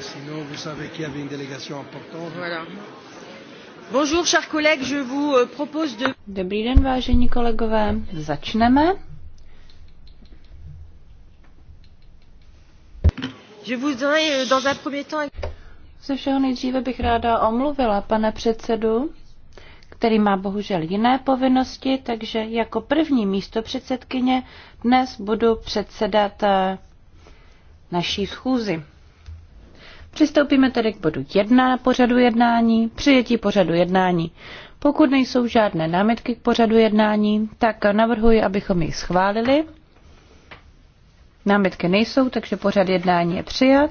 sinon vous savez qu'il y avait une délégation importante. Voilà. Bonjour, chers collègues, je vous euh, propose de... Dobrý den, vážení kolegové, začneme. Je vous donnerai euh, dans un premier temps... Ze všeho nejdříve bych ráda omluvila pane předsedu, který má bohužel jiné povinnosti, takže jako první místo předsedkyně dnes budu předsedat eh, naší schůzi. Přistoupíme tedy k bodu 1 na pořadu jednání, přijetí pořadu jednání. Pokud nejsou žádné námitky k pořadu jednání, tak navrhuji, abychom ji schválili. Námitky nejsou, takže pořad jednání je přijat.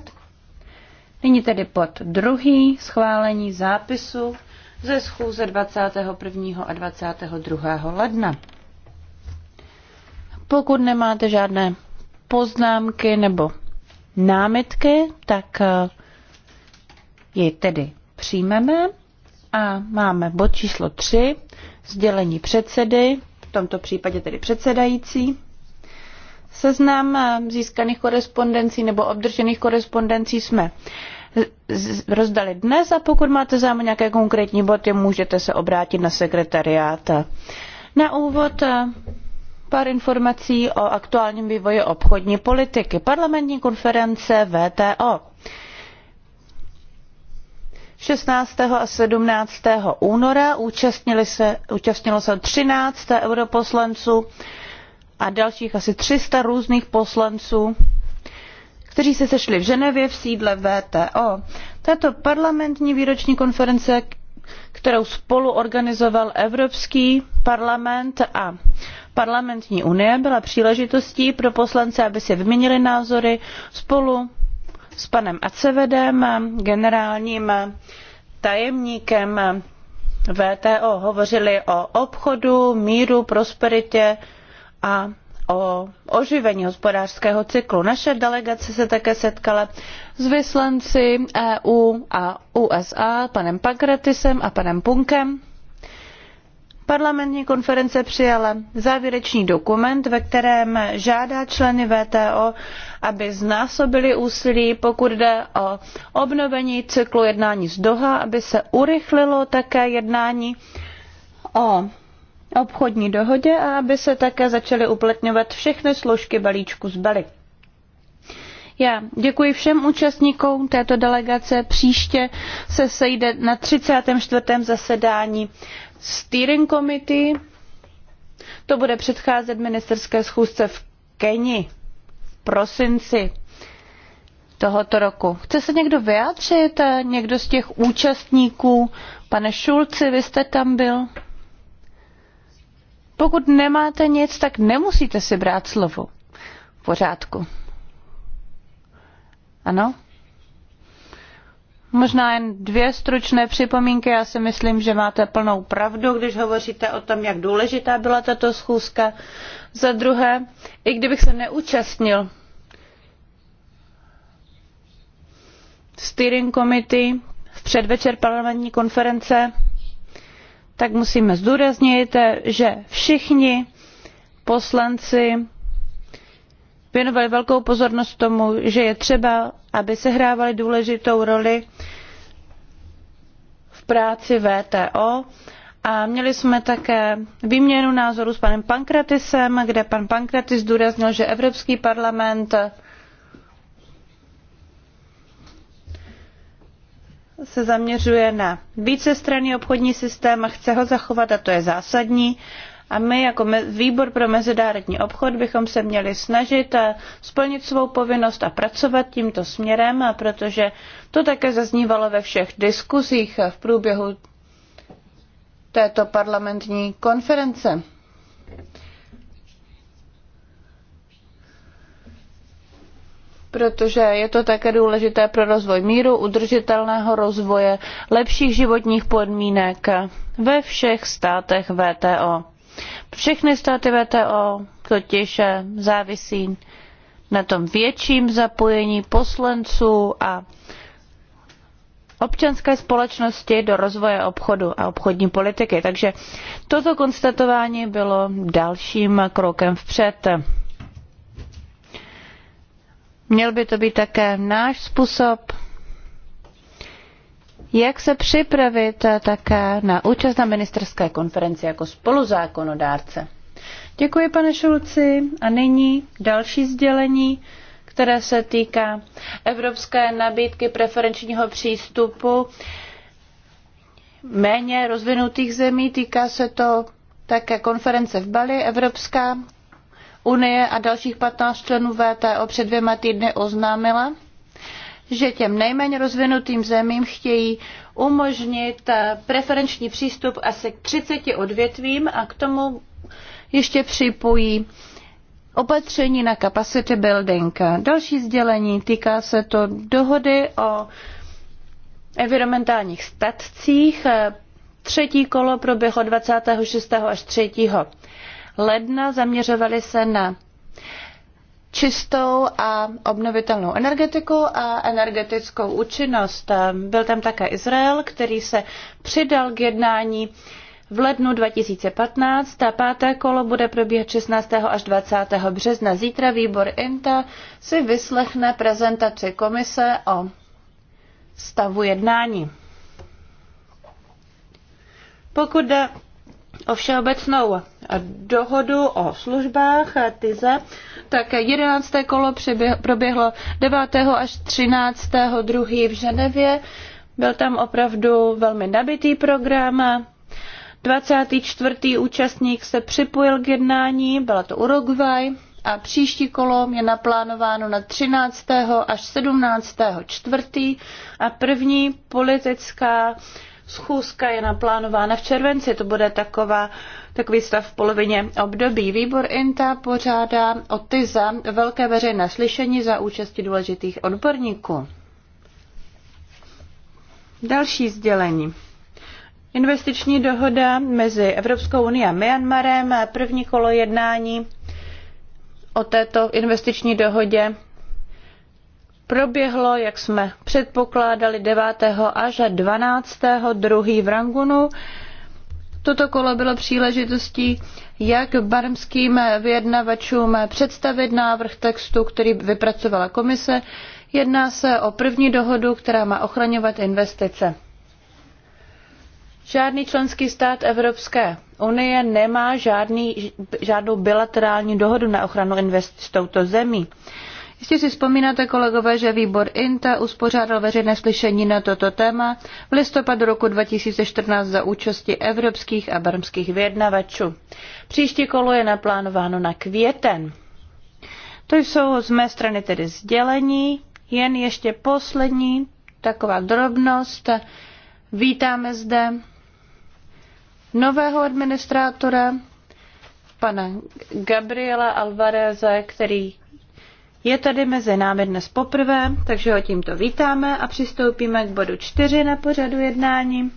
Nyní tedy pod druhý schválení zápisu ze schůze 21. a 22. ledna. Pokud nemáte žádné poznámky nebo námitky, tak je tedy přijmeme a máme bod číslo 3, sdělení předsedy, v tomto případě tedy předsedající. Seznam eh, získaných korespondencí nebo obdržených korespondencí jsme rozdali dnes a pokud máte zájem nějaké konkrétní body, můžete se obrátit na sekretariát. Na úvod eh, pár informací o aktuálním vývoji obchodní politiky. Parlamentní konference VTO. 16. a 17. února účastnili se, účastnilo se 13 europoslanců a dalších asi 300 různých poslanců, kteří se sešli v Ženevě v sídle VTO. Tato parlamentní výroční konference, kterou spolu organizoval Evropský parlament a parlamentní unie, byla příležitostí pro poslance, aby si vyměnili názory spolu s panem Acevedem, generálním tajemníkem WTO. Hovořili o obchodu, míru, prosperitě a o oživení hospodářského cyklu. Naše delegace se také setkala s vyslanci EU a USA, panem Pankratisem a panem Punkem Parlamentní konference přijala závěrečný dokument, ve kterém žádá členy WTO, aby znásobili úsilí, pokud jde o obnovení cyklu jednání z Doha, aby se urychlilo také jednání o obchodní dohodě a aby se také začaly uplatňovat všechny složky balíčku z Bali. Já děkuji všem účastníkům této delegace. Příště se sejde na 34. zasedání steering committee. To bude předcházet ministerské schůzce v Keni v prosinci tohoto roku. Chce se někdo vyjádřit? Někdo z těch účastníků? Pane Šulci, vy jste tam byl? Pokud nemáte nic, tak nemusíte si brát slovo. V pořádku. Ano? Možná jen dvě stručné připomínky. Já si myslím, že máte plnou pravdu, když hovoříte o tom, jak důležitá byla tato schůzka. Za druhé, i kdybych se neúčastnil steering committee v předvečer parlamentní konference, tak musíme zdůraznit, že všichni poslanci věnovali velkou pozornost tomu, že je třeba, aby sehrávali důležitou roli práci VTO a měli jsme také výměnu názorů s panem Pankratisem, kde pan Pankratis zdůraznil, že Evropský parlament se zaměřuje na vícestranný obchodní systém a chce ho zachovat a to je zásadní a my jako výbor pro mezinárodní obchod bychom se měli snažit a eh, splnit svou povinnost a pracovat tímto směrem, a protože to také zaznívalo ve všech diskuzích eh, v průběhu této parlamentní konference. protože je to také důležité pro rozvoj míru, udržitelného rozvoje, lepších životních podmínek ve všech státech VTO. Všechny státy VTO totiž eh, závisí na tom větším zapojení poslanců a občanské společnosti do rozvoje obchodu a obchodní politiky. Takže toto konstatování bylo dalším krokem vpřed. Měl by to být také náš způsob, jak se připravit eh, také na účast na ministerské konferenci jako spoluzákonodárce. Děkuji, pane Šulci. A nyní další sdělení, které se týká evropské nabídky preferenčního přístupu méně rozvinutých zemí. Týká se to také konference v Bali. Evropská unie a dalších 15 členů VTO před dvěma týdny oznámila, že těm nejméně rozvinutým zemím chtějí umožnit eh, preferenční přístup asi k 30 odvětvím a k tomu ještě připojí opatření na capacity building. Další sdělení týká se to dohody o environmentálních statcích. Třetí kolo proběhlo 26. až 3. ledna. Zaměřovali se na čistou a obnovitelnou energetiku a energetickou účinnost. Byl tam také Izrael, který se přidal k jednání v lednu 2015 Ta páté kolo bude probíhat 16. až 20. března. Zítra výbor INTA si vyslechne prezentaci komise o stavu jednání. Pokud jde o všeobecnou dohodu o službách TIZE, tak 11. kolo proběhlo 9. až 13. 2. v Ženevě. Byl tam opravdu velmi nabitý program. 24. účastník se připojil k jednání, byla to Uruguay a příští kolo je naplánováno na 13. až 17. čtvrtý a první politická Schůzka je naplánována v červenci, to bude taková, takový stav v polovině období. Výbor INTA pořádá o TYZA velké veřejné slyšení za účasti důležitých odborníků. Další sdělení. Investiční dohoda mezi Evropskou unii a Myanmarem, první kolo jednání o této investiční dohodě proběhlo, jak jsme předpokládali, 9. až 12. 2. v Rangunu. Toto kolo bylo příležitostí, jak barmským vyjednavačům představit návrh textu, který vypracovala komise. Jedná se o první dohodu, která má ochraňovat investice. Žádný členský stát Evropské unie nemá žádný, žádnou bilaterální dohodu na ochranu investic s touto zemí. Jistě si vzpomínáte, kolegové, že výbor INTA uspořádal veřejné slyšení na toto téma v listopadu roku 2014 za účasti evropských a barmských vyjednavačů. Příští kolo je naplánováno na květen. To jsou z mé strany tedy sdělení, jen ještě poslední taková drobnost. Vítáme zde nového administrátora, pana Gabriela Alvareze, který je tady mezi námi dnes poprvé, takže ho tímto vítáme a přistoupíme k bodu 4 na pořadu jednání.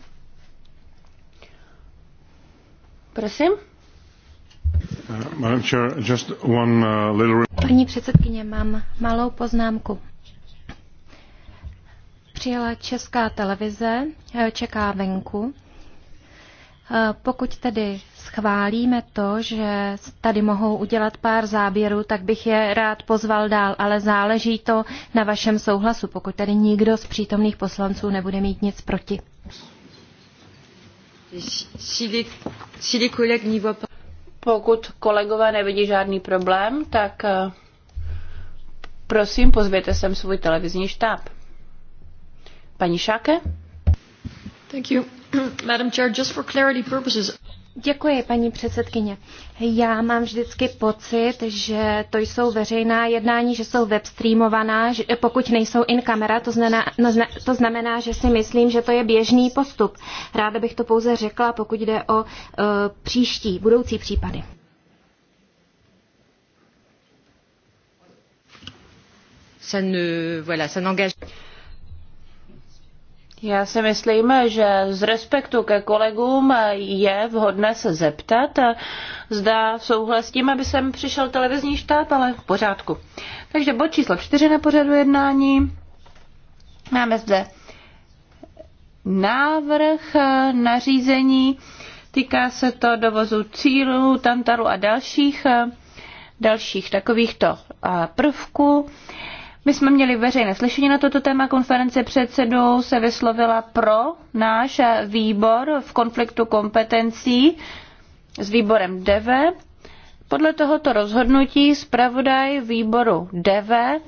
Prosím. Uh, uh, Paní předsedkyně, mám malou poznámku. Přijela česká televize, eh, čeká venku. Eh, pokud tedy schválíme to, že tady mohou udělat pár záběrů, tak bych je rád pozval dál, ale záleží to na vašem souhlasu, pokud tady nikdo z přítomných poslanců nebude mít nic proti. Pokud kolegové nevidí žádný problém, tak eh, prosím, pozvěte sem svůj televizní štáb. Paní Šáke? Thank you. Madam Chair, just for clarity purposes. Děkuji, paní předsedkyně. Já mám vždycky pocit, že to jsou veřejná jednání, že jsou webstreamovaná, že pokud nejsou in kamera, to no znamená, to znamená, že si myslím, že to je běžný postup. Ráda bych to pouze řekla, pokud jde o uh, příští, budoucí případy. Ça ne, voilà, ça já si myslím, že z respektu ke kolegům je vhodné se zeptat, zda souhlas s tím, aby sem přišel televizní štát, ale v pořádku. Takže bod číslo čtyři na pořadu jednání. Máme zde návrh nařízení, týká se to dovozu cílů, tantaru a dalších, dalších takovýchto prvků. My jsme měli veřejné slyšení na toto téma. Konference předsedů se vyslovila pro náš výbor v konfliktu kompetencí s výborem DEVE. Podle tohoto rozhodnutí zpravodaj výboru DEVE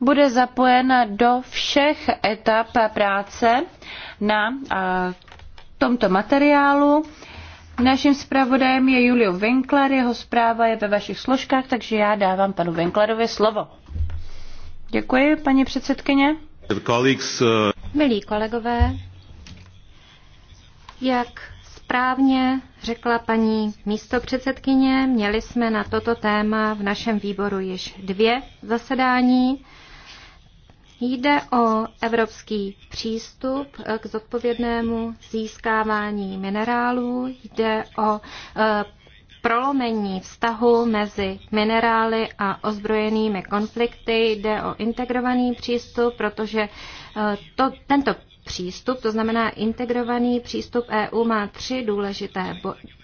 bude zapojen do všech etap práce na tomto materiálu. Naším zpravodajem je Julio Winkler, jeho zpráva je ve vašich složkách, takže já dávám panu Winklerovi slovo. Děkuji, paní předsedkyně. Uh, Milí kolegové, jak správně řekla paní místopředsedkyně, měli jsme na toto téma v našem výboru již dvě zasedání. Jde o evropský přístup k zodpovědnému získávání minerálů, jde o eh, prolomení vztahu mezi minerály a ozbrojenými konflikty. Jde o integrovaný přístup, protože e, to, tento přístup, to znamená integrovaný přístup EU, má tři důležité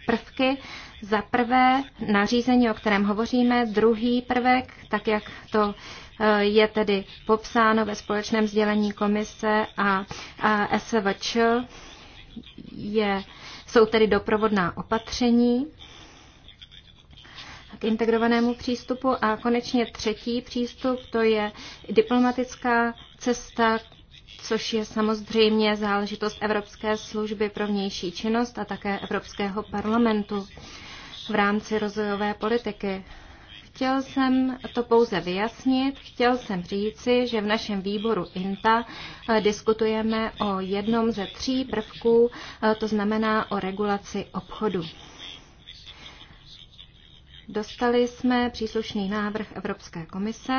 prvky. Za prvé nařízení, o kterém hovoříme, druhý prvek, tak jak to e, je tedy popsáno ve společném sdělení komise a, a SVČ, je, jsou tedy doprovodná opatření k integrovanému přístupu. A konečně třetí přístup, to je diplomatická cesta, což je samozřejmě záležitost Evropské služby pro vnější činnost a také Evropského parlamentu v rámci rozvojové politiky. Chtěl jsem to pouze vyjasnit, chtěl jsem říci, že v našem výboru INTA eh, diskutujeme o jednom ze tří prvků, eh, to znamená o regulaci obchodu. Dostali jsme příslušný návrh Evropské komise.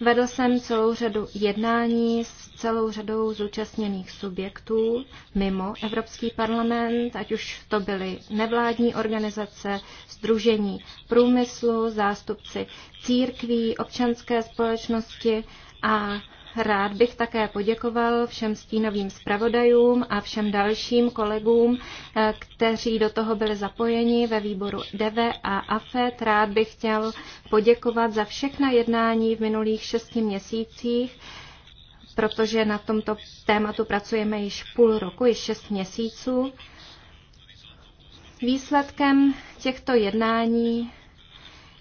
Vedl jsem celou řadu jednání s celou řadou zúčastněných subjektů mimo Evropský parlament, ať už to byly nevládní organizace, združení průmyslu, zástupci církví, občanské společnosti a Rád bych také poděkoval všem stínovým zpravodajům a všem dalším kolegům, eh, kteří do toho byli zapojeni ve výboru DEVE a AFET. Rád bych chtěl poděkovat za všechna jednání v minulých šesti měsících, protože na tomto tématu pracujeme již půl roku, již šest měsíců. Výsledkem těchto jednání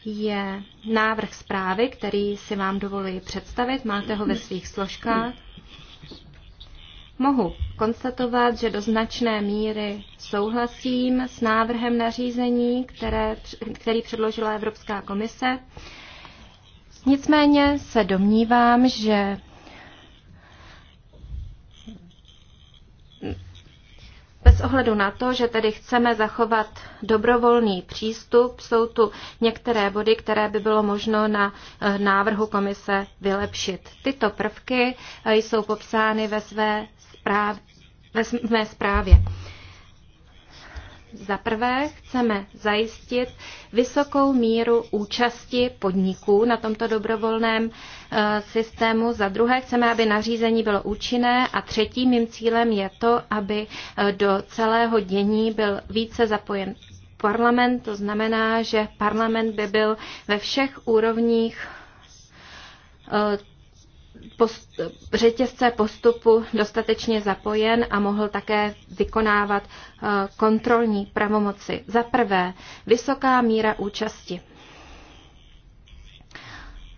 je návrh zprávy, který si vám dovoluji představit. Máte ho ve svých složkách. Mohu konstatovat, že do značné míry souhlasím s návrhem nařízení, které, který předložila Evropská komise. Nicméně se domnívám, že ohledu na to, že tedy chceme zachovat dobrovolný přístup, jsou tu některé body, které by bylo možno na eh, návrhu komise vylepšit. Tyto prvky eh, jsou popsány ve své, správ, ve své zprávě. Za prvé chceme zajistit vysokou míru účasti podniků na tomto dobrovolném eh, systému. Za druhé chceme, aby nařízení bylo účinné a třetím mým cílem je to, aby eh, do celého dění byl více zapojen parlament. To znamená, že parlament by byl ve všech úrovních eh, post, řetězce postupu dostatečně zapojen a mohl také vykonávat eh, kontrolní pravomoci. Za prvé, vysoká míra účasti.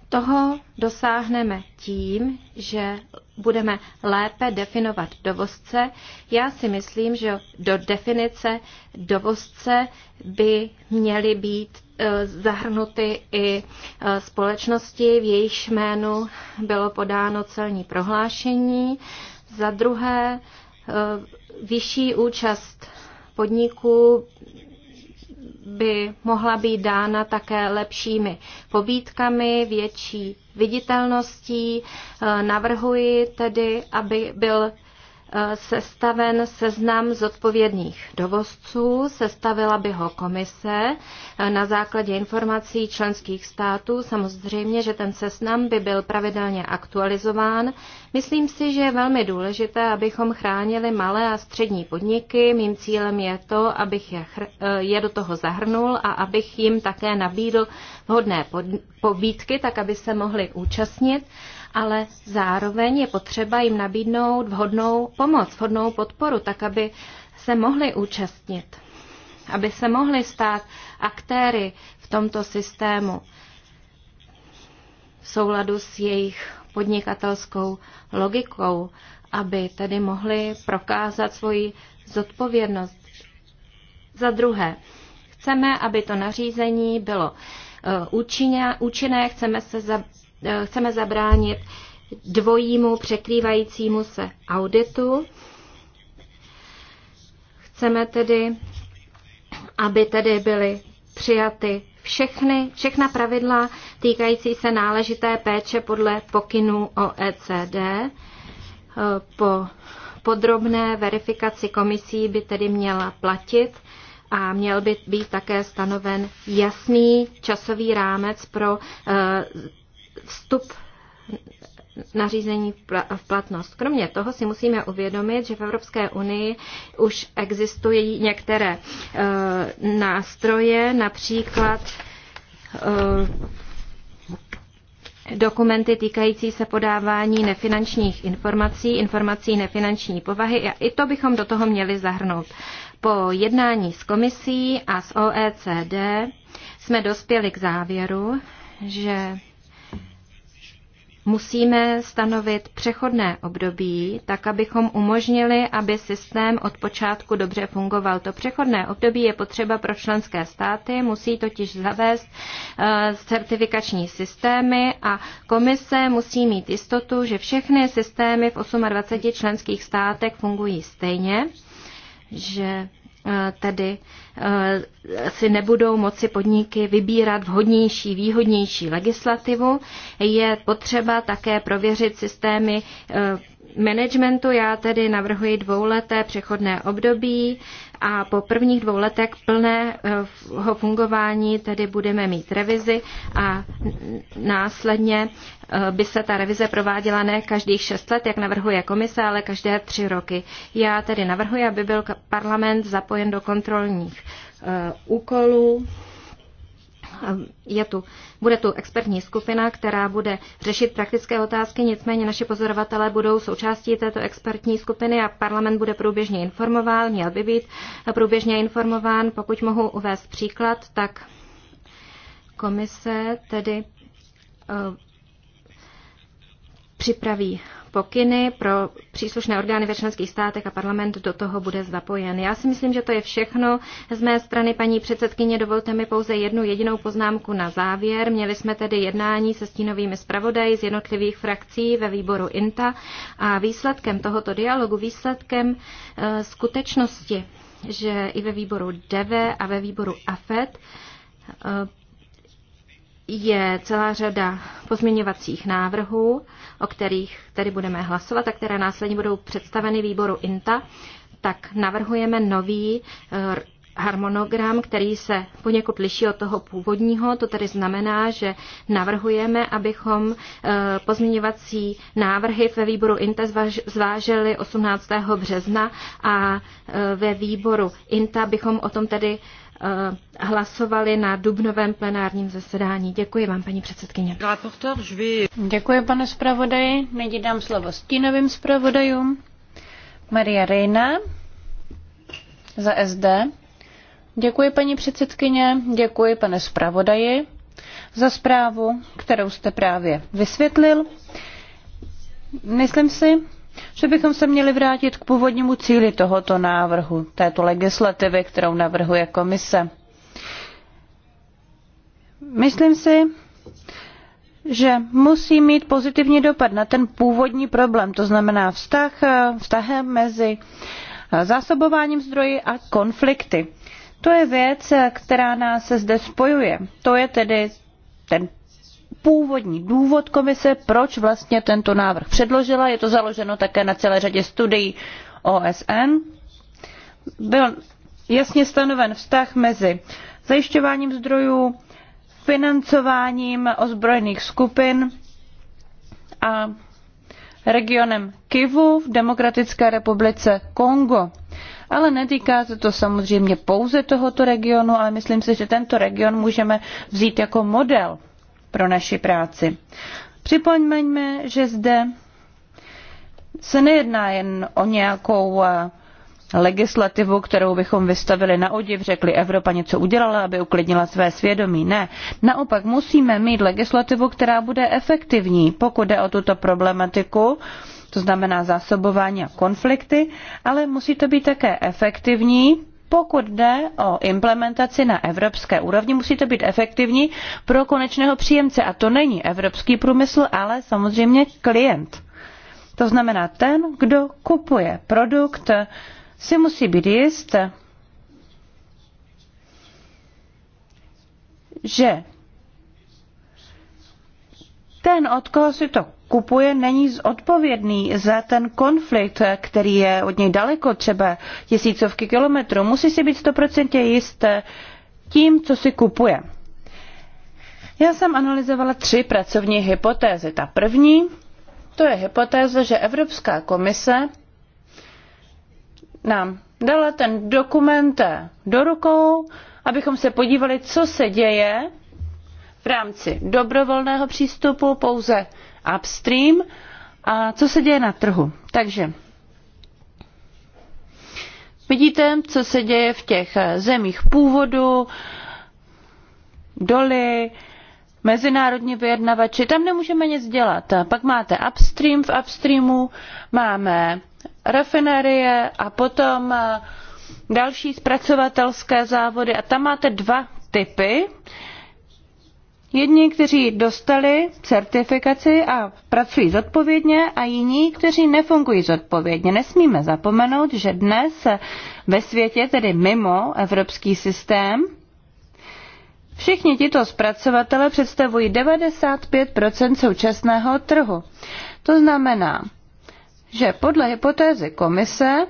Toho dosáhneme tím, že budeme lépe definovat dovozce. Já si myslím, že do definice dovozce by měly být Eh, zahrnuty i eh, společnosti, v jejich jménu bylo podáno celní prohlášení. Za druhé, eh, vyšší účast podniků by mohla být dána také lepšími pobídkami, větší viditelností. Navrhuji tedy, aby byl Eh, sestaven seznam zodpovědných dovozců, sestavila by ho komise eh, na základě informací členských států. Samozřejmě, že ten seznam by byl pravidelně aktualizován. Myslím si, že je velmi důležité, abychom chránili malé a střední podniky. Mým cílem je to, abych je, eh, je do toho zahrnul a abych jim také nabídl vhodné pobídky, tak aby se mohli účastnit ale zároveň je potřeba jim nabídnout vhodnou pomoc, vhodnou podporu, tak aby se mohli účastnit, aby se mohli stát aktéry v tomto systému v souladu s jejich podnikatelskou logikou, aby tedy mohli prokázat svoji zodpovědnost. Za druhé, chceme, aby to nařízení bylo eh, účinné, chceme se za, Eh, chceme zabránit dvojímu překrývajícímu se auditu. Chceme tedy, aby tedy byly přijaty všechny, všechna pravidla týkající se náležité péče podle pokynů OECD. Eh, po podrobné verifikaci komisí by tedy měla platit a měl by být také stanoven jasný časový rámec pro eh, vstup nařízení v platnost. Kromě toho si musíme uvědomit, že v Evropské unii už existují některé e, nástroje, například e, dokumenty týkající se podávání nefinančních informací, informací nefinanční povahy. A I to bychom do toho měli zahrnout. Po jednání s komisí a s OECD jsme dospěli k závěru, že musíme stanovit přechodné období, tak abychom umožnili, aby systém od počátku dobře fungoval. To přechodné období je potřeba pro členské státy, musí totiž zavést eh, certifikační systémy a komise musí mít jistotu, že všechny systémy v 28 členských státech fungují stejně, že Eh, tedy eh, si nebudou moci podniky vybírat vhodnější, výhodnější legislativu. Je potřeba také prověřit systémy eh, managementu. Já tedy navrhuji dvouleté přechodné období a po prvních dvou letech plného eh, fungování tedy budeme mít revizi a následně eh, by se ta revize prováděla ne každých šest let, jak navrhuje komise, ale každé tři roky. Já tedy navrhuji, aby byl parlament zapojen do kontrolních eh, úkolů je tu, bude tu expertní skupina, která bude řešit praktické otázky, nicméně naše pozorovatelé budou součástí této expertní skupiny a parlament bude průběžně informován, měl by být průběžně informován. Pokud mohu uvést příklad, tak komise tedy eh, připraví pokyny pro příslušné orgány ve členských státech a parlament do toho bude zapojen. Já si myslím, že to je všechno z mé strany, paní předsedkyně. Dovolte mi pouze jednu jedinou poznámku na závěr. Měli jsme tedy jednání se stínovými zpravodaji z jednotlivých frakcí ve výboru INTA a výsledkem tohoto dialogu, výsledkem e, skutečnosti, že i ve výboru DEVE a ve výboru AFET e, je celá řada pozměňovacích návrhů, o kterých tedy budeme hlasovat a které následně budou představeny výboru INTA, tak navrhujeme nový eh, harmonogram, který se poněkud liší od toho původního. To tedy znamená, že navrhujeme, abychom eh, pozměňovací návrhy ve výboru INTA zvážili 18. března a eh, ve výboru INTA bychom o tom tedy Eh, hlasovali na dubnovém plenárním zasedání. Děkuji vám, paní předsedkyně. Děkuji, pane zpravodaji. Nyní dám slovo stínovým zpravodajům. Maria Reina za SD. Děkuji, paní předsedkyně, děkuji, pane zpravodaji, za zprávu, kterou jste právě vysvětlil. Myslím si, že bychom se měli vrátit k původnímu cíli tohoto návrhu, této legislativy, kterou navrhuje komise. Myslím si, že musí mít pozitivní dopad na ten původní problém, to znamená vztah, vztahem mezi zásobováním zdroji a konflikty. To je věc, která nás zde spojuje. To je tedy ten původní důvod komise, proč vlastně tento návrh předložila. Je to založeno také na celé řadě studií OSN. Byl jasně stanoven vztah mezi zajišťováním zdrojů, financováním ozbrojených skupin a regionem Kivu v Demokratické republice Kongo. Ale netýká se to samozřejmě pouze tohoto regionu, ale myslím si, že tento region můžeme vzít jako model pro naši práci. Připomeňme, že zde se nejedná jen o nějakou eh, legislativu, kterou bychom vystavili na odiv, řekli Evropa něco udělala, aby uklidnila své svědomí. Ne, naopak musíme mít legislativu, která bude efektivní, pokud jde o tuto problematiku, to znamená zásobování a konflikty, ale musí to být také efektivní, pokud jde o implementaci na evropské úrovni, musí to být efektivní pro konečného příjemce. A to není evropský průmysl, ale samozřejmě klient. To znamená, ten, kdo kupuje produkt, si musí být jist, že ten, od koho si to kupuje, není zodpovědný za ten konflikt, který je od něj daleko, třeba tisícovky kilometrů. Musí si být stoprocentně jist tím, co si kupuje. Já jsem analyzovala tři pracovní hypotézy. Ta první, to je hypotéza, že Evropská komise nám dala ten dokument do rukou, abychom se podívali, co se děje v rámci dobrovolného přístupu pouze upstream a co se děje na trhu. Takže vidíte, co se děje v těch zemích původu, doly, mezinárodní vyjednavači, tam nemůžeme nic dělat. Pak máte upstream, v upstreamu máme rafinerie a potom eh, další zpracovatelské závody a tam máte dva typy. Uh, Jedni, kteří dostali certifikaci a pracují zodpovědně a jiní, kteří nefungují zodpovědně. Nesmíme zapomenout, že dnes ve světě, tedy mimo evropský systém, všichni tito zpracovatele představují 95 současného trhu. To znamená, že podle hypotézy komise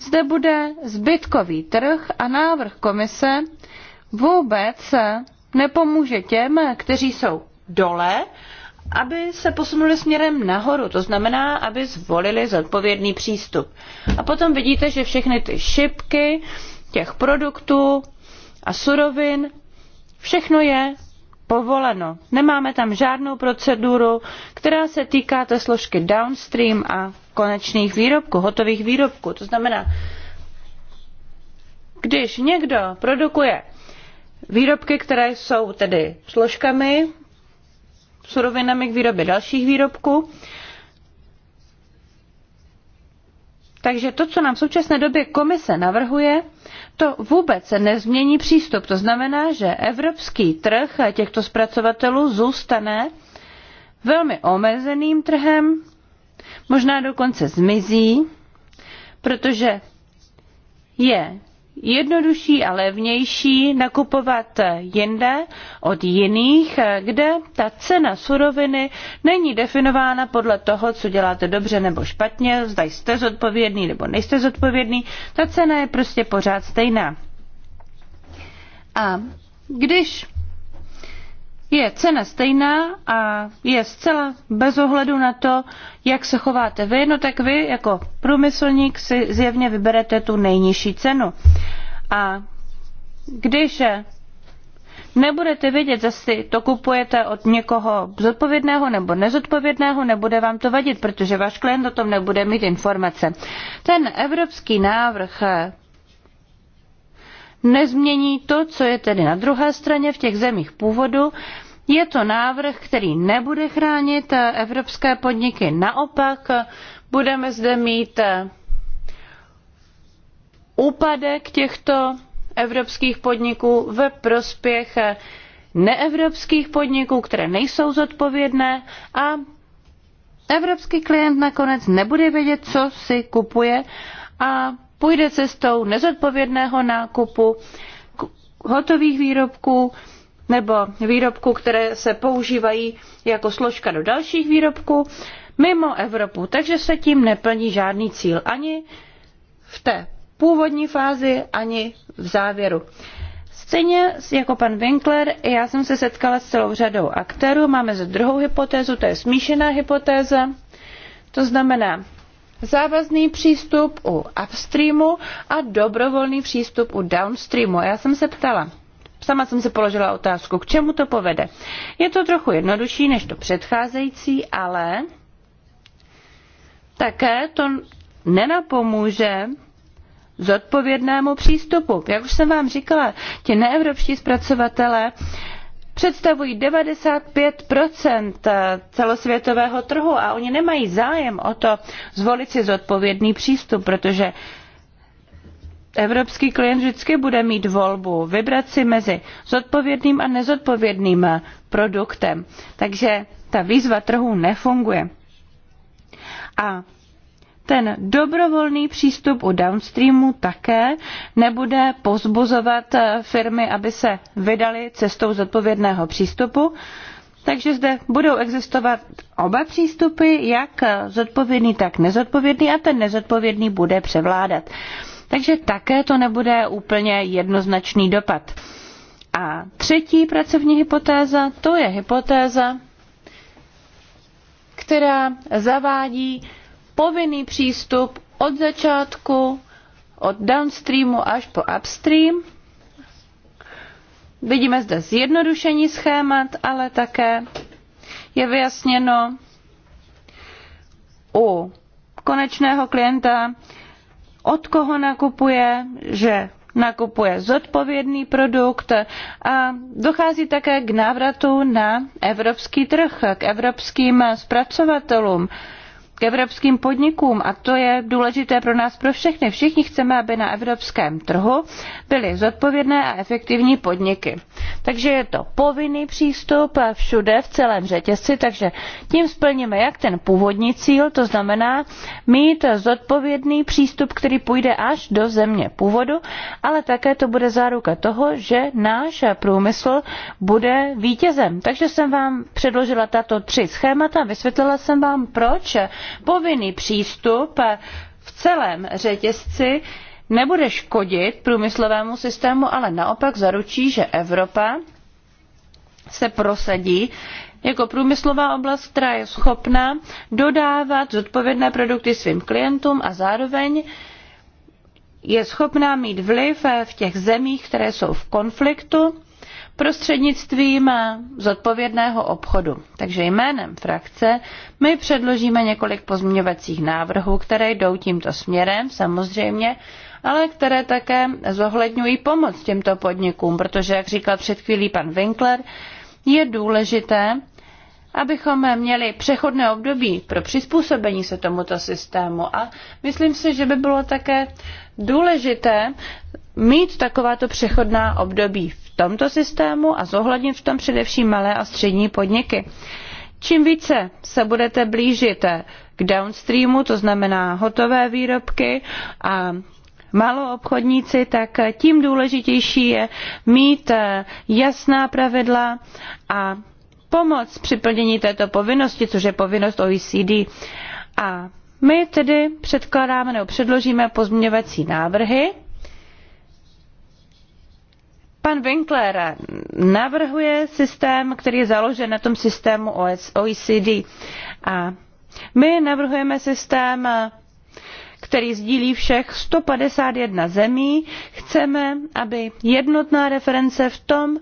zde bude zbytkový trh a návrh komise vůbec nepomůže těm, kteří jsou dole, aby se posunuli směrem nahoru, to znamená, aby zvolili zodpovědný přístup. A potom vidíte, že všechny ty šipky těch produktů a surovin, všechno je povoleno. Nemáme tam žádnou proceduru, která se týká té složky downstream a konečných výrobků, hotových výrobků. To znamená, když někdo produkuje výrobky, které jsou tedy složkami, surovinami k výrobě dalších výrobků. Takže to, co nám v současné době komise navrhuje, to vůbec nezmění přístup. To znamená, že evropský trh těchto zpracovatelů zůstane velmi omezeným trhem, možná dokonce zmizí, protože je jednodušší a levnější nakupovat jinde od jiných, kde ta cena suroviny není definována podle toho, co děláte dobře nebo špatně, zda jste zodpovědný nebo nejste zodpovědný. Ta cena je prostě pořád stejná. A když je cena stejná a je zcela bez ohledu na to, jak se chováte vy, no tak vy jako průmyslník si zjevně vyberete tu nejnižší cenu. A když nebudete vědět, jestli to kupujete od někoho zodpovědného nebo nezodpovědného, nebude vám to vadit, protože váš klient o tom nebude mít informace. Ten evropský návrh nezmění to, co je tedy na druhé straně v těch zemích původu. Je to návrh, který nebude chránit eh, evropské podniky. Naopak eh, budeme zde mít eh, úpadek těchto evropských podniků ve prospěch neevropských podniků, které nejsou zodpovědné a evropský klient nakonec nebude vědět, co si kupuje a půjde cestou nezodpovědného nákupu hotových výrobků nebo výrobků, které se používají jako složka do dalších výrobků mimo Evropu. Takže se tím neplní žádný cíl ani v té původní fázi, ani v závěru. Stejně jako pan Winkler, já jsem se setkala s celou řadou aktérů. Máme zde druhou hypotézu, to je smíšená hypotéza. To znamená, závazný přístup u upstreamu a dobrovolný přístup u downstreamu. Já jsem se ptala, sama jsem se položila otázku, k čemu to povede. Je to trochu jednodušší než to předcházející, ale také to nenapomůže zodpovědnému přístupu. Jak už jsem vám říkala, ti neevropští zpracovatelé představují 95 eh, celosvětového trhu a oni nemají zájem o to zvolit si zodpovědný přístup, protože evropský klient vždycky bude mít volbu vybrat si mezi zodpovědným a nezodpovědným eh, produktem. Takže ta výzva trhu nefunguje. A ten dobrovolný přístup u downstreamu také nebude pozbuzovat eh, firmy, aby se vydali cestou zodpovědného přístupu. Takže zde budou existovat oba přístupy, jak zodpovědný, tak nezodpovědný a ten nezodpovědný bude převládat. Takže také to nebude úplně jednoznačný dopad. A třetí pracovní hypotéza, to je hypotéza, která zavádí povinný přístup od začátku, od downstreamu až po upstream. Vidíme zde zjednodušení schémat, ale také je vyjasněno u konečného klienta, od koho nakupuje, že nakupuje zodpovědný produkt a dochází také k návratu na evropský trh, k evropským zpracovatelům k evropským podnikům a to je důležité pro nás pro všechny. Všichni chceme, aby na evropském trhu byly zodpovědné a efektivní podniky. Takže je to povinný přístup všude v celém řetězci, takže tím splníme jak ten původní cíl, to znamená mít zodpovědný přístup, který půjde až do země původu, ale také to bude záruka toho, že náš průmysl bude vítězem. Takže jsem vám předložila tato tři schémata, vysvětlila jsem vám, proč povinný přístup v celém řetězci nebude škodit průmyslovému systému, ale naopak zaručí, že Evropa se prosadí jako průmyslová oblast, která je schopna dodávat zodpovědné produkty svým klientům a zároveň je schopná mít vliv v těch zemích, které jsou v konfliktu prostřednictvím zodpovědného obchodu. Takže jménem frakce my předložíme několik pozměňovacích návrhů, které jdou tímto směrem samozřejmě, ale které také zohledňují pomoc těmto podnikům, protože, jak říkal před chvílí pan Winkler, je důležité, abychom měli přechodné období pro přizpůsobení se tomuto systému. A myslím si, že by bylo také důležité mít takováto přechodná období v tomto systému a zohlednit v tom především malé a střední podniky. Čím více se budete blížit k downstreamu, to znamená hotové výrobky a maloobchodníci, tak tím důležitější je mít eh, jasná pravidla a pomoc při plnění této povinnosti, což je povinnost OECD. A my tedy předkládáme nebo předložíme pozměňovací návrhy, Pan Winkler navrhuje systém, který je založen na tom systému OECD. A my navrhujeme systém, který sdílí všech 151 zemí. Chceme, aby jednotná reference v tom,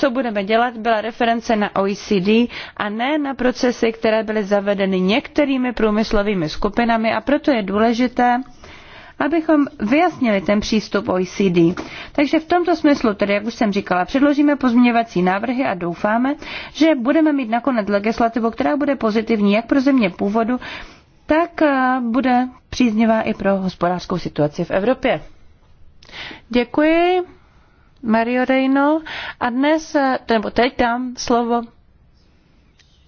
co budeme dělat, byla reference na OECD a ne na procesy, které byly zavedeny některými průmyslovými skupinami a proto je důležité, abychom vyjasnili ten přístup OECD. Takže v tomto smyslu, tedy jak už jsem říkala, předložíme pozměňovací návrhy a doufáme, že budeme mít nakonec legislativu, která bude pozitivní jak pro země původu, tak eh, bude příznivá i pro hospodářskou situaci v Evropě. Děkuji, Mario Reino. A dnes, eh, nebo teď dám slovo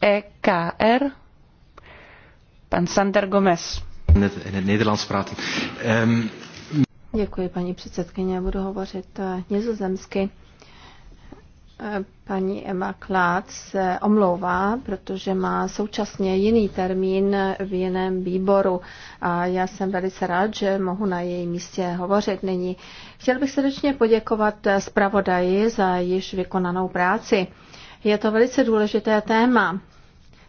EKR, pan Sander Gomez. Ehm, Děkuji, paní předsedkyně, budu hovořit eh, nizozemsky. Eh, paní Emma Klát se omlouvá, protože má současně jiný termín v jiném výboru a já jsem velice rád, že mohu na jejím místě hovořit nyní. Chtěl bych srdečně poděkovat eh, zpravodaji za již vykonanou práci. Je to velice důležité téma.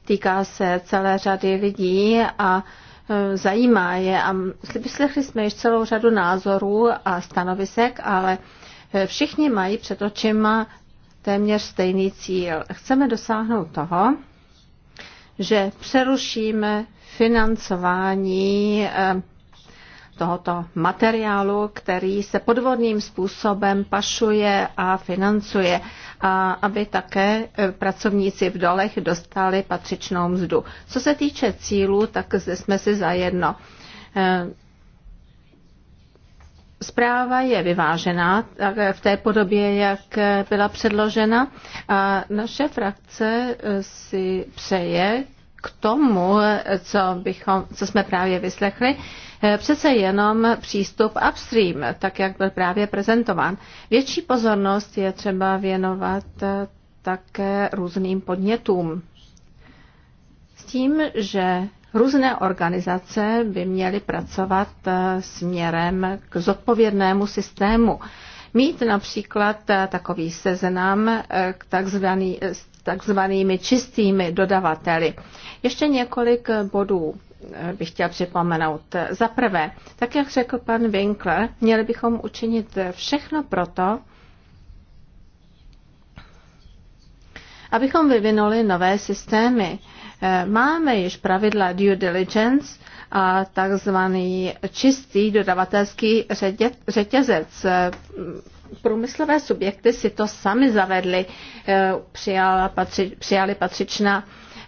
Týká se celé řady lidí a Eh, zajímá je a vyslechli jsme již celou řadu názorů a stanovisek, ale eh, všichni mají před očima téměř stejný cíl. Chceme dosáhnout toho, že přerušíme financování eh, tohoto materiálu, který se podvodným způsobem pašuje a financuje a aby také e, pracovníci v dolech dostali patřičnou mzdu. Co se týče cílů, tak zde jsme si zajedno. E, Zpráva je vyvážená v té podobě, jak byla předložena. A naše frakce e, si přeje k tomu, co, bychom, co jsme právě vyslechli, Eh, přece jenom přístup upstream, tak jak byl právě prezentován. Větší pozornost je třeba věnovat eh, také různým podnětům. S tím, že Různé organizace by měly pracovat eh, směrem k zodpovědnému systému. Mít například takový seznam k takzvaný, takzvanými čistými dodavateli. Ještě několik bodů. Eh, bych chtěla připomenout. Za prvé, tak jak řekl pan Winkler, měli bychom učinit všechno proto, abychom vyvinuli nové systémy. Eh, máme již pravidla due diligence a takzvaný čistý dodavatelský řetězec. Eh, průmyslové subjekty si to sami zavedly, přijali patřičná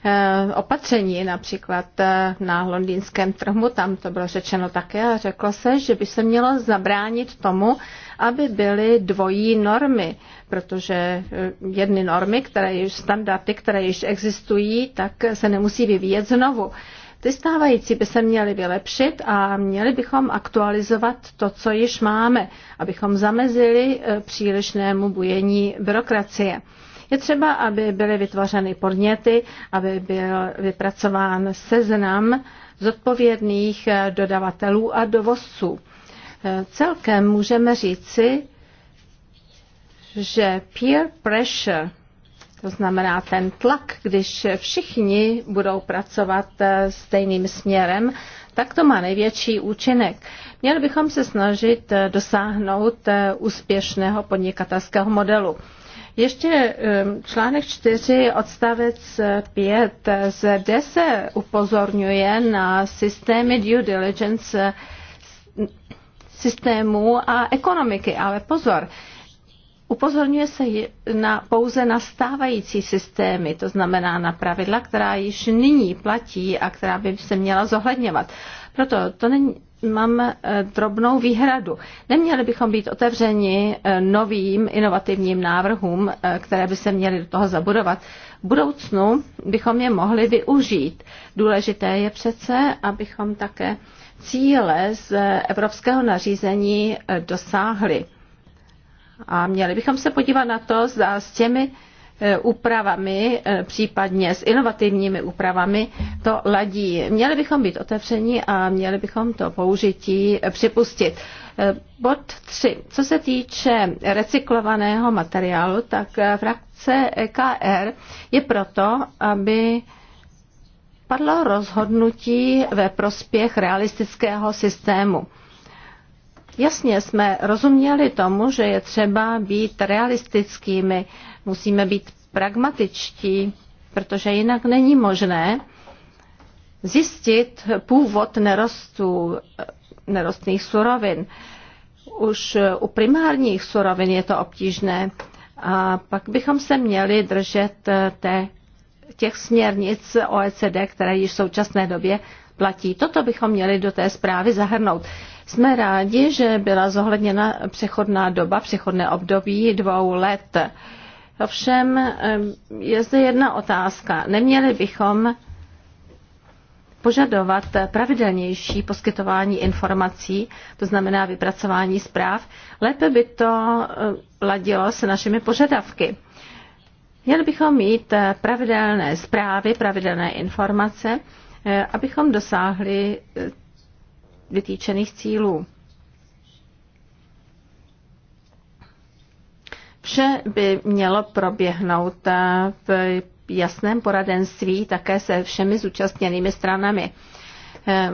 Eh, opatření, například eh, na londýnském trhu, tam to bylo řečeno také a řeklo se, že by se mělo zabránit tomu, aby byly dvojí normy, protože eh, jedny normy, které již standardy, které již existují, tak se nemusí vyvíjet znovu. Ty stávající by se měly vylepšit a měli bychom aktualizovat to, co již máme, abychom zamezili přílišnému bujení byrokracie. Je třeba, aby byly vytvořeny podněty, aby byl vypracován seznam zodpovědných eh, dodavatelů a dovozců. Eh, celkem můžeme říci, že peer pressure, to znamená ten tlak, když všichni budou pracovat eh, stejným směrem, tak to má největší účinek. Měli bychom se snažit dosáhnout úspěšného podnikatelského modelu. Ještě ehm, článek 4 odstavec 5 zde se upozorňuje na systémy due diligence systému a ekonomiky, ale pozor, Upozorňuje se na, pouze na stávající systémy, to znamená na pravidla, která již nyní platí a která by se měla zohledňovat. Proto to není, mám eh, drobnou výhradu. Neměli bychom být otevřeni eh, novým inovativním návrhům, eh, které by se měly do toho zabudovat. V budoucnu bychom je mohli využít. Důležité je přece, abychom také cíle z evropského nařízení dosáhli. A měli bychom se podívat na to, zda s těmi E, úpravami, e, případně s inovativními úpravami, to ladí. Měli bychom být otevření a měli bychom to použití připustit. E, bod 3. Co se týče recyklovaného materiálu, tak frakce EKR je proto, aby padlo rozhodnutí ve prospěch realistického systému. Jasně jsme rozuměli tomu, že je třeba být realistickými Musíme být pragmatičtí, protože jinak není možné zjistit původ nerostů, nerostných surovin. Už u primárních surovin je to obtížné. A pak bychom se měli držet té, těch směrnic OECD, které již v současné době platí. Toto bychom měli do té zprávy zahrnout. Jsme rádi, že byla zohledněna přechodná doba, přechodné období dvou let. Ovšem eh, je zde jedna otázka. Neměli bychom požadovat pravidelnější poskytování informací, to znamená vypracování zpráv, lépe by to eh, ladilo se našimi požadavky. Měli bychom mít eh, pravidelné zprávy, pravidelné informace, abychom dosáhli vytýčených cílů. Vše by mělo proběhnout eh, v jasném poradenství také se všemi zúčastněnými stranami. Eh,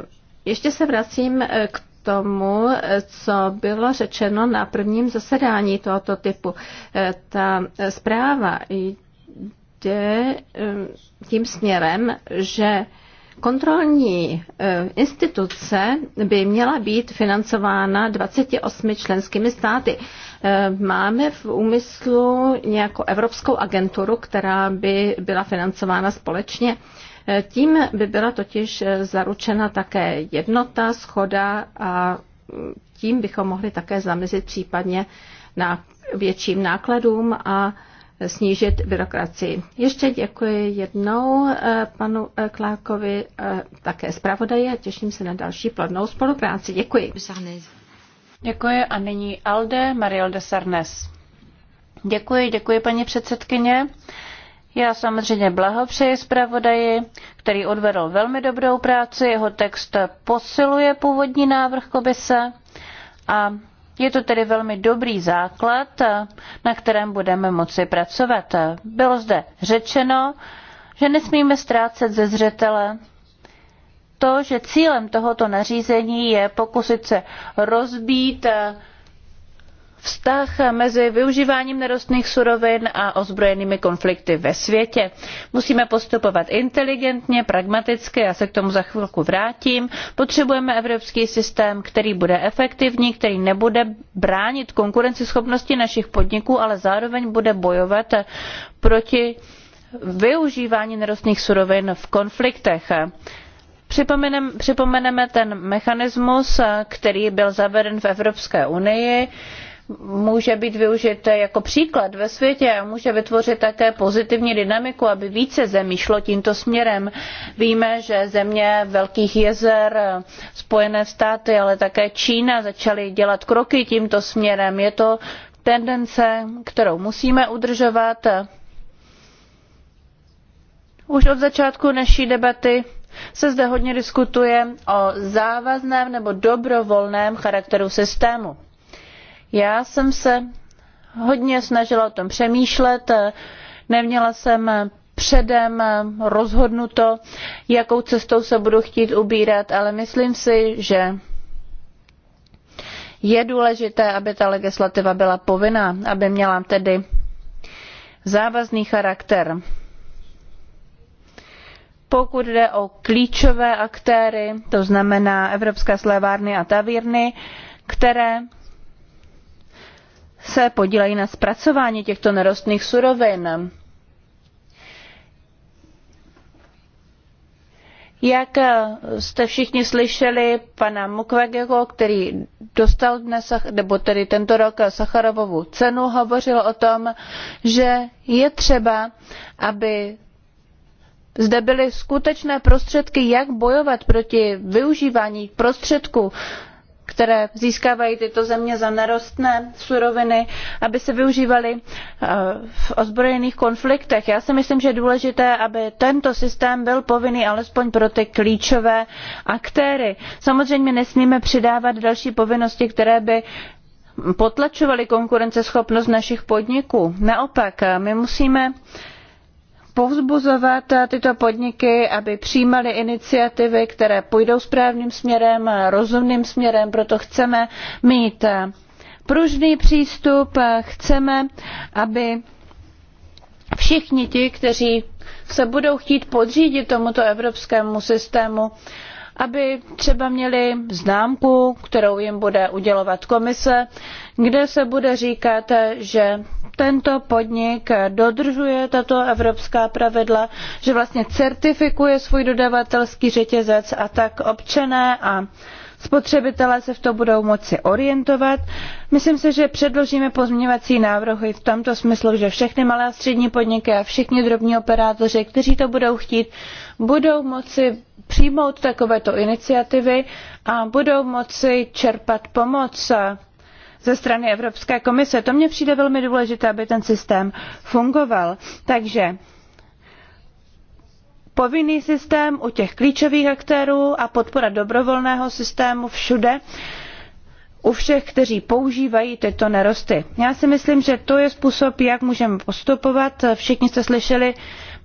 ještě se vracím eh, k tomu, co bylo řečeno na prvním zasedání tohoto typu. Ta zpráva jde tím směrem, že Kontrolní eh, instituce by měla být financována 28 členskými státy. Eh, máme v úmyslu nějakou evropskou agenturu, která by byla financována společně. Eh, tím by byla totiž zaručena také jednota, schoda a mm, tím bychom mohli také zamezit případně na větším nákladům a snížit byrokracii. Ještě děkuji jednou eh, panu eh, Klákovi, eh, také zpravodaji a těším se na další plodnou spolupráci. Děkuji. Děkuji a nyní Alde Marielde Sarnes. Děkuji, děkuji paní předsedkyně. Já samozřejmě blahopřeji zpravodaji, který odvedl velmi dobrou práci. Jeho text posiluje původní návrh komise a je to tedy velmi dobrý základ, na kterém budeme moci pracovat. Bylo zde řečeno, že nesmíme ztrácet ze zřetele to, že cílem tohoto nařízení je pokusit se rozbít vztah mezi využíváním nerostných surovin a ozbrojenými konflikty ve světě. Musíme postupovat inteligentně, pragmaticky, já se k tomu za chvilku vrátím. Potřebujeme evropský systém, který bude efektivní, který nebude bránit konkurenceschopnosti našich podniků, ale zároveň bude bojovat proti využívání nerostných surovin v konfliktech. připomeneme ten mechanismus, který byl zaveden v Evropské unii, může být využit jako příklad ve světě a může vytvořit také pozitivní dynamiku, aby více zemí šlo tímto směrem. Víme, že země Velkých jezer, Spojené státy, ale také Čína začaly dělat kroky tímto směrem. Je to tendence, kterou musíme udržovat. Už od začátku naší debaty se zde hodně diskutuje o závazném nebo dobrovolném charakteru systému já jsem se hodně snažila o tom přemýšlet, neměla jsem předem rozhodnuto, jakou cestou se budu chtít ubírat, ale myslím si, že je důležité, aby ta legislativa byla povinná, aby měla tedy závazný charakter. Pokud jde o klíčové aktéry, to znamená Evropské slévárny a tavírny, které se podílejí na zpracování těchto nerostných surovin. Jak jste všichni slyšeli pana Mukwegeho, který dostal dnes, nebo tedy tento rok Sacharovovu cenu, hovořil o tom, že je třeba, aby zde byly skutečné prostředky, jak bojovat proti využívání prostředků které získávají tyto země za nerostné suroviny, aby se využívaly eh, v ozbrojených konfliktech. Já si myslím, že je důležité, aby tento systém byl povinný alespoň pro ty klíčové aktéry. Samozřejmě nesmíme přidávat další povinnosti, které by potlačovaly konkurenceschopnost našich podniků. Naopak, eh, my musíme povzbuzovat tyto podniky, aby přijímaly iniciativy, které půjdou správným směrem, rozumným směrem, proto chceme mít pružný přístup, chceme, aby všichni ti, kteří se budou chtít podřídit tomuto evropskému systému, aby třeba měli známku, kterou jim bude udělovat komise, kde se bude říkat, že tento podnik dodržuje tato evropská pravidla, že vlastně certifikuje svůj dodavatelský řetězec a tak občané a spotřebitelé se v tom budou moci orientovat. Myslím si, že předložíme pozměňovací návrhy v tomto smyslu, že všechny malé a střední podniky a všichni drobní operátoři, kteří to budou chtít, budou moci přijmout takovéto iniciativy a budou moci čerpat pomoc ze strany Evropské komise. To mně přijde velmi důležité, aby ten systém fungoval. Takže povinný systém u těch klíčových aktérů a podpora dobrovolného systému všude u všech, kteří používají tyto nerosty. Já si myslím, že to je způsob, jak můžeme postupovat. Všichni jste slyšeli,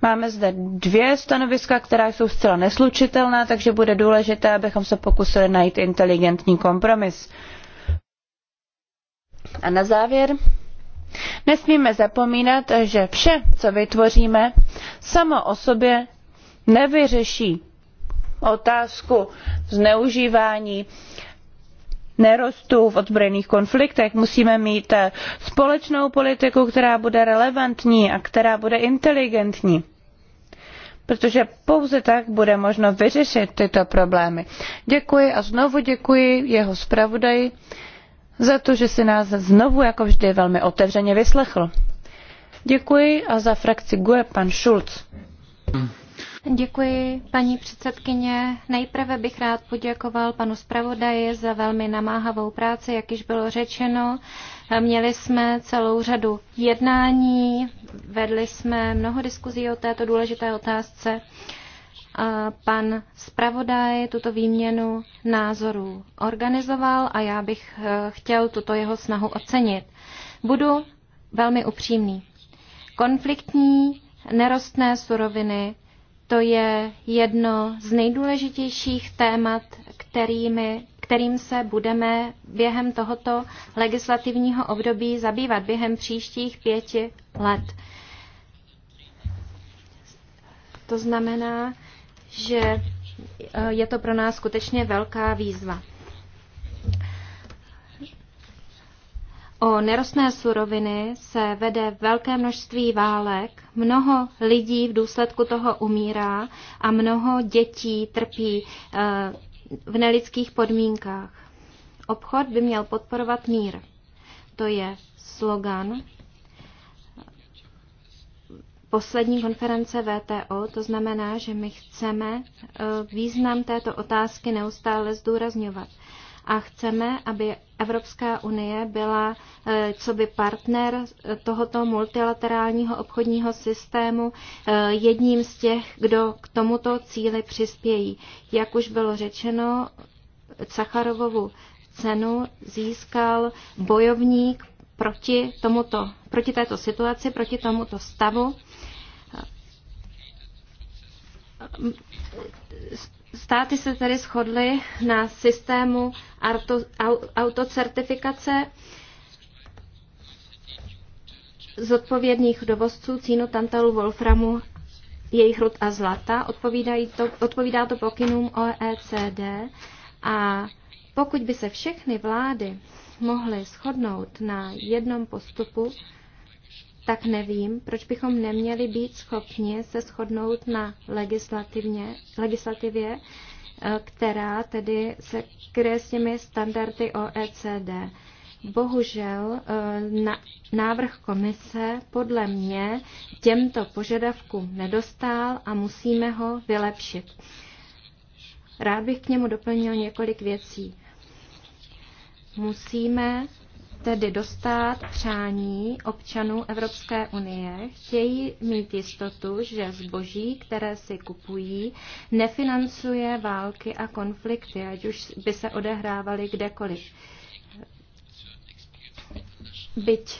máme zde dvě stanoviska, která jsou zcela neslučitelná, takže bude důležité, abychom se pokusili najít inteligentní kompromis. A na závěr nesmíme zapomínat, že vše, co vytvoříme, samo o sobě nevyřeší otázku zneužívání nerostů v ozbrojených konfliktech musíme mít eh, společnou politiku která bude relevantní a která bude inteligentní protože pouze tak bude možno vyřešit tyto problémy. Děkuji a znovu děkuji jeho zpravodaji za to, že si nás znovu, jako vždy, velmi otevřeně vyslechl. Děkuji a za frakci GUE pan Schulz. Děkuji, paní předsedkyně. Nejprve bych rád poděkoval panu zpravodaji za velmi namáhavou práci, jak již bylo řečeno. Měli jsme celou řadu jednání, vedli jsme mnoho diskuzí o této důležité otázce pan zpravodaj tuto výměnu názorů organizoval a já bych eh, chtěl tuto jeho snahu ocenit. Budu velmi upřímný. Konfliktní nerostné suroviny to je jedno z nejdůležitějších témat, kterými, kterým se budeme během tohoto legislativního období zabývat během příštích pěti let. To znamená, že e, je to pro nás skutečně velká výzva. O nerostné suroviny se vede velké množství válek, mnoho lidí v důsledku toho umírá a mnoho dětí trpí e, v nelidských podmínkách. Obchod by měl podporovat mír. To je slogan, poslední konference VTO, to znamená, že my chceme e, význam této otázky neustále zdůrazňovat a chceme, aby Evropská unie byla e, co by partner e, tohoto multilaterálního obchodního systému jedním z těch, kdo k tomuto cíli přispějí. Jak už bylo řečeno, Sacharovovu cenu získal bojovník proti, tomuto, proti této situaci, proti tomuto stavu Státy se tedy shodly na systému autocertifikace zodpovědných dovozců cínu, tantalu, wolframu, jejich rud a zlata. to, odpovídá to pokynům OECD a pokud by se všechny vlády mohly shodnout na jednom postupu, tak nevím, proč bychom neměli být schopni se shodnout na legislativně, legislativě, eh, která tedy se kryje s těmi standardy OECD. Bohužel eh, na, návrh komise podle mě těmto požadavkům nedostal a musíme ho vylepšit. Rád bych k němu doplnil několik věcí. Musíme tedy dostat přání občanů Evropské unie, chtějí mít jistotu, že zboží, které si kupují, nefinancuje války a konflikty, ať už by se odehrávaly kdekoliv. Byť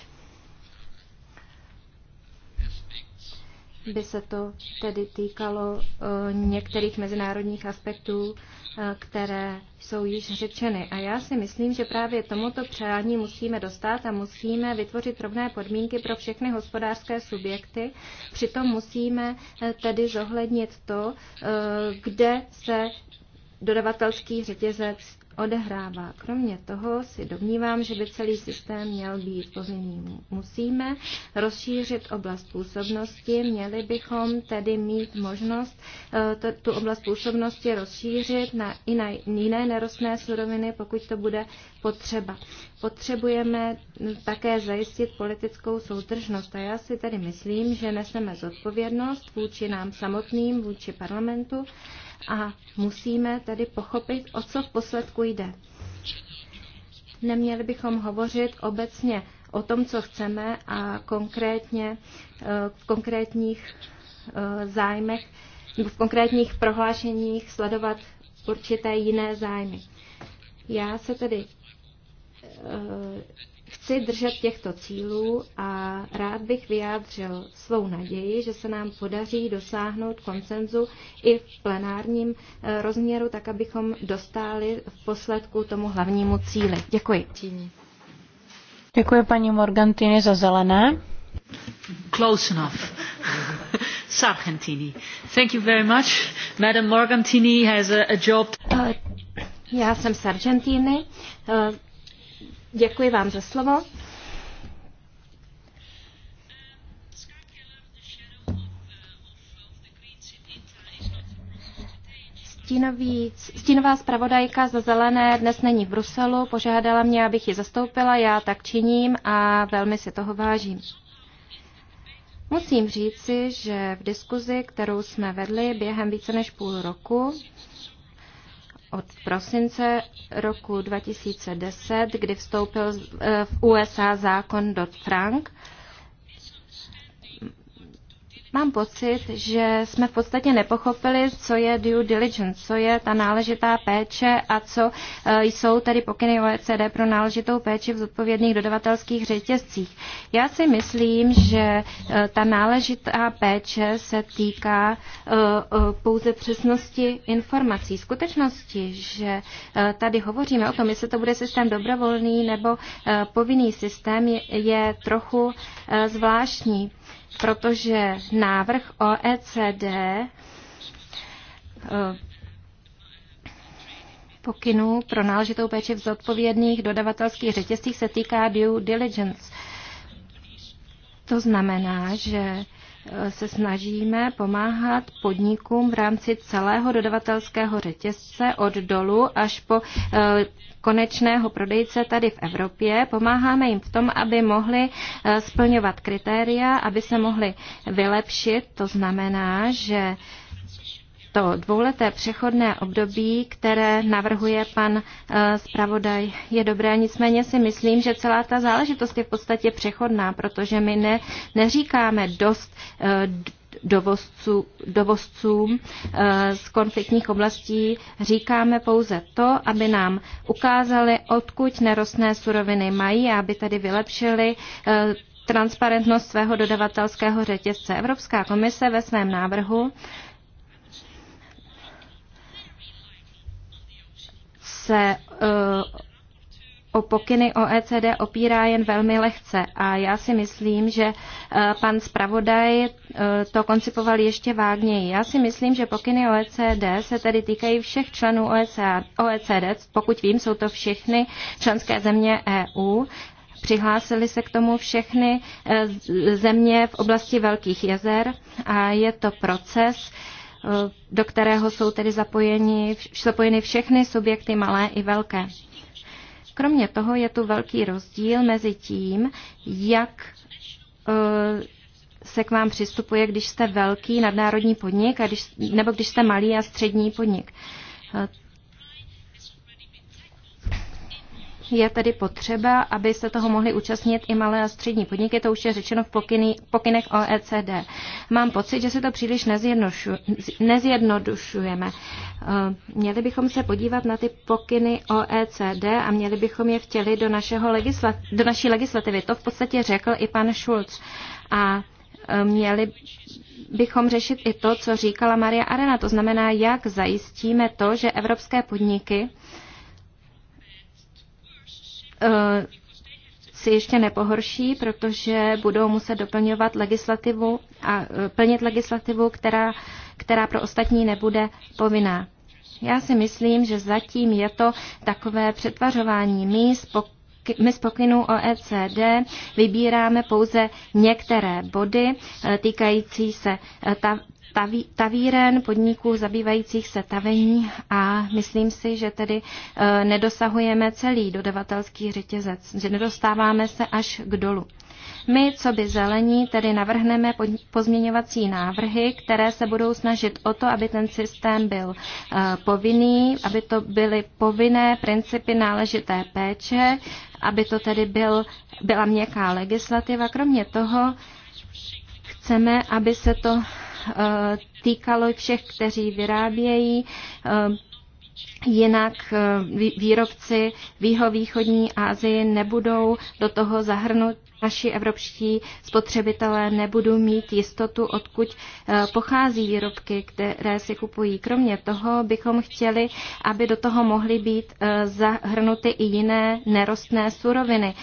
by se to tedy týkalo eh, některých mezinárodních aspektů, eh, které jsou již řečeny. A já si myslím, že právě tomuto přání musíme dostat a musíme vytvořit rovné podmínky pro všechny hospodářské subjekty. Přitom musíme eh, tedy zohlednit to, kde se dodavatelský řetězec odehrává. Kromě toho si domnívám, že by celý systém měl být pozměněný. Musíme rozšířit oblast působnosti, měli bychom tedy mít možnost eh, tu oblast působnosti rozšířit na, i na jiné nerostné suroviny, pokud to bude potřeba. Potřebujeme hm, také zajistit politickou soudržnost a já si tedy myslím, že neseme zodpovědnost vůči nám samotným, vůči parlamentu a musíme tedy pochopit, o co v posledku jde. Neměli bychom hovořit obecně o tom, co chceme a konkrétně eh, v konkrétních eh, zájmech v konkrétních prohlášeních sledovat určité jiné zájmy. Já se tedy eh, chci držet těchto cílů a rád bych vyjádřil svou naději, že se nám podaří dosáhnout konsenzu i v plenárním eh, rozměru, tak abychom dostáli v posledku tomu hlavnímu cíli. Děkuji. Děkuji paní Morgantini za zelené. Close enough. Sargentini. Thank you very much. Madam Morgantini has a, a job. Eh, já jsem Sargentini. Uh, Děkuji vám za slovo. Stínový, stínová zpravodajka za zelené dnes není v Bruselu, požádala mě, abych ji zastoupila, já tak činím a velmi si toho vážím. Musím říci, že v diskuzi, kterou jsme vedli během více než půl roku, od prosince roku 2010, kdy vstoupil eh, v USA zákon Dodd-Frank Mám pocit, že jsme v podstatě nepochopili, co je due diligence, co je ta náležitá péče a co eh, jsou tedy pokyny OECD pro náležitou péči v zodpovědných dodavatelských řetězcích. Já si myslím, že eh, ta náležitá péče se týká eh, pouze přesnosti informací. Skutečnosti, že tady hovoříme o tom, jestli to bude systém dobrovolný nebo povinný systém, je trochu zvláštní protože návrh OECD eh, pokynů pro náležitou péči v zodpovědných dodavatelských řetězcích se týká due diligence. To znamená, že Eh, se snažíme pomáhat podnikům v rámci celého dodavatelského řetězce od dolu až po eh, konečného prodejce tady v Evropě. Pomáháme jim v tom, aby mohli eh, splňovat kritéria, aby se mohli vylepšit. To znamená, že to dvouleté přechodné období, které navrhuje pan eh, zpravodaj, je dobré. Nicméně si myslím, že celá ta záležitost je v podstatě přechodná, protože my ne, neříkáme dost eh, dovozců, dovozcům eh, z konfliktních oblastí říkáme pouze to, aby nám ukázali, odkud nerostné suroviny mají a aby tady vylepšili transparentnost svého dodavatelského řetězce. Evropská komise ve svém návrhu se eh, o pokyny OECD opírá jen velmi lehce a já si myslím, že eh, pan zpravodaj eh, to koncipoval ještě vágněji. Já si myslím, že pokyny OECD se tedy týkají všech členů OECD, e pokud vím, jsou to všechny členské země EU. Přihlásili se k tomu všechny země v oblasti Velkých jezer a je to proces, do kterého jsou tedy zapojeni, zapojeny všechny subjekty malé i velké. Kromě toho je tu velký rozdíl mezi tím, jak eh, se k vám přistupuje, když jste velký nadnárodní podnik a když, nebo když jste malý a střední podnik. Eh, Je tedy potřeba, aby se toho mohly účastnit i malé a střední podniky, to už je řečeno v pokyny, pokynech OECD. Mám pocit, že se to příliš nezjednodušujeme. Eh, měli bychom se podívat na ty pokyny OECD a měli bychom je vtěli do, našeho legisla, do naší legislativy. To v podstatě řekl i pan Schulz. A eh, měli bychom řešit i to, co říkala Maria Arena, to znamená, jak zajistíme to, že evropské podniky Eh, si ještě nepohorší, protože budou muset doplňovat legislativu a eh, plnit legislativu, která, která pro ostatní nebude povinná. Já si myslím, že zatím je to takové přetvařování míst, my z pokynu OECD vybíráme pouze některé body eh, týkající se ta, taví, tavíren, podniků zabývajících se tavení a myslím si, že tedy e, nedosahujeme celý dodavatelský řetězec, že nedostáváme se až k dolu. My, co by zelení, tedy navrhneme pozměňovací návrhy, které se budou snažit o to, aby ten systém byl e, povinný, aby to byly povinné principy náležité péče, aby to tedy byl, byla měkká legislativa. Kromě toho chceme, aby se to Eh, týkalo všech, kteří vyrábějí eh, Jinak eh, výrobci v jihovýchodní Asii nebudou do toho zahrnout naši evropští spotřebitelé nebudou mít jistotu, odkud pochází výrobky, které si kupují. Kromě toho bychom chtěli, aby do toho mohly být zahrnuty i jiné nerostné suroviny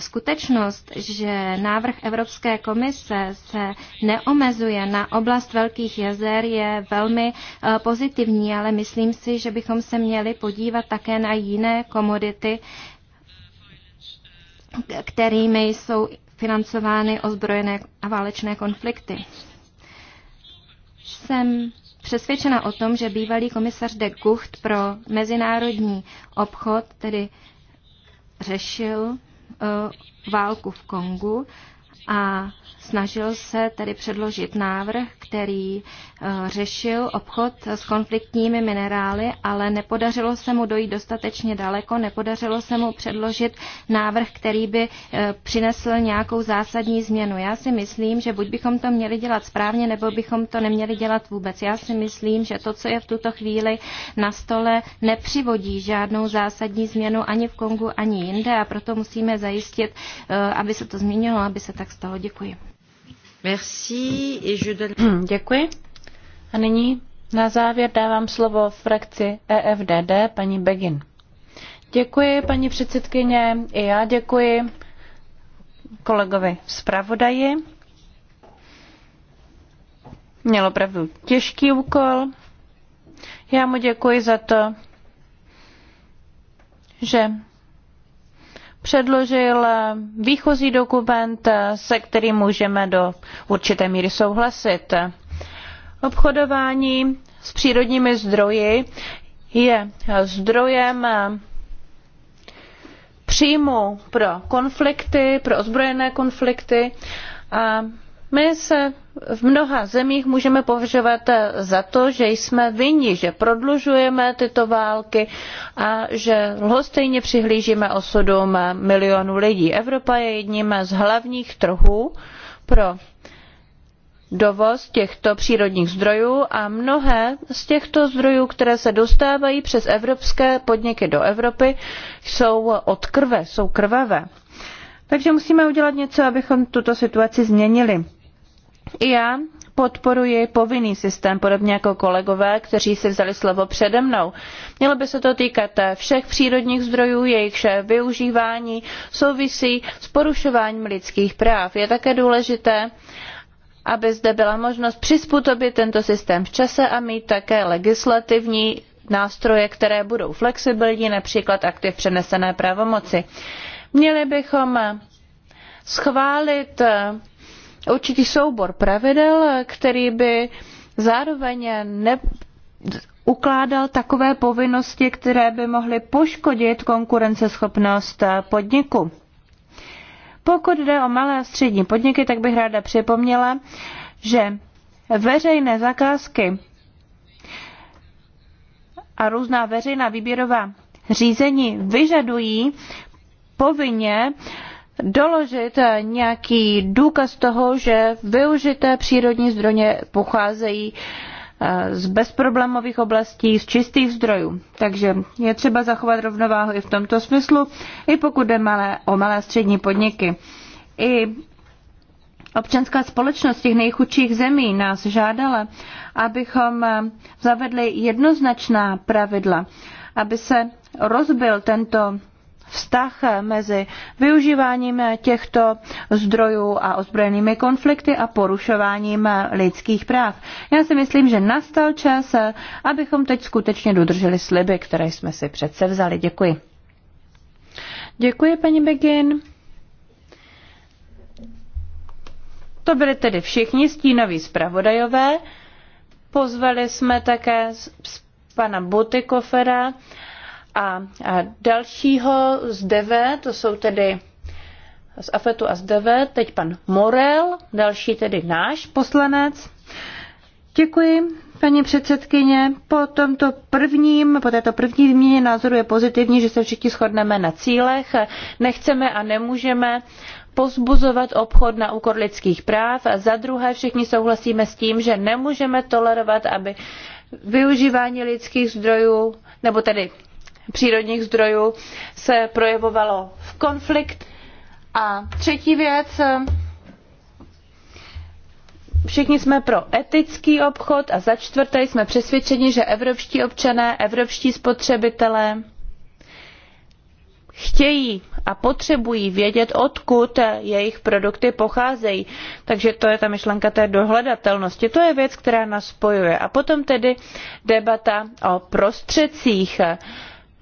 Skutečnost, že návrh Evropské komise se neomezuje na oblast Velkých jezer, je velmi eh, pozitivní, ale myslím si, že bychom se měli podívat také na jiné komodity, kterými jsou financovány ozbrojené a válečné konflikty. Jsem přesvědčena o tom, že bývalý komisař de Gucht pro mezinárodní obchod tedy řešil Eh, válku v Kongu, a snažil se tedy předložit návrh, který eh, řešil obchod s konfliktními minerály, ale nepodařilo se mu dojít dostatečně daleko, nepodařilo se mu předložit návrh, který by eh, přinesl nějakou zásadní změnu. Já si myslím, že buď bychom to měli dělat správně, nebo bychom to neměli dělat vůbec. Já si myslím, že to, co je v tuto chvíli na stole, nepřivodí žádnou zásadní změnu ani v Kongu, ani jinde a proto musíme zajistit, eh, aby se to změnilo, aby se tak stalo. Děkuji. Merci et je donne... Hmm, děkuji. A nyní na závěr dávám slovo frakci EFDD paní Begin. Děkuji, paní předsedkyně. I já děkuji kolegovi zpravodaji. Měl opravdu těžký úkol. Já mu děkuji za to, že předložil výchozí dokument, se kterým můžeme do určité míry souhlasit. Obchodování s přírodními zdroji je zdrojem příjmu pro konflikty, pro ozbrojené konflikty a my se v mnoha zemích můžeme považovat za to, že jsme vinni, že prodlužujeme tyto války a že lhostejně přihlížíme osudům milionů lidí. Evropa je jedním z hlavních trhů pro dovoz těchto přírodních zdrojů a mnohé z těchto zdrojů, které se dostávají přes evropské podniky do Evropy, jsou od krve, jsou krvavé. Takže musíme udělat něco, abychom tuto situaci změnili. I já podporuji povinný systém, podobně jako kolegové, kteří si vzali slovo přede mnou. Mělo by se to týkat všech přírodních zdrojů, jejichž využívání souvisí s porušováním lidských práv. Je také důležité, aby zde byla možnost přizpůsobit tento systém v čase a mít také legislativní nástroje, které budou flexibilní, například aktiv přenesené pravomoci. Měli bychom schválit určitý soubor pravidel, který by zároveň ne, ukládal takové povinnosti, které by mohly poškodit konkurenceschopnost podniku. Pokud jde o malé a střední podniky, tak bych ráda připomněla, že veřejné zakázky a různá veřejná výběrová řízení vyžadují povinně uh, doložit eh, nějaký důkaz toho, že využité přírodní zdroje pocházejí eh, z bezproblémových oblastí, z čistých zdrojů. Takže je třeba zachovat rovnováhu i v tomto smyslu, i pokud jde malé, o malé a střední podniky. I občanská společnost těch nejchudších zemí nás žádala, abychom eh, zavedli jednoznačná pravidla, aby se rozbil tento vztah mezi využíváním těchto zdrojů a ozbrojenými konflikty a porušováním lidských práv. Já si myslím, že nastal čas, abychom teď skutečně dodrželi sliby, které jsme si přece vzali. Děkuji. Děkuji, paní Begin. To byli tedy všichni stínoví zpravodajové. Pozvali jsme také pana Butikofera, a dalšího z Deve, to jsou tedy z Afetu a z Deve, teď pan Morel, další tedy náš poslanec. Děkuji, paní předsedkyně. Po, tomto prvním, po této první výměně názoru je pozitivní, že se všichni shodneme na cílech. Nechceme a nemůžeme pozbuzovat obchod na úkor lidských práv. A za druhé všichni souhlasíme s tím, že nemůžeme tolerovat, aby využívání lidských zdrojů, nebo tedy přírodních zdrojů se projevovalo v konflikt. A třetí věc, všichni jsme pro etický obchod a za čtvrté jsme přesvědčeni, že evropští občané, evropští spotřebitelé chtějí a potřebují vědět, odkud jejich produkty pocházejí. Takže to je ta myšlenka té dohledatelnosti. To je věc, která nás spojuje. A potom tedy debata o prostředcích.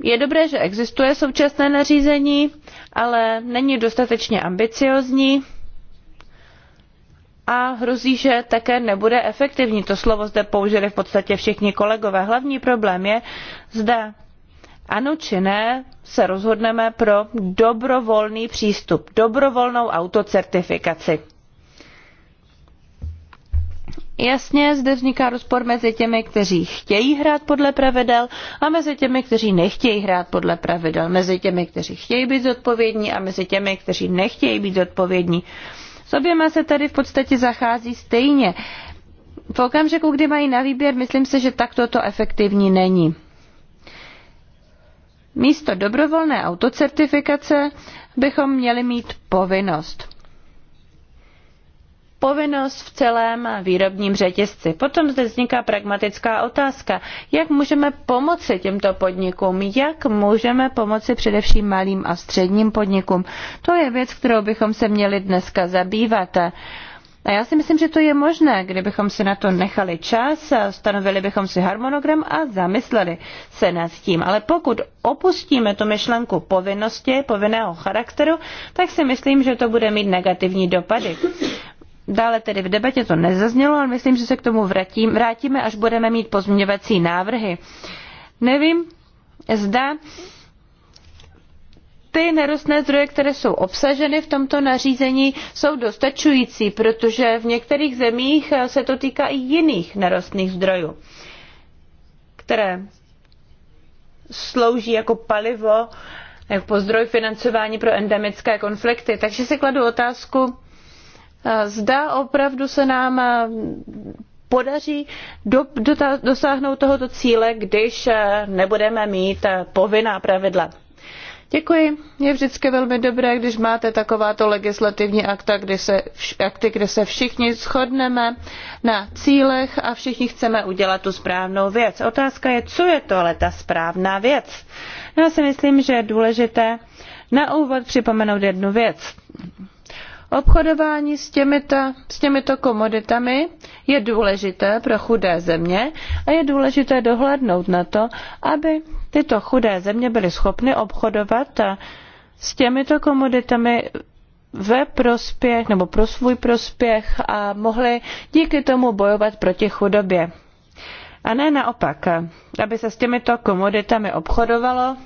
Je dobré, že existuje současné nařízení, ale není dostatečně ambiciozní a hrozí, že také nebude efektivní. To slovo zde použili v podstatě všichni kolegové. Hlavní problém je, zda ano či ne se rozhodneme pro dobrovolný přístup, dobrovolnou autocertifikaci Jasně, zde vzniká rozpor mezi těmi, kteří chtějí hrát podle pravidel a mezi těmi, kteří nechtějí hrát podle pravidel, mezi těmi, kteří chtějí být zodpovědní a mezi těmi, kteří nechtějí být zodpovědní. S oběma se tady v podstatě zachází stejně. V okamžiku, kdy mají na výběr, myslím se, že takto to efektivní není. Místo dobrovolné autocertifikace bychom měli mít povinnost povinnost v celém výrobním řetězci. Potom zde vzniká pragmatická otázka, jak můžeme pomoci těmto podnikům, jak můžeme pomoci především malým a středním podnikům. To je věc, kterou bychom se měli dneska zabývat. A já si myslím, že to je možné, kdybychom si na to nechali čas, stanovili bychom si harmonogram a zamysleli se nad tím. Ale pokud opustíme tu myšlenku povinnosti, povinného charakteru, tak si myslím, že to bude mít negativní dopady. Dále tedy v debatě to nezaznělo, ale myslím, že se k tomu vrátím, vrátíme, až budeme mít pozměňovací návrhy. Nevím, zda ty nerostné zdroje, které jsou obsaženy v tomto nařízení, jsou dostačující, protože v některých zemích se to týká i jiných nerostných zdrojů, které slouží jako palivo, jako zdroj financování pro endemické konflikty. Takže si kladu otázku, Eh, zda opravdu se nám eh, podaří do, do, dosáhnout tohoto cíle, když eh, nebudeme mít povinná pravidla. Děkuji. Je vždycky velmi dobré, když máte takováto legislativní akta, kdy se, akty, kde se všichni shodneme na cílech a všichni chceme udělat tu správnou věc. Otázka je, co je to ale ta správná věc. Já si myslím, že je důležité na úvod připomenout jednu věc. Obchodování s, těmita, s těmito komoditami je důležité pro chudé země a je důležité dohlédnout na to, aby tyto chudé země byly schopny obchodovat s těmito komoditami ve prospěch nebo pro svůj prospěch a mohly díky tomu bojovat proti chudobě. A ne naopak, aby se s těmito komoditami obchodovalo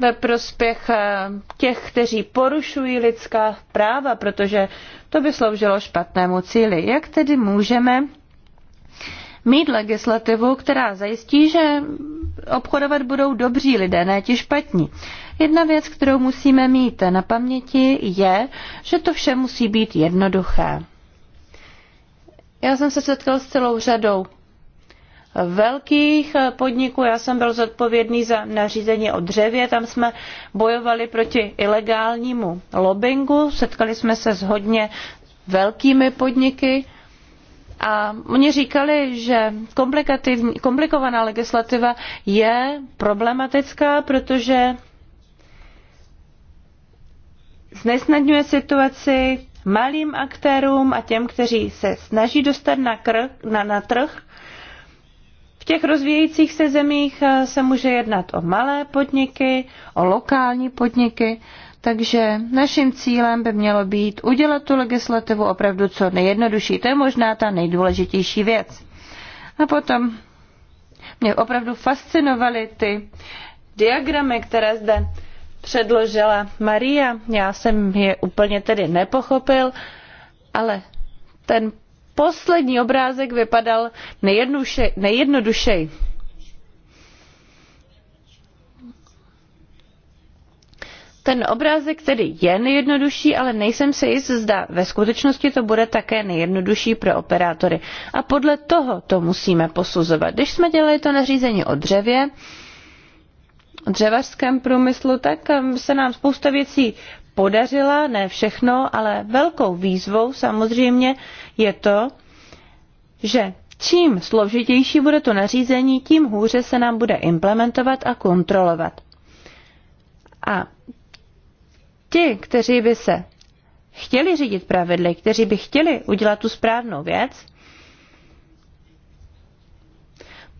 ve prospěch eh, těch, kteří porušují lidská práva, protože to by sloužilo špatnému cíli. Jak tedy můžeme mít legislativu, která zajistí, že obchodovat budou dobří lidé, ne ti špatní. Jedna věc, kterou musíme mít na paměti, je, že to vše musí být jednoduché. Já jsem se setkal s celou řadou velkých podniků. Já jsem byl zodpovědný za nařízení o dřevě, tam jsme bojovali proti ilegálnímu lobbingu, setkali jsme se s hodně velkými podniky a oni říkali, že komplikovaná legislativa je problematická, protože znesnadňuje situaci malým aktérům a těm, kteří se snaží dostat na, krk, na, na trh v těch rozvíjejících se zemích eh, se může jednat o malé podniky, o lokální podniky, takže naším cílem by mělo být udělat tu legislativu opravdu co nejjednodušší. To je možná ta nejdůležitější věc. A potom mě opravdu fascinovaly ty diagramy, které zde předložila Maria. Já jsem je úplně tedy nepochopil, ale ten poslední obrázek vypadal nejjednodušeji. Ten obrázek tedy je nejjednodušší, ale nejsem si jist, zda ve skutečnosti to bude také nejjednodušší pro operátory. A podle toho to musíme posuzovat. Když jsme dělali to nařízení o dřevě, dřevařském průmyslu, tak um, se nám spousta věcí podařila, ne všechno, ale velkou výzvou samozřejmě je to, že čím složitější bude to nařízení, tím hůře se nám bude implementovat a kontrolovat. A ti, kteří by se chtěli řídit pravidly, kteří by chtěli udělat tu správnou věc,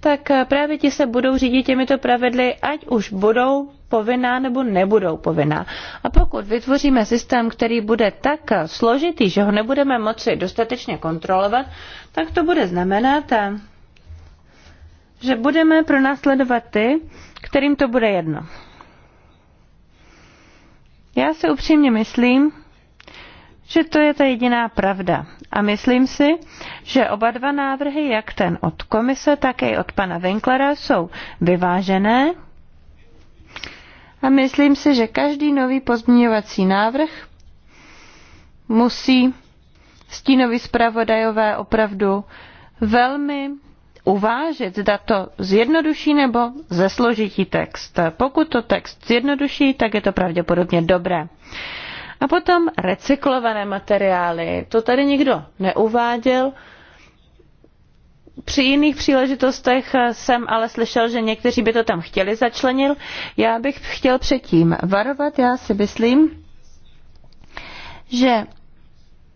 tak právě ti se budou řídit těmito pravidly, ať už budou povinná nebo nebudou povinná. A pokud vytvoříme systém, který bude tak složitý, že ho nebudeme moci dostatečně kontrolovat, tak to bude znamenat, že budeme pronásledovat ty, kterým to bude jedno. Já si upřímně myslím, že to je ta jediná pravda. A myslím si, že oba dva návrhy, jak ten od komise, tak i od pana Winklera, jsou vyvážené. A myslím si, že každý nový pozměňovací návrh musí stínovi zpravodajové opravdu velmi uvážit, zda to zjednoduší nebo zesložití text. Pokud to text zjednoduší, tak je to pravděpodobně dobré. A potom recyklované materiály. To tady nikdo neuváděl. Při jiných příležitostech jsem ale slyšel, že někteří by to tam chtěli začlenil. Já bych chtěl předtím varovat, já si myslím, že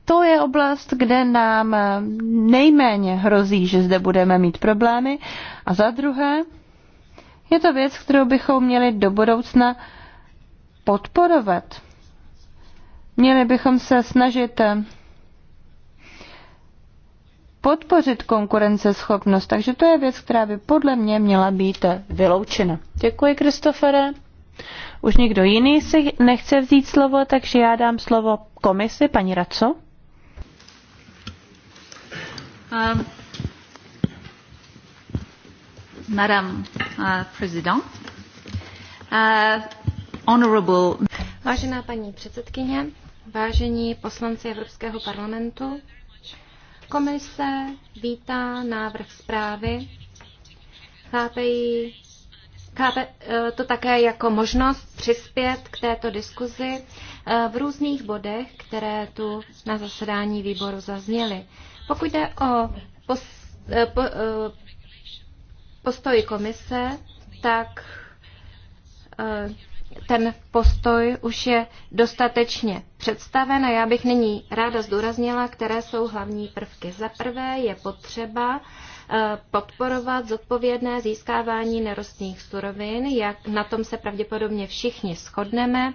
to je oblast, kde nám nejméně hrozí, že zde budeme mít problémy. A za druhé, je to věc, kterou bychom měli do budoucna podporovat. Měli bychom se snažit eh, podpořit konkurenceschopnost, takže to je věc, která by podle mě měla být eh, vyloučena. Děkuji, Kristofere. Už někdo jiný si nechce vzít slovo, takže já dám slovo komisi, paní Raco. Um, Madam uh, President, uh, honorable... Vážená paní předsedkyně, Vážení poslanci Evropského parlamentu, komise vítá návrh zprávy, chápe, chápe eh, to také jako možnost přispět k této diskuzi eh, v různých bodech, které tu na zasedání výboru zazněly. Pokud jde o eh, postoj komise, tak ten postoj už je dostatečně představen a já bych nyní ráda zdůraznila, které jsou hlavní prvky. Za prvé je potřeba eh, podporovat zodpovědné získávání nerostných surovin, jak na tom se pravděpodobně všichni shodneme.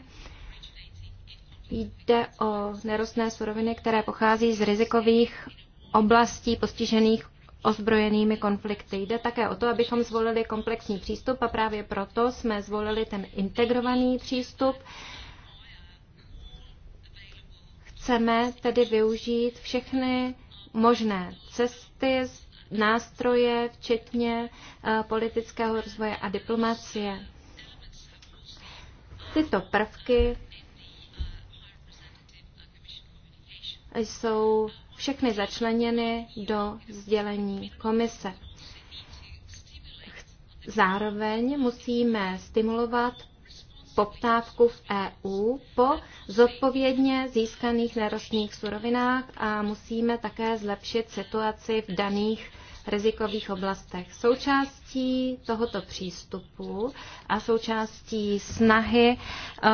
Jde o nerostné suroviny, které pochází z rizikových oblastí postižených ozbrojenými konflikty. Jde také o to, abychom zvolili komplexní přístup a právě proto jsme zvolili ten integrovaný přístup, Chceme tedy využít všechny možné cesty, nástroje, včetně eh, politického rozvoje a diplomacie. Tyto prvky jsou všechny začleněny do sdělení komise. Zároveň musíme stimulovat poptávku v EU po zodpovědně získaných nerostných surovinách a musíme také zlepšit situaci v daných rizikových oblastech. Součástí tohoto přístupu a součástí snahy eh,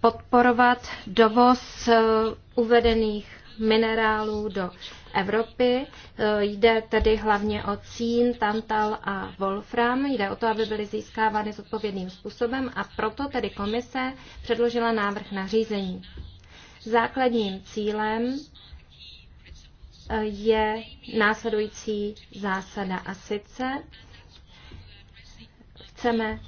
podporovat dovoz eh, uvedených minerálů do Evropy. E, jde tedy hlavně o cín, tantal a wolfram. Jde o to, aby byly získávány zodpovědným způsobem a proto tedy komise předložila návrh na řízení. Základním cílem e, je následující zásada a sice chceme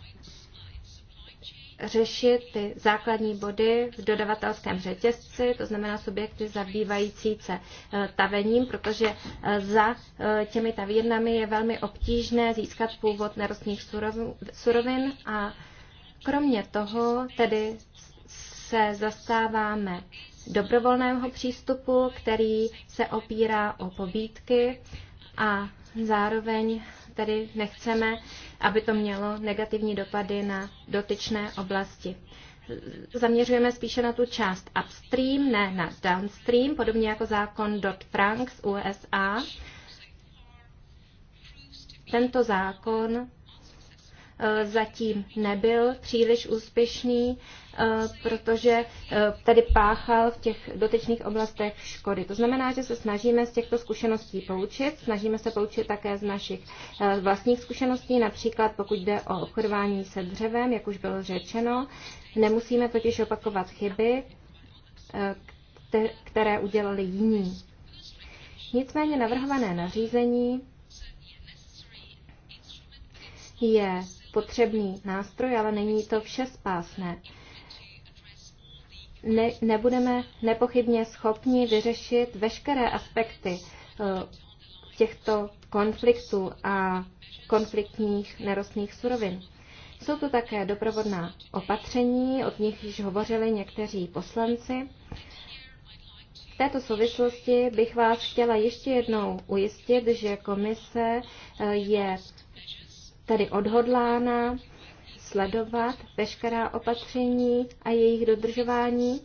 řešit ty základní body v dodavatelském řetězci, to znamená subjekty zabývající se eh, tavením, protože eh, za eh, těmi tavírnami je velmi obtížné získat původ nerostných surovin a kromě toho tedy se zastáváme dobrovolného přístupu, který se opírá o pobídky a zároveň tedy nechceme, aby to mělo negativní dopady na dotyčné oblasti. Zaměřujeme spíše na tu část upstream, ne na downstream, podobně jako zákon Dodd-Frank z USA. Tento zákon Eh, zatím nebyl příliš úspěšný, eh, protože eh, tady páchal v těch dotyčných oblastech škody. To znamená, že se snažíme z těchto zkušeností poučit, snažíme se poučit také z našich vlastních zkušeností, například pokud jde o obchodování se dřevem, jak už bylo řečeno, nemusíme totiž opakovat chyby, které udělali jiní. Nicméně navrhované nařízení je potřebný nástroj, ale není to spásné. Ne, nebudeme nepochybně schopni vyřešit veškeré aspekty eh, těchto konfliktů a konfliktních nerostných surovin. Jsou to také doprovodná opatření, od nich již hovořili někteří poslanci. V této souvislosti bych vás chtěla ještě jednou ujistit, že komise eh, je tedy odhodlána sledovat veškerá opatření a jejich dodržování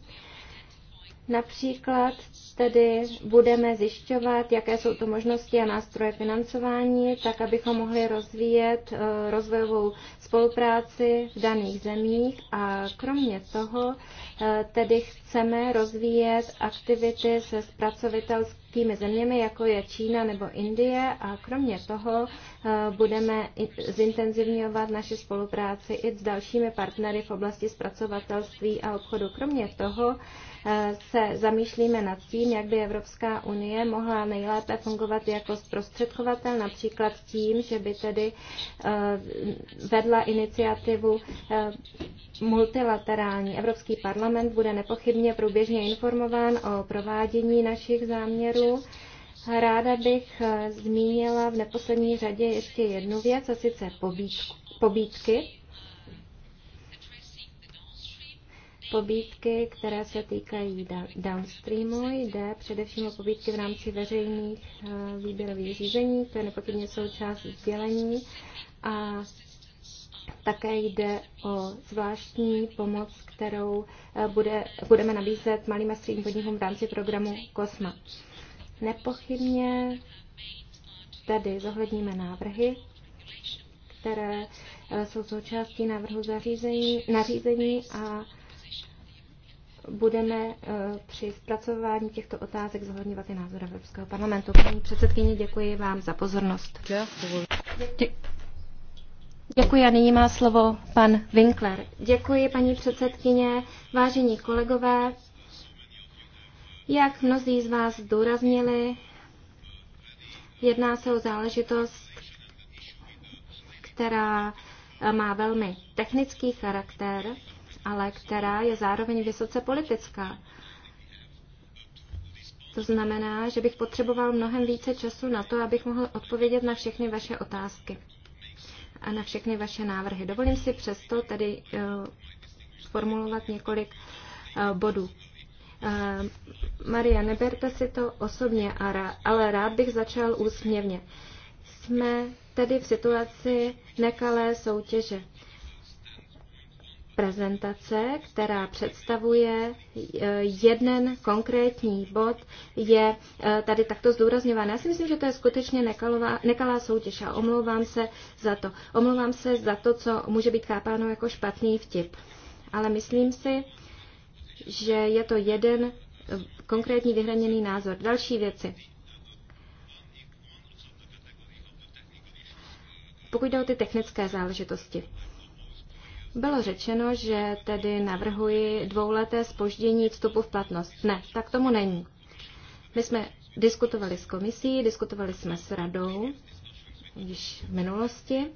Například tedy budeme zjišťovat, jaké jsou to možnosti a nástroje financování, tak abychom mohli rozvíjet eh, rozvojovou spolupráci v daných zemích a kromě toho eh, tedy chceme rozvíjet aktivity se zpracovitelskými zeměmi, jako je Čína nebo Indie a kromě toho eh, budeme zintenzivňovat naši spolupráci i s dalšími partnery v oblasti zpracovatelství a obchodu. Kromě toho se zamýšlíme nad tím, jak by Evropská unie mohla nejlépe fungovat jako zprostředkovatel, například tím, že by tedy eh, vedla iniciativu eh, multilaterální. Evropský parlament bude nepochybně průběžně informován o provádění našich záměrů. Ráda bych eh, zmínila v neposlední řadě ještě jednu věc, a sice pobítku. Pobítky. pobídky, které se týkají downstreamu. Jde především o pobídky v rámci veřejných eh, výběrových řízení, to je nepochybně součást sdělení. A také jde o zvláštní pomoc, kterou eh, bude, budeme nabízet malým a středním podnikům v rámci programu COSMA. Nepochybně tady zohledníme návrhy, které eh, jsou součástí návrhu zařízení, nařízení a budeme eh, při zpracování těchto otázek zohledňovat i názor Evropského parlamentu. Paní předsedkyně, děkuji vám za pozornost. Děkuji a nyní má slovo pan Winkler. Děkuji, paní předsedkyně, vážení kolegové. Jak mnozí z vás zdůraznili, jedná se o záležitost, která má velmi technický charakter ale která je zároveň vysoce politická. To znamená, že bych potřeboval mnohem více času na to, abych mohl odpovědět na všechny vaše otázky a na všechny vaše návrhy. Dovolím si přesto tedy eh, formulovat několik eh, bodů. Eh, Maria, neberte si to osobně, ale rád bych začal úsměvně. Jsme tedy v situaci nekalé soutěže prezentace, která představuje e, jeden konkrétní bod, je e, tady takto zdůrazňována. Já si myslím, že to je skutečně nekalová, nekalá soutěž a omlouvám se za to. Omlouvám se za to, co může být chápáno jako špatný vtip. Ale myslím si, že je to jeden e, konkrétní vyhraněný názor. Další věci. Pokud jde o ty technické záležitosti. Bylo řečeno, že tedy navrhuji dvouleté spoždění vstupu v platnost. Ne, tak tomu není. My jsme diskutovali s komisí, diskutovali jsme s radou již v minulosti.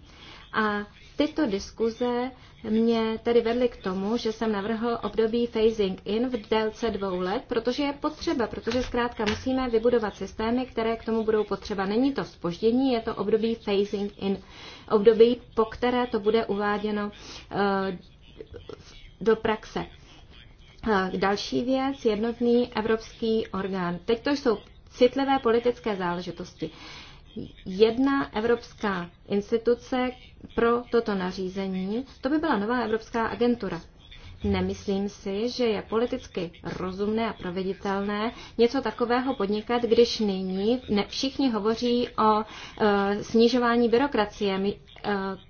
A tyto diskuze mě tedy vedly k tomu, že jsem navrhl období phasing in v délce dvou let, protože je potřeba, protože zkrátka musíme vybudovat systémy, které k tomu budou potřeba. Není to spoždění, je to období phasing in, období, po které to bude uváděno eh, do praxe. Eh, další věc, jednotný evropský orgán. Teď to jsou citlivé politické záležitosti. Uh, jedna evropská instituce pro toto nařízení, to by byla nová evropská agentura. Nemyslím si, že je politicky rozumné a proveditelné něco takového podnikat, když nyní ne, všichni hovoří o e, snižování byrokracie. My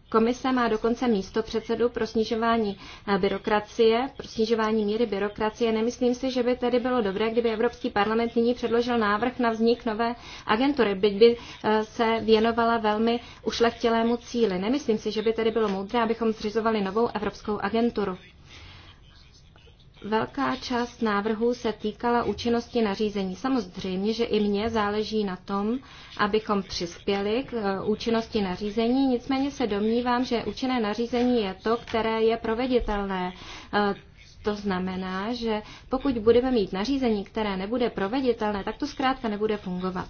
Komise má dokonce místo předsedu pro snižování eh, byrokracie, pro snižování míry byrokracie. Nemyslím si, že by tedy bylo dobré, kdyby Evropský parlament nyní předložil návrh na vznik nové agentury, byť by eh, se věnovala velmi ušlechtilému cíli. Nemyslím si, že by tedy bylo moudré, abychom zřizovali novou Evropskou agenturu. Velká část návrhů se týkala účinnosti nařízení. Samozřejmě, že i mně záleží na tom, abychom přispěli k eh, účinnosti nařízení, nicméně se domnívám, že účinné nařízení je to, které je proveditelné. Eh, to znamená, že pokud budeme mít nařízení, které nebude proveditelné, tak to zkrátka nebude fungovat.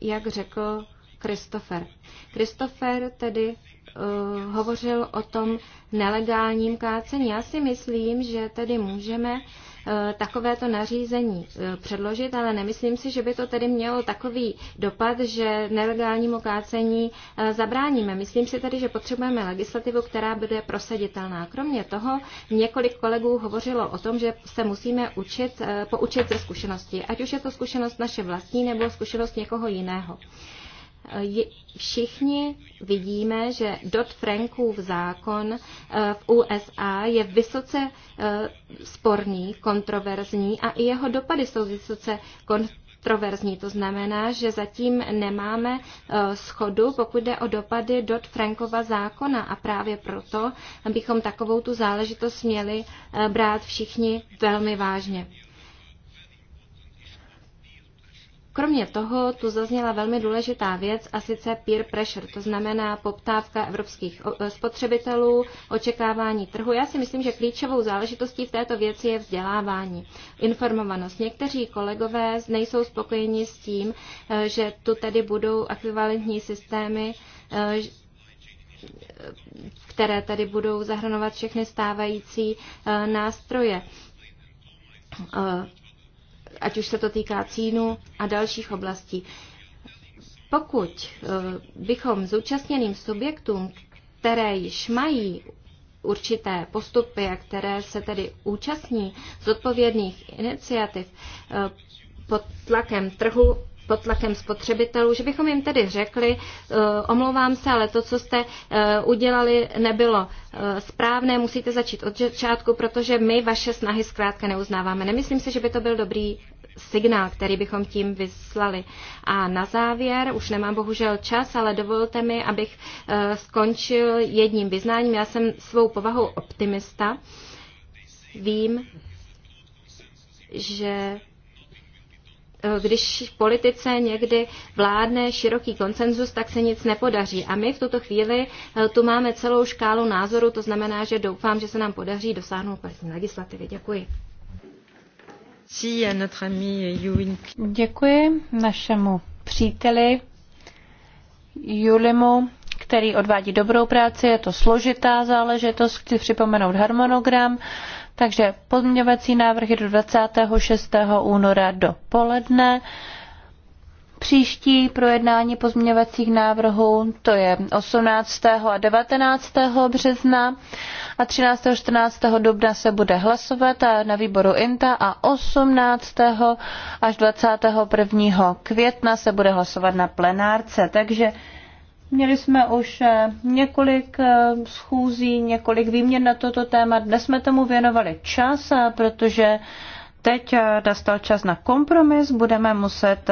Jak řekl Christopher. Christopher tedy uh, hovořil o tom nelegálním kácení. Já si myslím, že tedy můžeme uh, takovéto nařízení eh, předložit, ale nemyslím si, že by to tedy mělo takový dopad, že nelegálnímu kácení zabráníme. Myslím si tedy, že potřebujeme legislativu, která bude prosaditelná. Kromě toho několik kolegů hovořilo o tom, že se musíme učit, poučit ze zkušenosti, ať už je to zkušenost naše vlastní nebo zkušenost někoho jiného všichni vidíme, že Dodd-Frankův zákon eh, v USA je vysoce eh, sporný, kontroverzní a i jeho dopady jsou vysoce kontroverzní. To znamená, že zatím nemáme eh, schodu, pokud jde o dopady Dodd-Frankova zákona a právě proto bychom takovou tu záležitost měli brát všichni velmi vážně. Kromě toho tu zazněla velmi důležitá věc a sice peer pressure, to znamená poptávka evropských e, spotřebitelů, očekávání trhu. Já si myslím, že klíčovou záležitostí v této věci je vzdělávání, informovanost. Někteří kolegové nejsou spokojeni s tím, e, že tu tedy budou ekvivalentní systémy, e, které tady budou zahrnovat všechny stávající nástroje ať už se to týká cínu a dalších oblastí. Pokud eh, bychom zúčastněným subjektům, které již mají určité postupy a které se tedy účastní zodpovědných iniciativ eh, pod tlakem trhu pod tlakem spotřebitelů, že bychom jim tedy řekli, eh, omlouvám se, ale to, co jste eh, udělali, nebylo eh, správné, musíte začít od začátku, protože my vaše snahy zkrátka neuznáváme. Nemyslím si, že by to byl dobrý signál, který bychom tím vyslali. A na závěr, už nemám bohužel čas, ale dovolte mi, abych skončil jedním vyznáním. Já jsem svou povahou optimista. Vím, že když v politice někdy vládne široký koncenzus, tak se nic nepodaří. A my v tuto chvíli eh, tu máme celou škálu názoru, to znamená, že doufám, že se nám podaří dosáhnout kvalitní legislativy. Děkuji. Eh, eh, Děkuji našemu příteli Julimu, který odvádí dobrou práci. Je to složitá záležitost, chci připomenout harmonogram. Takže pozměňovací návrhy do 26. února do poledne. Příští projednání pozměňovacích návrhů, to je 18. a 19. března a 13. a 14. dubna se bude hlasovat na výboru INTA a 18. až 21. května se bude hlasovat na plenárce. Takže Měli jsme už eh, několik eh, schůzí, několik výměn na toto téma. Dnes jsme tomu věnovali čas, eh, protože teď dostal čas na kompromis, budeme muset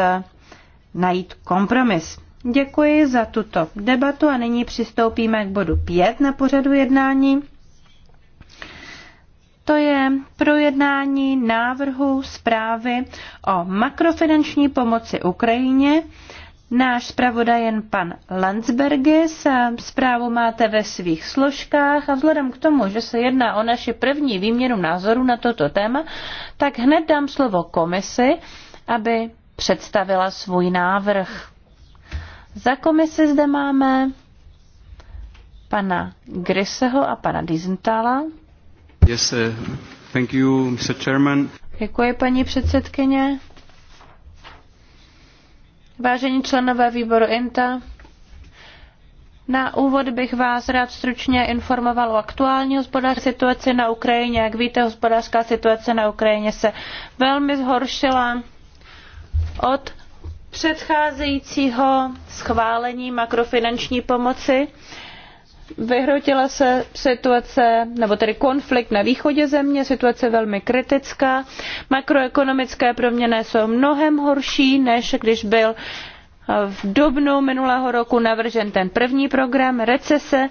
najít kompromis. Děkuji za tuto debatu a nyní přistoupíme k bodu 5 na pořadu jednání. To je projednání návrhu zprávy o makrofinanční pomoci Ukrajině Náš zpravodaj jen pan Landsbergis. Zprávu máte ve svých složkách a vzhledem k tomu, že se jedná o naši první výměnu názoru na toto téma, tak hned dám slovo komisi, aby představila svůj návrh. Za komisi zde máme pana Griseho a pana Dizentala. Yes, uh, thank you, Mr. Chairman. Děkuji, paní předsedkyně. Vážení členové výboru INTA, na úvod bych vás rád stručně informoval o aktuální hospodářské situaci na Ukrajině. Jak víte, hospodářská situace na Ukrajině se velmi zhoršila od předcházejícího schválení makrofinanční pomoci vyhrotila se situace, nebo tedy konflikt na východě země, situace velmi kritická. Makroekonomické proměny jsou mnohem horší, než když byl v dubnu minulého roku navržen ten první program recese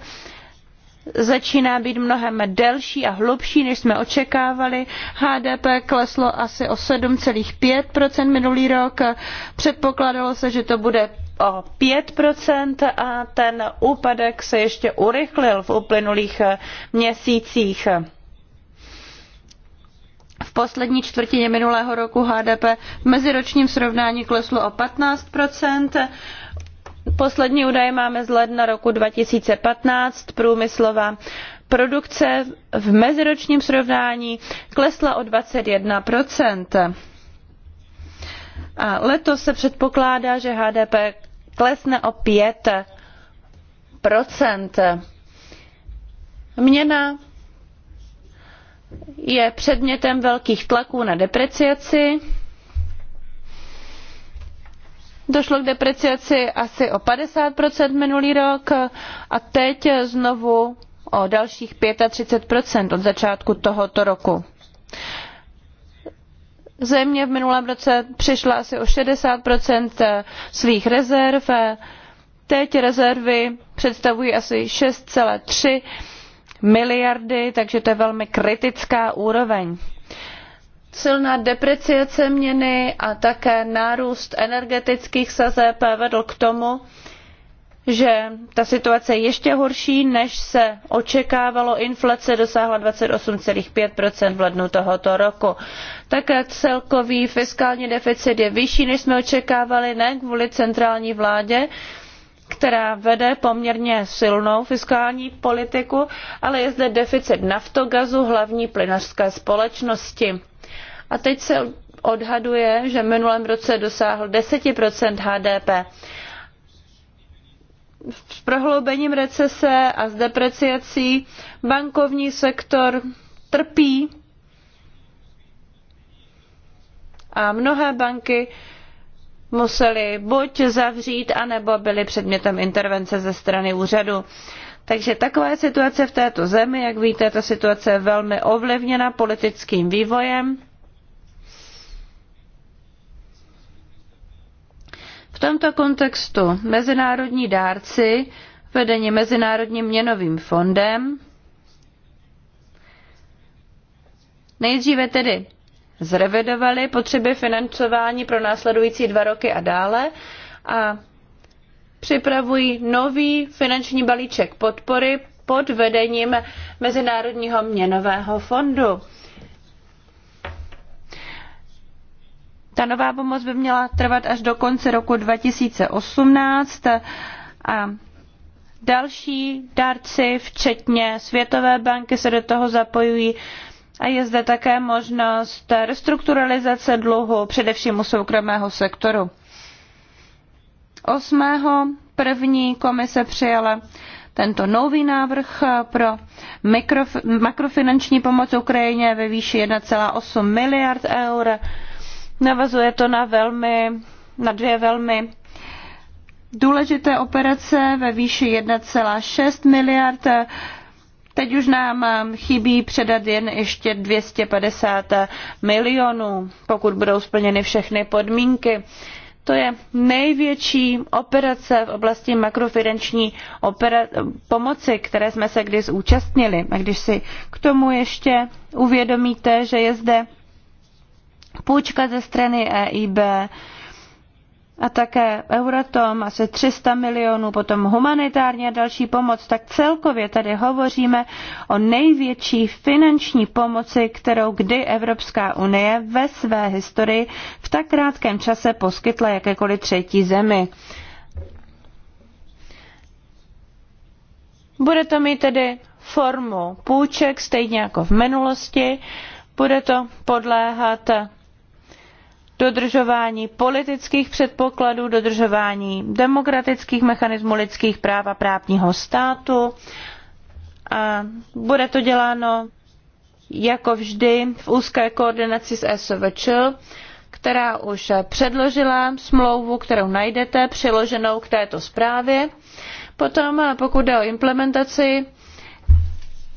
začíná být mnohem delší a hlubší, než jsme očekávali. HDP kleslo asi o 7,5 minulý rok. Předpokládalo se, že to bude o 5% a ten úpadek se ještě urychlil v uplynulých eh, měsících. V poslední čtvrtině minulého roku HDP v meziročním srovnání kleslo o 15%. Poslední údaje máme z ledna roku 2015. Průmyslová produkce v meziročním srovnání klesla o 21%. A letos se předpokládá, že HDP klesne o 5 Měna je předmětem velkých tlaků na depreciaci. Došlo k depreciaci asi o 50 minulý rok a teď znovu o dalších 35 od začátku tohoto roku země v minulém roce přišla asi o 60 eh, svých rezerv. Eh, teď rezervy představují asi 6,3 miliardy, takže to je velmi kritická úroveň. Silná depreciace měny a také nárůst energetických sazeb vedl k tomu, že ta situace je ještě horší, než se očekávalo. Inflace dosáhla 28,5 v lednu tohoto roku. Také celkový fiskální deficit je vyšší, než jsme očekávali, ne kvůli centrální vládě, která vede poměrně silnou fiskální politiku, ale je zde deficit naftogazu hlavní plynařské společnosti. A teď se odhaduje, že v minulém roce dosáhl 10 HDP s prohloubením recese a s depreciací bankovní sektor trpí a mnohé banky museli buď zavřít, anebo byly předmětem intervence ze strany úřadu. Takže taková je situace v této zemi. Jak víte, ta situace je velmi ovlivněna politickým vývojem tomto kontextu mezinárodní dárci, vedení Mezinárodním měnovým fondem, nejdříve tedy zrevidovali potřeby financování pro následující dva roky a dále a připravují nový finanční balíček podpory pod vedením Mezinárodního měnového fondu. Ta nová pomoc by měla trvat až do konce roku 2018 a další dárci, včetně Světové banky, se do toho zapojují. A je zde také možnost restrukturalizace dluhu, především u soukromého sektoru. 8. první komise přijala tento nový návrh pro mikrof, makrofinanční pomoc Ukrajině ve výši 1,8 miliard eur Navazuje to na, velmi, na dvě velmi důležité operace ve výši 1,6 miliard. Teď už nám um, chybí předat jen ještě 250 milionů, pokud budou splněny všechny podmínky. To je největší operace v oblasti makrofinanční pomoci, které jsme se kdy zúčastnili. A když si k tomu ještě uvědomíte, že je zde půjčka ze strany EIB a také Euratom asi 300 milionů, potom humanitární a další pomoc, tak celkově tady hovoříme o největší finanční pomoci, kterou kdy Evropská unie ve své historii v tak krátkém čase poskytla jakékoliv třetí zemi. Bude to mít tedy formu půjček, stejně jako v minulosti, bude to podléhat dodržování politických předpokladů, dodržování demokratických mechanismů lidských práv a právního státu. A bude to děláno jako vždy v úzké koordinaci s SVČ, která už předložila smlouvu, kterou najdete přiloženou k této zprávě. Potom, pokud jde o implementaci,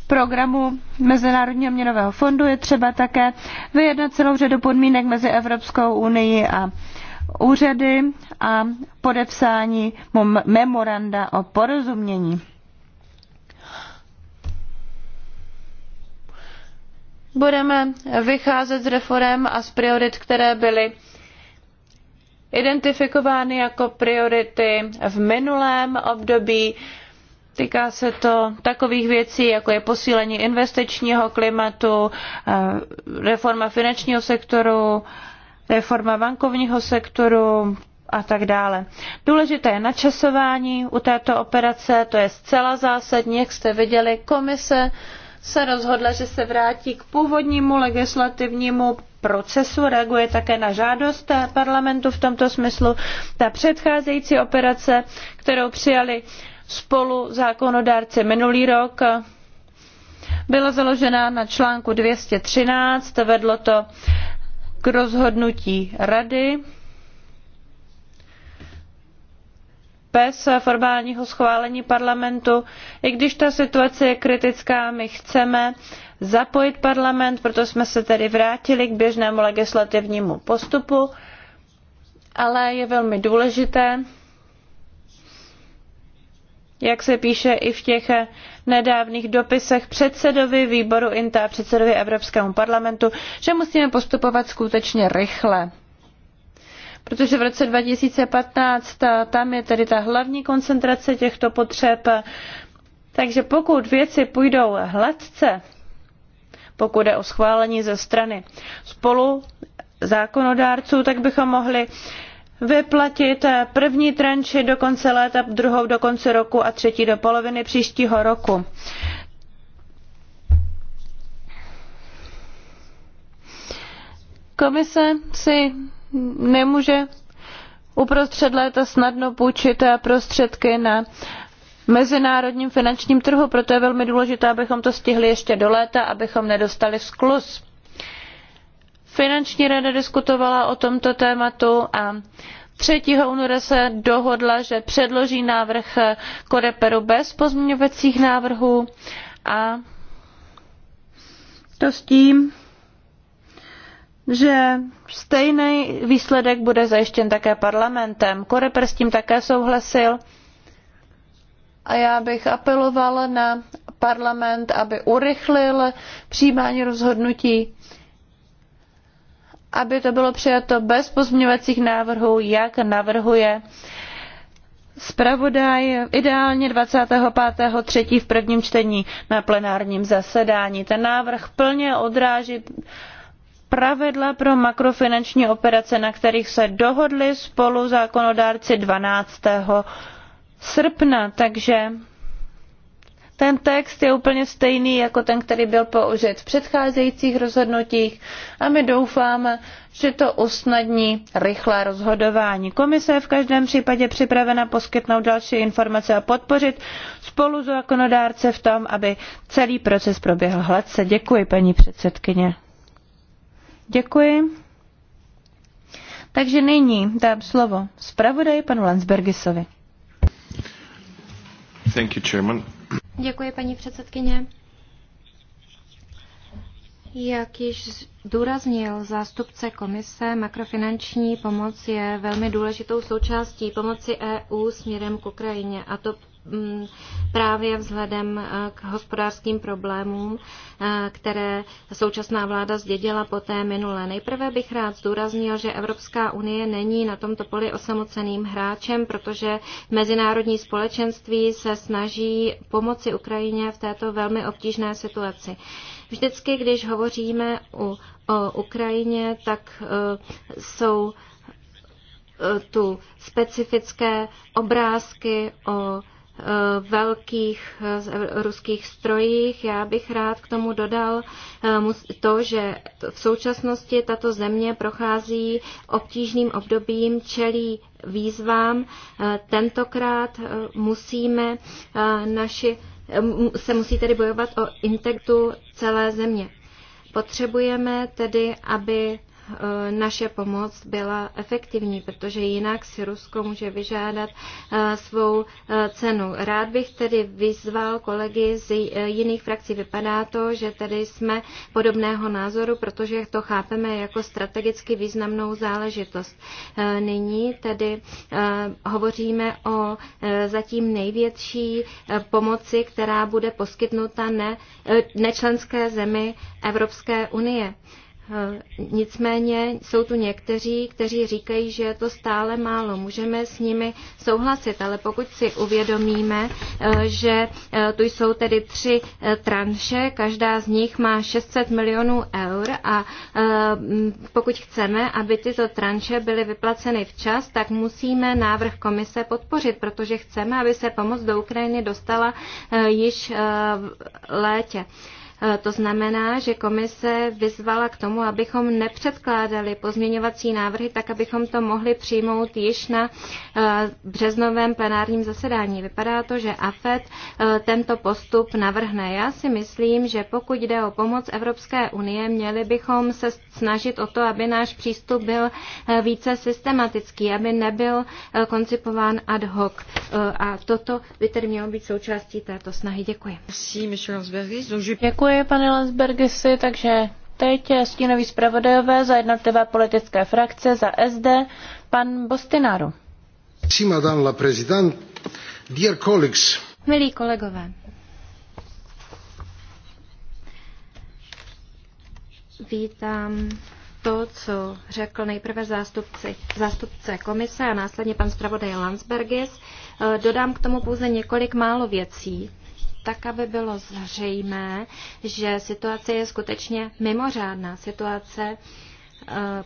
programu Mezinárodního měnového fondu je třeba také vyjednat celou řadu podmínek mezi Evropskou unii a úřady a podepsání memoranda o porozumění. Budeme vycházet z reform a z priorit, které byly identifikovány jako priority v minulém období Týká se to takových věcí, jako je posílení investičního klimatu, eh, reforma finančního sektoru, reforma bankovního sektoru a tak dále. Důležité je načasování u této operace, to je zcela zásadní, jak jste viděli, komise se rozhodla, že se vrátí k původnímu legislativnímu procesu, reaguje také na žádost parlamentu v tomto smyslu. Ta předcházející operace, kterou přijali spolu zákonodárci minulý rok byla založena na článku 213, vedlo to k rozhodnutí rady bez formálního schválení parlamentu. I když ta situace je kritická, my chceme zapojit parlament, proto jsme se tedy vrátili k běžnému legislativnímu postupu, ale je velmi důležité, jak se píše i v těch nedávných dopisech předsedovi výboru INTA a předsedovi Evropskému parlamentu, že musíme postupovat skutečně rychle. Protože v roce 2015 tam je tedy ta hlavní koncentrace těchto potřeb. Takže pokud věci půjdou hladce, pokud je o schválení ze strany spolu zákonodárců, tak bychom mohli vyplatit eh, první tranši do konce léta, druhou do konce roku a třetí do poloviny příštího roku. Komise si nemůže uprostřed léta snadno půjčit eh, prostředky na mezinárodním finančním trhu, proto je velmi důležité, abychom to stihli ještě do léta, abychom nedostali sklus Finanční rada diskutovala o tomto tématu a 3. února se dohodla, že předloží návrh Koreperu bez pozměňovacích návrhů a to s tím, že stejný výsledek bude zajištěn také parlamentem. Koreper s tím také souhlasil a já bych apeloval na parlament, aby urychlil přijímání rozhodnutí aby to bylo přijato bez pozměňovacích návrhů, jak navrhuje zpravodaj ideálně three v prvním čtení na plenárním zasedání. Ten návrh plně odráží pravidla pro makrofinanční operace, na kterých se dohodli spolu zákonodárci 12. srpna, takže ten text je úplně stejný jako ten, který byl použit v předcházejících rozhodnutích a my doufáme, že to usnadní rychlé rozhodování. Komise je v každém případě připravena poskytnout další informace a podpořit spolu zákonodárce v tom, aby celý proces proběhl hladce. Děkuji, paní předsedkyně. Děkuji. Takže nyní dám slovo zpravodaji panu Landsbergisovi. Thank you, Chairman. Děkuji, paní předsedkyně. Jak již zdůraznil zástupce komise, makrofinanční pomoc je velmi důležitou součástí pomoci EU směrem k Ukrajině, a to Mm, právě vzhledem eh, k hospodářským problémům, eh, které současná vláda zdědila té minulé. Nejprve bych rád zdůraznil, že Evropská unie není na tomto poli osamoceným hráčem, protože mezinárodní společenství se snaží pomoci Ukrajině v této velmi obtížné situaci. Vždycky, když hovoříme o, o Ukrajině, tak uh, jsou uh, tu specifické obrázky o Eh, velkých eh, ruských strojích. Já bych rád k tomu dodal eh, to, že v současnosti tato země prochází obtížným obdobím, čelí výzvám. Tentokrát musíme naši, se musí tedy bojovat o integritu celé země. Potřebujeme tedy, aby Eh, naše pomoc byla efektivní, protože jinak si Rusko může vyžádat eh, svou eh, cenu. Rád bych tedy vyzval kolegy z jiných frakcí. Vypadá to, že tedy jsme podobného názoru, protože to chápeme jako strategicky významnou záležitost. Nyní tedy hovoříme o zatím největší pomoci, která bude poskytnuta ne, zemi Evropské unie. Eh, nicméně jsou tu někteří, kteří říkají, že je to stále málo. Můžeme s nimi souhlasit, ale pokud si uvědomíme, eh, že eh, tu jsou tedy tři tranše, každá z nich má 600 milionů eur a pokud chceme, aby tyto tranše byly vyplaceny včas, tak musíme návrh komise podpořit, protože chceme, aby se pomoc do Ukrajiny dostala již v létě. Eh, to znamená, že komise vyzvala k tomu, abychom nepředkládali pozměňovací návrhy, tak abychom to mohli přijmout již na eh, březnovém plenárním zasedání. Vypadá to, že AFED eh, tento postup navrhne. Já si myslím, že pokud jde o pomoc Evropské unie, měli bychom se snažit o to, aby náš přístup byl více systematický, aby nebyl koncipován ad hoc. A toto by tedy mělo být součástí této snahy. Děkuji. Děkuji. Děkuji, pane Lansbergisi, takže teď stínový zpravodajové za jednotlivé politické frakce, za SD, pan colleagues. Milí kolegové, vítám to, co řekl nejprve zástupci, zástupce komise a následně pan zpravodaj Landsbergis. Eh, dodám k tomu pouze několik málo věcí tak aby bylo zřejmé, že situace je skutečně mimořádná. Situace, eh,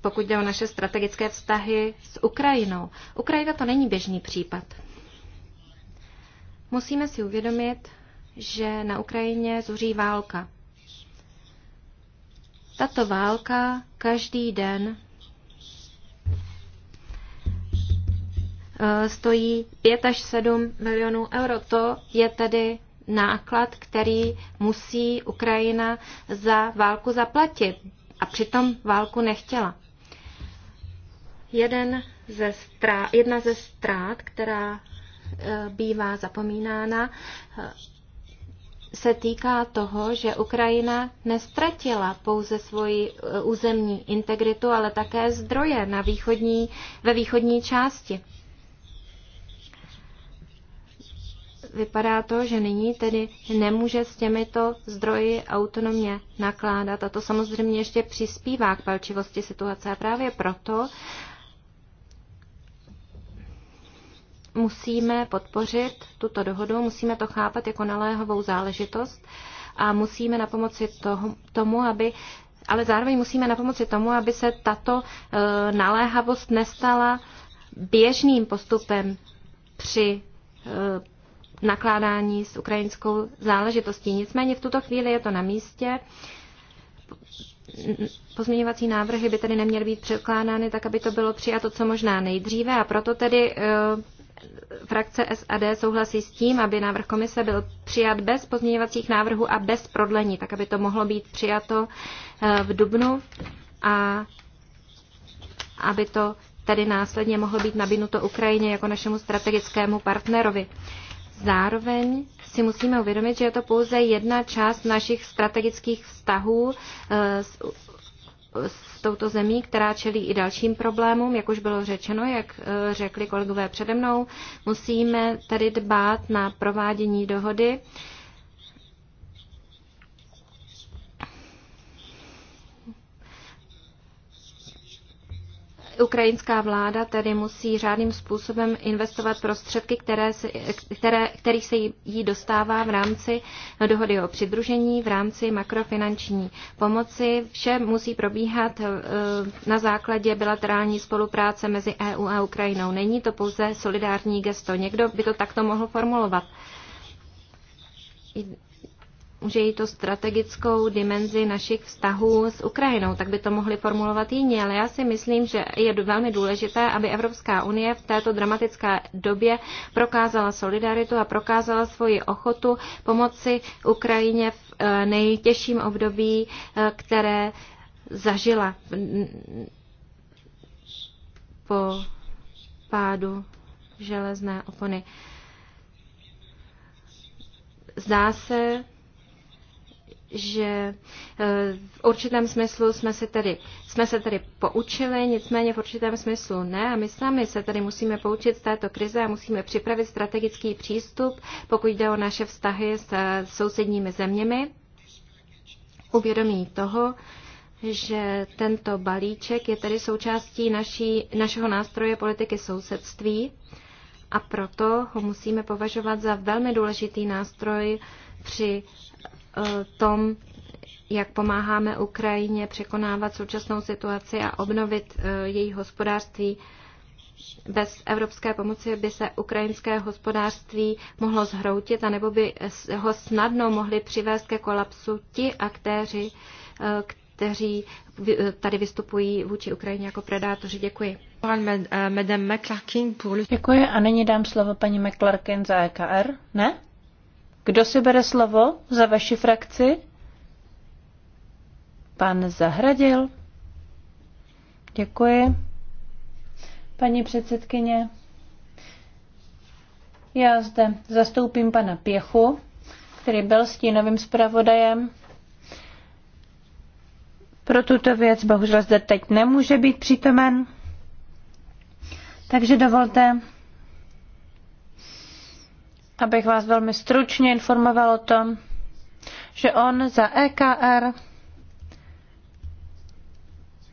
pokud jde o naše strategické vztahy s Ukrajinou. Ukrajina to není běžný případ. Musíme si uvědomit, že na Ukrajině zuří válka. Tato válka každý den Eh, stojí 5 až 7 milionů euro. To je tedy náklad, který musí Ukrajina za válku zaplatit. A přitom válku nechtěla. Jeden ze strá, jedna ze ztrát, která eh, bývá zapomínána, eh, se týká toho, že Ukrajina nestratila pouze svoji územní integritu, ale také zdroje na východní, ve východní části vypadá to, že nyní tedy nemůže s těmito zdroji autonomně nakládat a to samozřejmě ještě přispívá k palčivosti situace a právě proto musíme podpořit tuto dohodu, musíme to chápat jako naléhovou záležitost a musíme na pomoci toho, tomu, aby ale zároveň musíme na pomoci tomu, aby se tato e, naléhavost nestala běžným postupem při e, nakládání s ukrajinskou záležitostí. Nicméně v tuto chvíli je to na místě. Pozměňovací návrhy by tedy neměly být překládány tak, aby to bylo přijato co možná nejdříve a proto tedy eh, frakce SAD souhlasí s tím, aby návrh komise byl přijat bez pozměňovacích návrhů a bez prodlení, tak aby to mohlo být přijato eh, v dubnu a aby to tedy následně mohlo být nabídnuto Ukrajině jako našemu strategickému partnerovi. Zároveň si musíme uvědomit, že je to pouze jedna část našich strategických vztahů eh, s, s touto zemí, která čelí i dalším problémům, jak už bylo řečeno, jak eh, řekli kolegové přede mnou. Musíme tedy dbát na provádění dohody. Uh, Ukrajinská vláda tedy musí řádným způsobem investovat prostředky, které se, které, kterých se jí dostává v rámci dohody o přidružení, v rámci makrofinanční pomoci. Vše musí probíhat eh, na základě bilaterální spolupráce mezi EU a Ukrajinou. Není to pouze solidární gesto. Někdo by to takto mohl formulovat může to strategickou dimenzi našich vztahů s Ukrajinou, tak by to mohli formulovat jiní, ale já si myslím, že je velmi důležité, aby Evropská unie v této dramatické době prokázala solidaritu a prokázala svoji ochotu pomoci Ukrajině v eh, nejtěžším období, eh, které zažila po pádu železné opony. Zdá se, že eh, v určitém smyslu jsme, se tedy, jsme se tedy poučili, nicméně v určitém smyslu ne. A my sami se tady musíme poučit z této krize a musíme připravit strategický přístup, pokud jde o naše vztahy s eh, sousedními zeměmi. Uvědomí toho, že tento balíček je tedy součástí naší, našeho nástroje politiky sousedství a proto ho musíme považovat za velmi důležitý nástroj při tom, jak pomáháme Ukrajině překonávat současnou situaci a obnovit eh, její hospodářství. Bez evropské pomoci by se ukrajinské hospodářství mohlo zhroutit, anebo by ho snadno mohli přivést ke kolapsu ti aktéři, eh, kteří eh, tady vystupují vůči Ukrajině jako predátoři. Děkuji. Děkuji a nyní dám slovo paní McClarkin za EKR. Ne? Kdo si bere slovo za vaši frakci? Pan Zahradil. Děkuji. Paní předsedkyně, já zde zastoupím pana Pěchu, který byl stínovým zpravodajem. Pro tuto věc bohužel zde teď nemůže být přítomen. Takže dovolte, abych vás velmi stručně informoval o tom, že on za EKR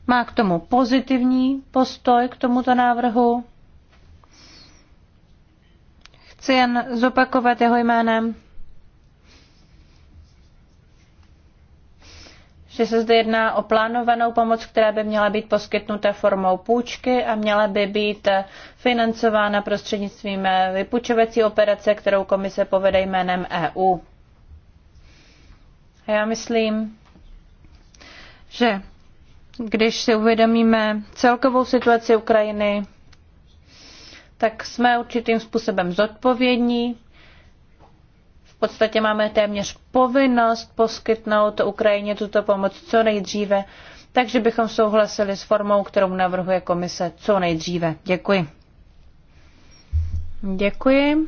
má k tomu pozitivní postoj k tomuto návrhu. Chci jen zopakovat jeho jménem, že se zde jedná o plánovanou pomoc, která by měla být poskytnuta formou půjčky a měla by být financována prostřednictvím vypučovací operace, kterou komise povede jménem EU. A já myslím, že když si uvědomíme celkovou situaci Ukrajiny, tak jsme určitým způsobem zodpovědní podstatě máme téměř povinnost poskytnout Ukrajině tuto pomoc co nejdříve, takže bychom souhlasili s formou, kterou navrhuje komise co nejdříve. Děkuji. Děkuji.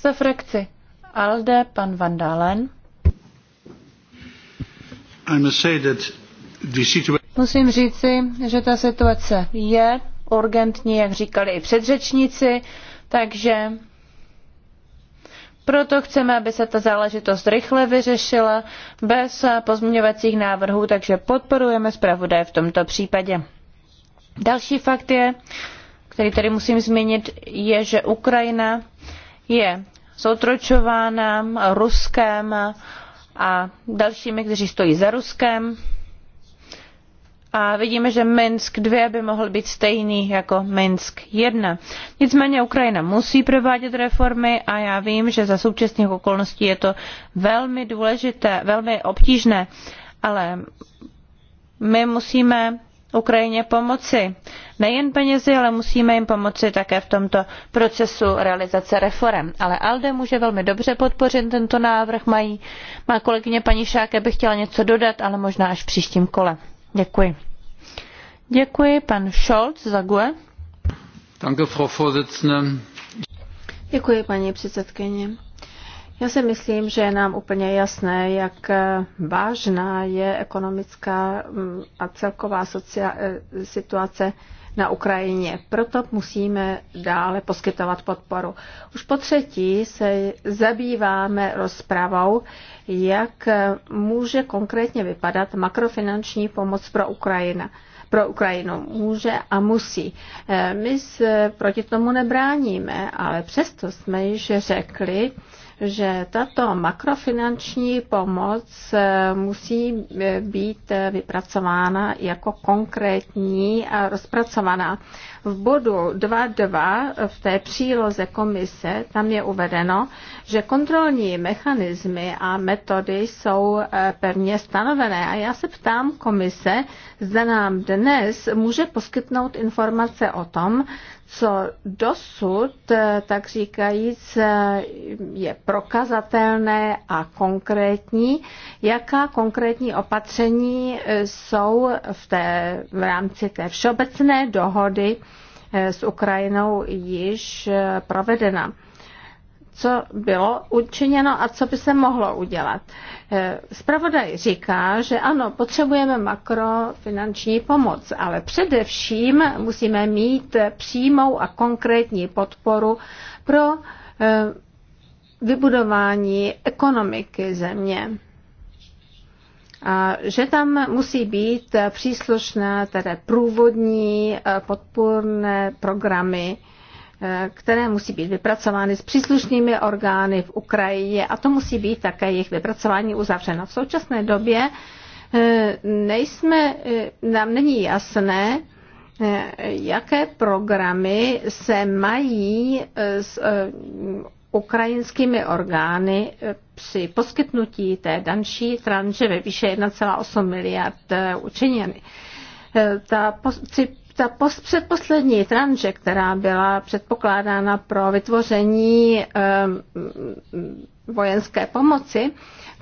Za frakci ALDE pan Van Dalen. Musím říci, že ta situace je urgentní, jak říkali i předřečníci, takže proto chceme, aby se ta záležitost rychle vyřešila bez pozměňovacích návrhů, takže podporujeme zpravodaje v tomto případě. Další fakt je, který tady musím zmínit, je, že Ukrajina je zotročována Ruskem a dalšími, kteří stojí za Ruskem a vidíme, že Minsk 2 by mohl být stejný jako Minsk 1. Nicméně Ukrajina musí provádět reformy a já vím, že za současných okolností je to velmi důležité, velmi obtížné, ale my musíme Ukrajině pomoci. Nejen penězi, ale musíme jim pomoci také v tomto procesu realizace reform. Ale ALDE může velmi dobře podpořit tento návrh. Mají, má kolegyně paní Šáke by chtěla něco dodat, ale možná až v příštím kole. Děkuji pan za Frau Vorsitzende. paní předsedkyně. Já si myslím, že je nám úplně jasné, jak eh, vážná je ekonomická mm, a celková eh, situace na Ukrajině. Proto musíme dále poskytovat podporu. Už po třetí se zabýváme rozpravou, jak eh, může konkrétně vypadat makrofinanční pomoc pro Ukrajinu pro Ukrajinu. Může a musí. Eh, my se proti tomu nebráníme, ale přesto jsme již řekli, že tato makrofinanční pomoc eh, musí eh, být eh, vypracována jako konkrétní a rozpracovaná. V bodu 2.2 v té příloze komise tam je uvedeno, že kontrolní mechanismy a metody jsou pevně stanovené. A já se ptám komise, zda nám dnes může poskytnout informace o tom, co dosud, eh, tak říkajíc, eh, je prokazatelné a konkrétní, jaká konkrétní opatření eh, jsou v, té, v rámci té všeobecné dohody s Ukrajinou již provedena co bylo učiněno a co by se mohlo udělat. Spravodaj eh, říká, že ano, potřebujeme makrofinanční pomoc, ale především musíme mít přímou a konkrétní podporu pro eh, vybudování ekonomiky země. A že tam musí být příslušné tedy průvodní eh, podpůrné programy, které musí být vypracovány s příslušnými orgány v Ukrajině a to musí být také jejich vypracování uzavřeno. V současné době eh, nejsme, eh, nám není jasné, eh, jaké programy se mají s ukrajinskými orgány při poskytnutí té danší tranže ve výše 1,8 miliard učiněny. Ta, při ta post, předposlední tranže, která byla předpokládána pro vytvoření vojenské pomoci,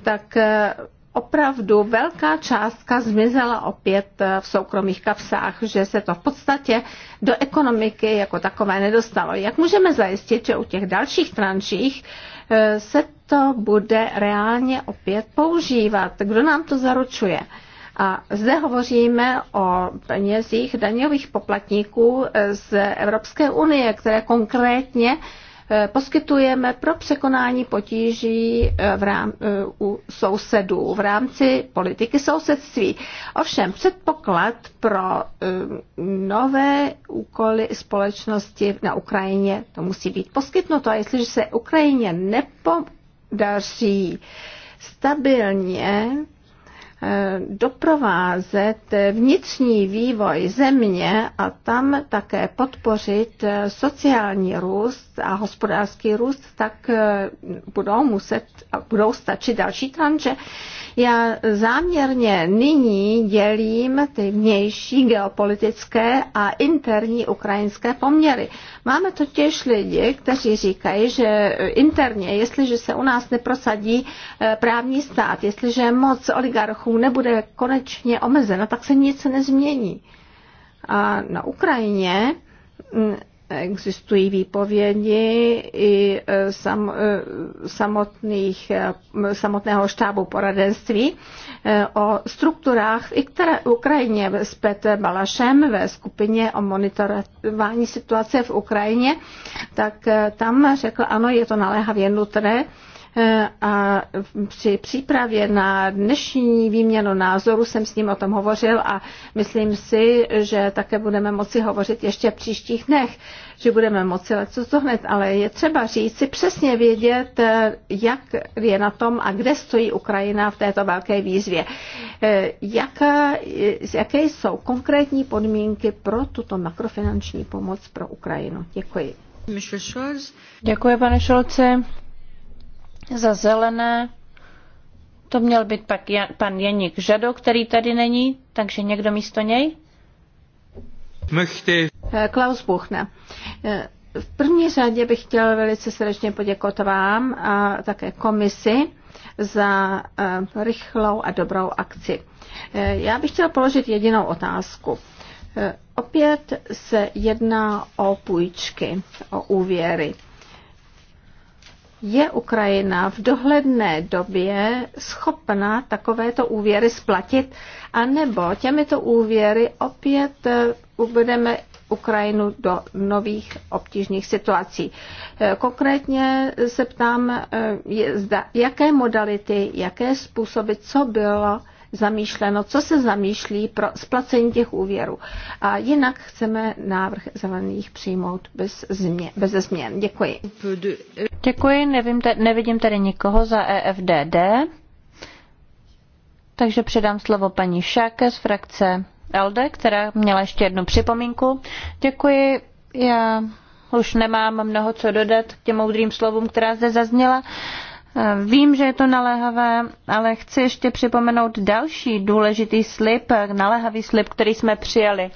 tak eh, opravdu velká částka zmizela opět eh, v soukromých kapsách, že se to v podstatě do ekonomiky jako takové nedostalo. Jak můžeme zajistit, že u těch dalších tranších eh, se to bude reálně opět používat? Kdo nám to zaručuje? A zde hovoříme o penězích daňových poplatníků z Evropské unie, které konkrétně eh, poskytujeme pro překonání potíží eh, v rám, eh, u sousedů v rámci politiky sousedství. Ovšem předpoklad pro nové úkoly společnosti na Ukrajině to musí být poskytnuto. A jestliže se Ukrajině nepodaří stabilně Eh, doprovázet vnitřní vývoj země a tam také podpořit eh, sociální růst a hospodářský růst, tak eh, budou muset, budou stačit další tranže. Já záměrně nyní dělím ty vnější geopolitické a interní ukrajinské poměry. Máme totiž lidi, kteří říkají, že interně, jestliže se u nás neprosadí eh, právní stát, jestliže moc oligarchů nebude konečně omezena, tak se nic nezmění. A na Ukrajině mm, Existují výpovědi i e, sam, e, samotných, e, samotného štábu poradenství o strukturách v Ukrajině s Petrem Balašem ve skupině o monitorování situace v Ukrajině, tak tam řekl, ano, je to naléhavě nutné, a při přípravě na dnešní výměnu názoru jsem s ním o tom hovořil a myslím si, že také budeme moci hovořit ještě v příštích dnech, že budeme moci leco to hned, ale je třeba říct si přesně vědět, jak je na tom a kde stojí Ukrajina v této velké výzvě. E, jaká, jaké jsou konkrétní podmínky pro tuto makrofinanční pomoc pro Ukrajinu? Děkuji. Děkuji, pane Šolce. Za zelené to měl být pak Jan, pan Jeník Žado, který tady není, takže někdo místo něj? Mechty. Eh, Klaus Buchne. Eh, v první řadě bych chtěl velice srdečně poděkovat vám a také komisi za eh, rychlou a dobrou akci. Já bych chtěl položit jedinou otázku. Opět se jedná o půjčky, o úvěry je Ukrajina v dohledné době schopna takovéto úvěry splatit, anebo těmito úvěry opět eh, uvedeme Ukrajinu do nových obtížných situací. Eh, konkrétně se ptám, eh, jaké modality, jaké způsoby, co bylo zamýšleno, co se zamýšlí pro splacení těch úvěrů. A jinak chceme návrh zelených přijmout bez změ, Bez změn. Děkuji. Děkuji, nevím te, nevidím tady nikoho za EFDD. Takže předám slovo paní Šáke z frakce Alde, která měla ještě jednu připomínku. Děkuji. Já už nemám mnoho co dodat k těm moudrým slovům, která zde zazněla. Eh, vím, že je to naléhavé, ale chci ještě připomenout další důležitý slib, naléhavý slib, který jsme přijali.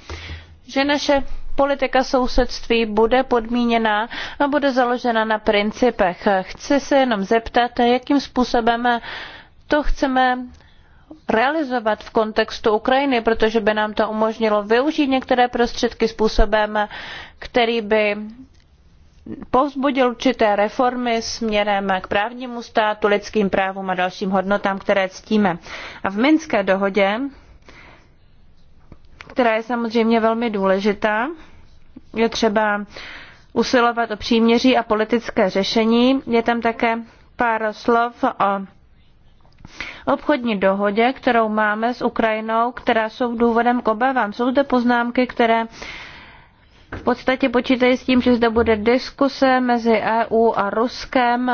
Že naše politika sousedství bude podmíněna a bude založena na principech. Chci se jenom zeptat, jakým způsobem to chceme realizovat v kontextu Ukrajiny, protože by nám to umožnilo využít některé prostředky způsobem, který by povzbudil určité reformy směrem k právnímu státu, lidským právům a dalším hodnotám, které ctíme. A v Minské dohodě, která je samozřejmě velmi důležitá, je třeba usilovat o příměří a politické řešení. Je tam také pár slov o obchodní dohodě, kterou máme s Ukrajinou, která jsou důvodem k obavám. Jsou zde poznámky, které v podstatě počítají s tím, že zde bude diskuse mezi EU a Ruskem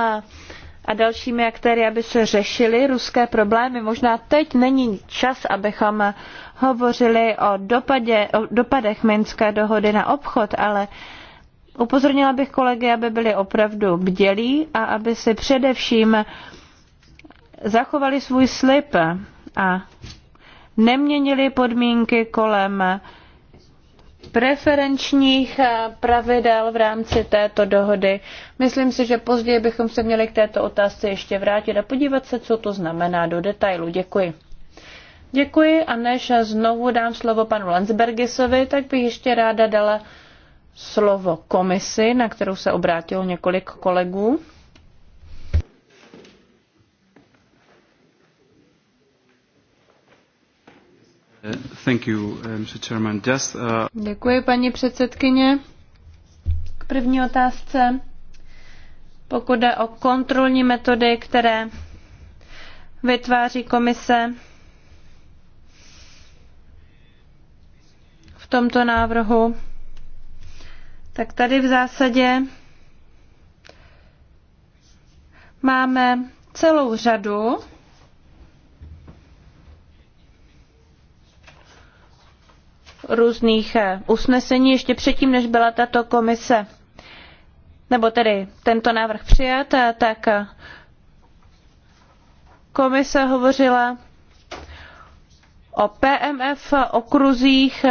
a dalšími aktéry, aby se řešily ruské problémy. Možná teď není čas, abychom hovořili o, dopadě, o dopadech Minské dohody na obchod, ale upozornila bych kolegy, aby byli opravdu bdělí a aby si především zachovali svůj slib a neměnili podmínky kolem preferenčních eh, pravidel v rámci této dohody. Myslím si, že později bychom se měli k této otázce ještě vrátit a podívat se, co to znamená do detailu. Děkuji. Děkuji a než znovu dám slovo panu Landsbergisovi, tak bych ještě ráda dala slovo komisi, na kterou se obrátilo několik kolegů. Uh, uh, Děkuji, paní předsedkyně. K první otázce. Pokud jde o kontrolní metody, které vytváří komise v tomto návrhu, tak tady v zásadě máme celou řadu různých eh, usnesení ještě předtím, než byla tato komise, nebo tedy tento návrh přijat, eh, tak eh, komise hovořila o PMF okruzích,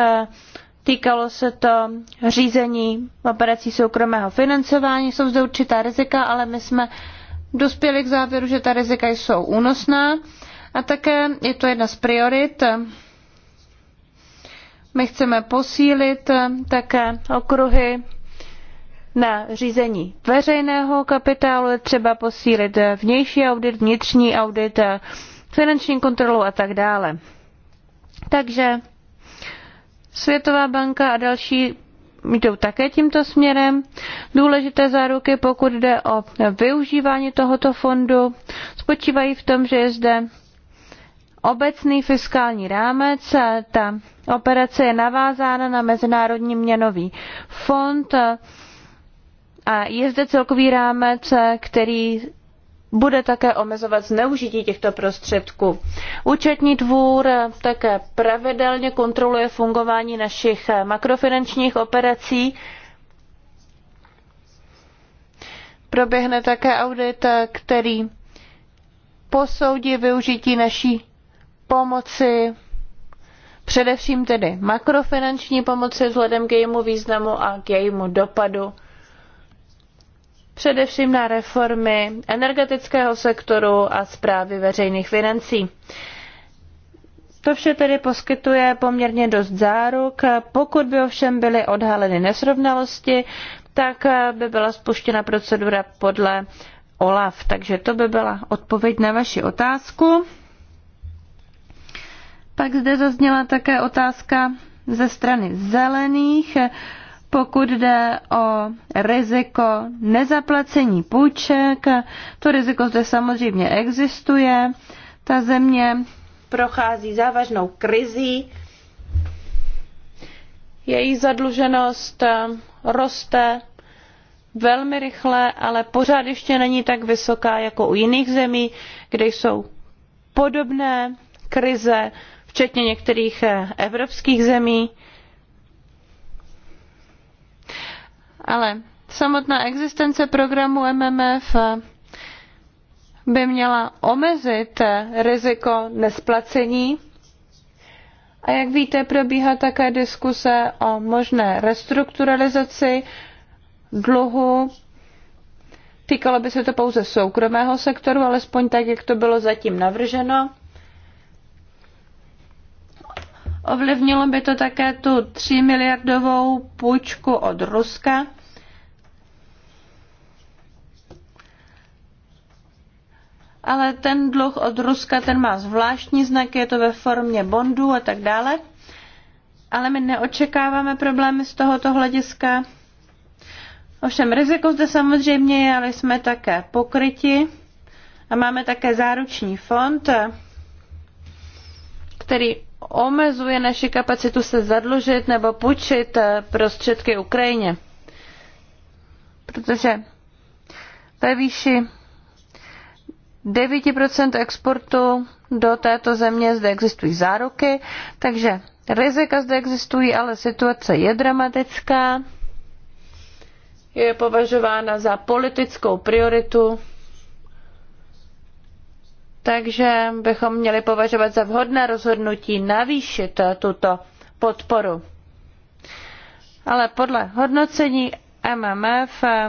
týkalo se to řízení operací soukromého financování, jsou zde určitá rizika, ale my jsme dospěli k závěru, že ta rizika jsou únosná a také je to jedna z priorit my chceme posílit eh, také okruhy na řízení veřejného kapitálu, je třeba posílit eh, vnější audit, vnitřní audit, eh, finanční kontrolu a tak dále. Takže Světová banka a další jdou také tímto směrem. Důležité záruky, pokud jde o využívání tohoto fondu, spočívají v tom, že je zde obecný fiskální rámec. Ta operace je navázána na Mezinárodní měnový fond a je zde celkový rámec, který bude také omezovat zneužití těchto prostředků. Účetní dvůr také pravidelně kontroluje fungování našich makrofinančních operací. Proběhne také audit, který posoudí využití naší pomoci, především tedy makrofinanční pomoci vzhledem k jejímu významu a k jejímu dopadu, především na reformy energetického sektoru a zprávy veřejných financí. To vše tedy poskytuje poměrně dost záruk. Pokud by ovšem byly odhaleny nesrovnalosti, tak by byla spuštěna procedura podle OLAF. Takže to by byla odpověď na vaši otázku. Pak zde zazněla také otázka ze strany zelených, pokud jde o riziko nezaplacení půjček. To riziko zde samozřejmě existuje. Ta země prochází závažnou krizí. Její zadluženost eh, roste velmi rychle, ale pořád ještě není tak vysoká jako u jiných zemí, kde jsou podobné krize včetně některých eh, evropských zemí. Ale samotná existence programu MMF eh, by měla omezit eh, riziko nesplacení. A jak víte, probíhá také diskuse o možné restrukturalizaci dluhu. Týkalo by se to pouze soukromého sektoru, alespoň tak, jak to bylo zatím navrženo. Ovlivnilo by to také tu 3 miliardovou půjčku od Ruska. Ale ten dluh od Ruska, ten má zvláštní znaky, je to ve formě bondů a tak dále. Ale my neočekáváme problémy z tohoto hlediska. Ovšem riziko zde samozřejmě je, ale jsme také pokryti a máme také záruční fond, který omezuje naši kapacitu se zadlužit nebo půjčit eh, prostředky Ukrajině. Protože ve výši 9% exportu do této země zde existují záruky, takže rizika zde existují, ale situace je dramatická. Je považována za politickou prioritu takže bychom měli považovat za vhodné rozhodnutí navýšit tuto podporu. Ale podle hodnocení MMF eh,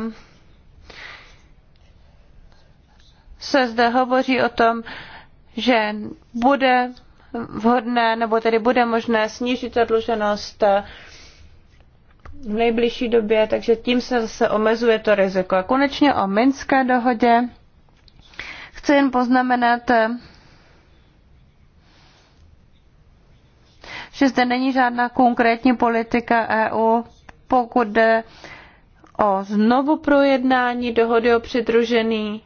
se zde hovoří o tom, že bude vhodné, nebo tedy bude možné snížit zadluženost eh, v nejbližší době, takže tím se zase omezuje to riziko. A konečně o Minské dohodě. Chci jen poznamenat, že zde není žádná konkrétní politika EU, pokud jde o znovu projednání dohody o přidružení.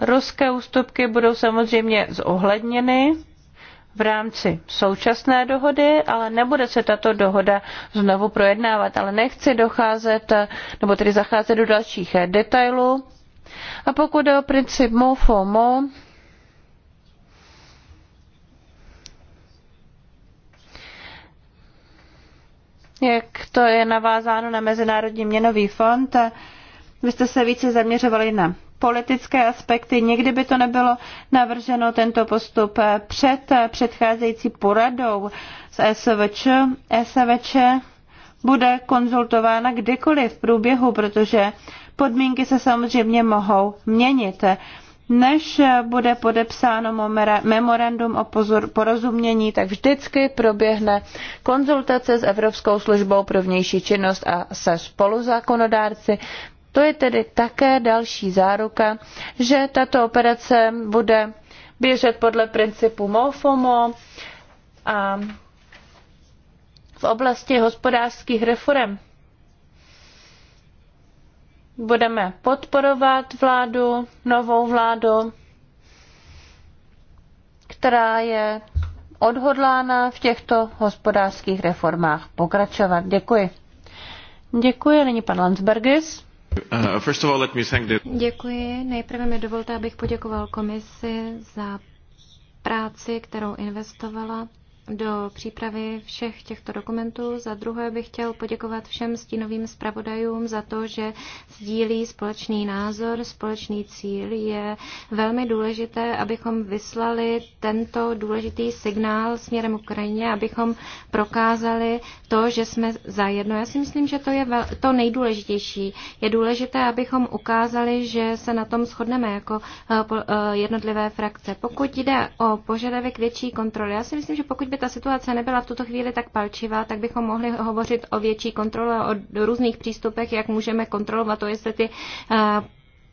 Ruské ústupky budou samozřejmě zohledněny v rámci současné dohody, ale nebude se tato dohoda znovu projednávat. Ale nechci docházet, nebo tedy zacházet do dalších detailů. A pokud je o princip mo for mo, jak to je navázáno na Mezinárodní měnový fond, vy jste se více zaměřovali na politické aspekty. Někdy by to nebylo navrženo tento postup před předcházející poradou s SVČ. SVČ bude konzultována kdykoliv v průběhu, protože Podmínky se samozřejmě mohou měnit. Než bude podepsáno memorandum o porozumění, tak vždycky proběhne konzultace s Evropskou službou pro vnější činnost a se spoluzákonodárci. To je tedy také další záruka, že tato operace bude běžet podle principu MOFOMO a v oblasti hospodářských reform budeme podporovat vládu, novou vládu, která je odhodlána v těchto hospodářských reformách pokračovat. Děkuji. Děkuji, nyní pan Landsbergis. Uh, Děkuji. Nejprve mi dovolte, abych poděkoval komisi za práci, kterou investovala do přípravy všech těchto dokumentů. Za druhé bych chtěl poděkovat všem stínovým zpravodajům za to, že sdílí společný názor, společný cíl. Je velmi důležité, abychom vyslali tento důležitý signál směrem Ukrajině, abychom prokázali to, že jsme zajedno. Já si myslím, že to je to nejdůležitější. Je důležité, abychom ukázali, že se na tom shodneme jako eh, eh, jednotlivé frakce. Pokud jde o požadavek větší kontroly, já si myslím, že pokud by ta situace nebyla v tuto chvíli tak palčivá, tak bychom mohli hovořit o větší kontrole, o různých přístupech, jak můžeme kontrolovat to, jestli ty eh,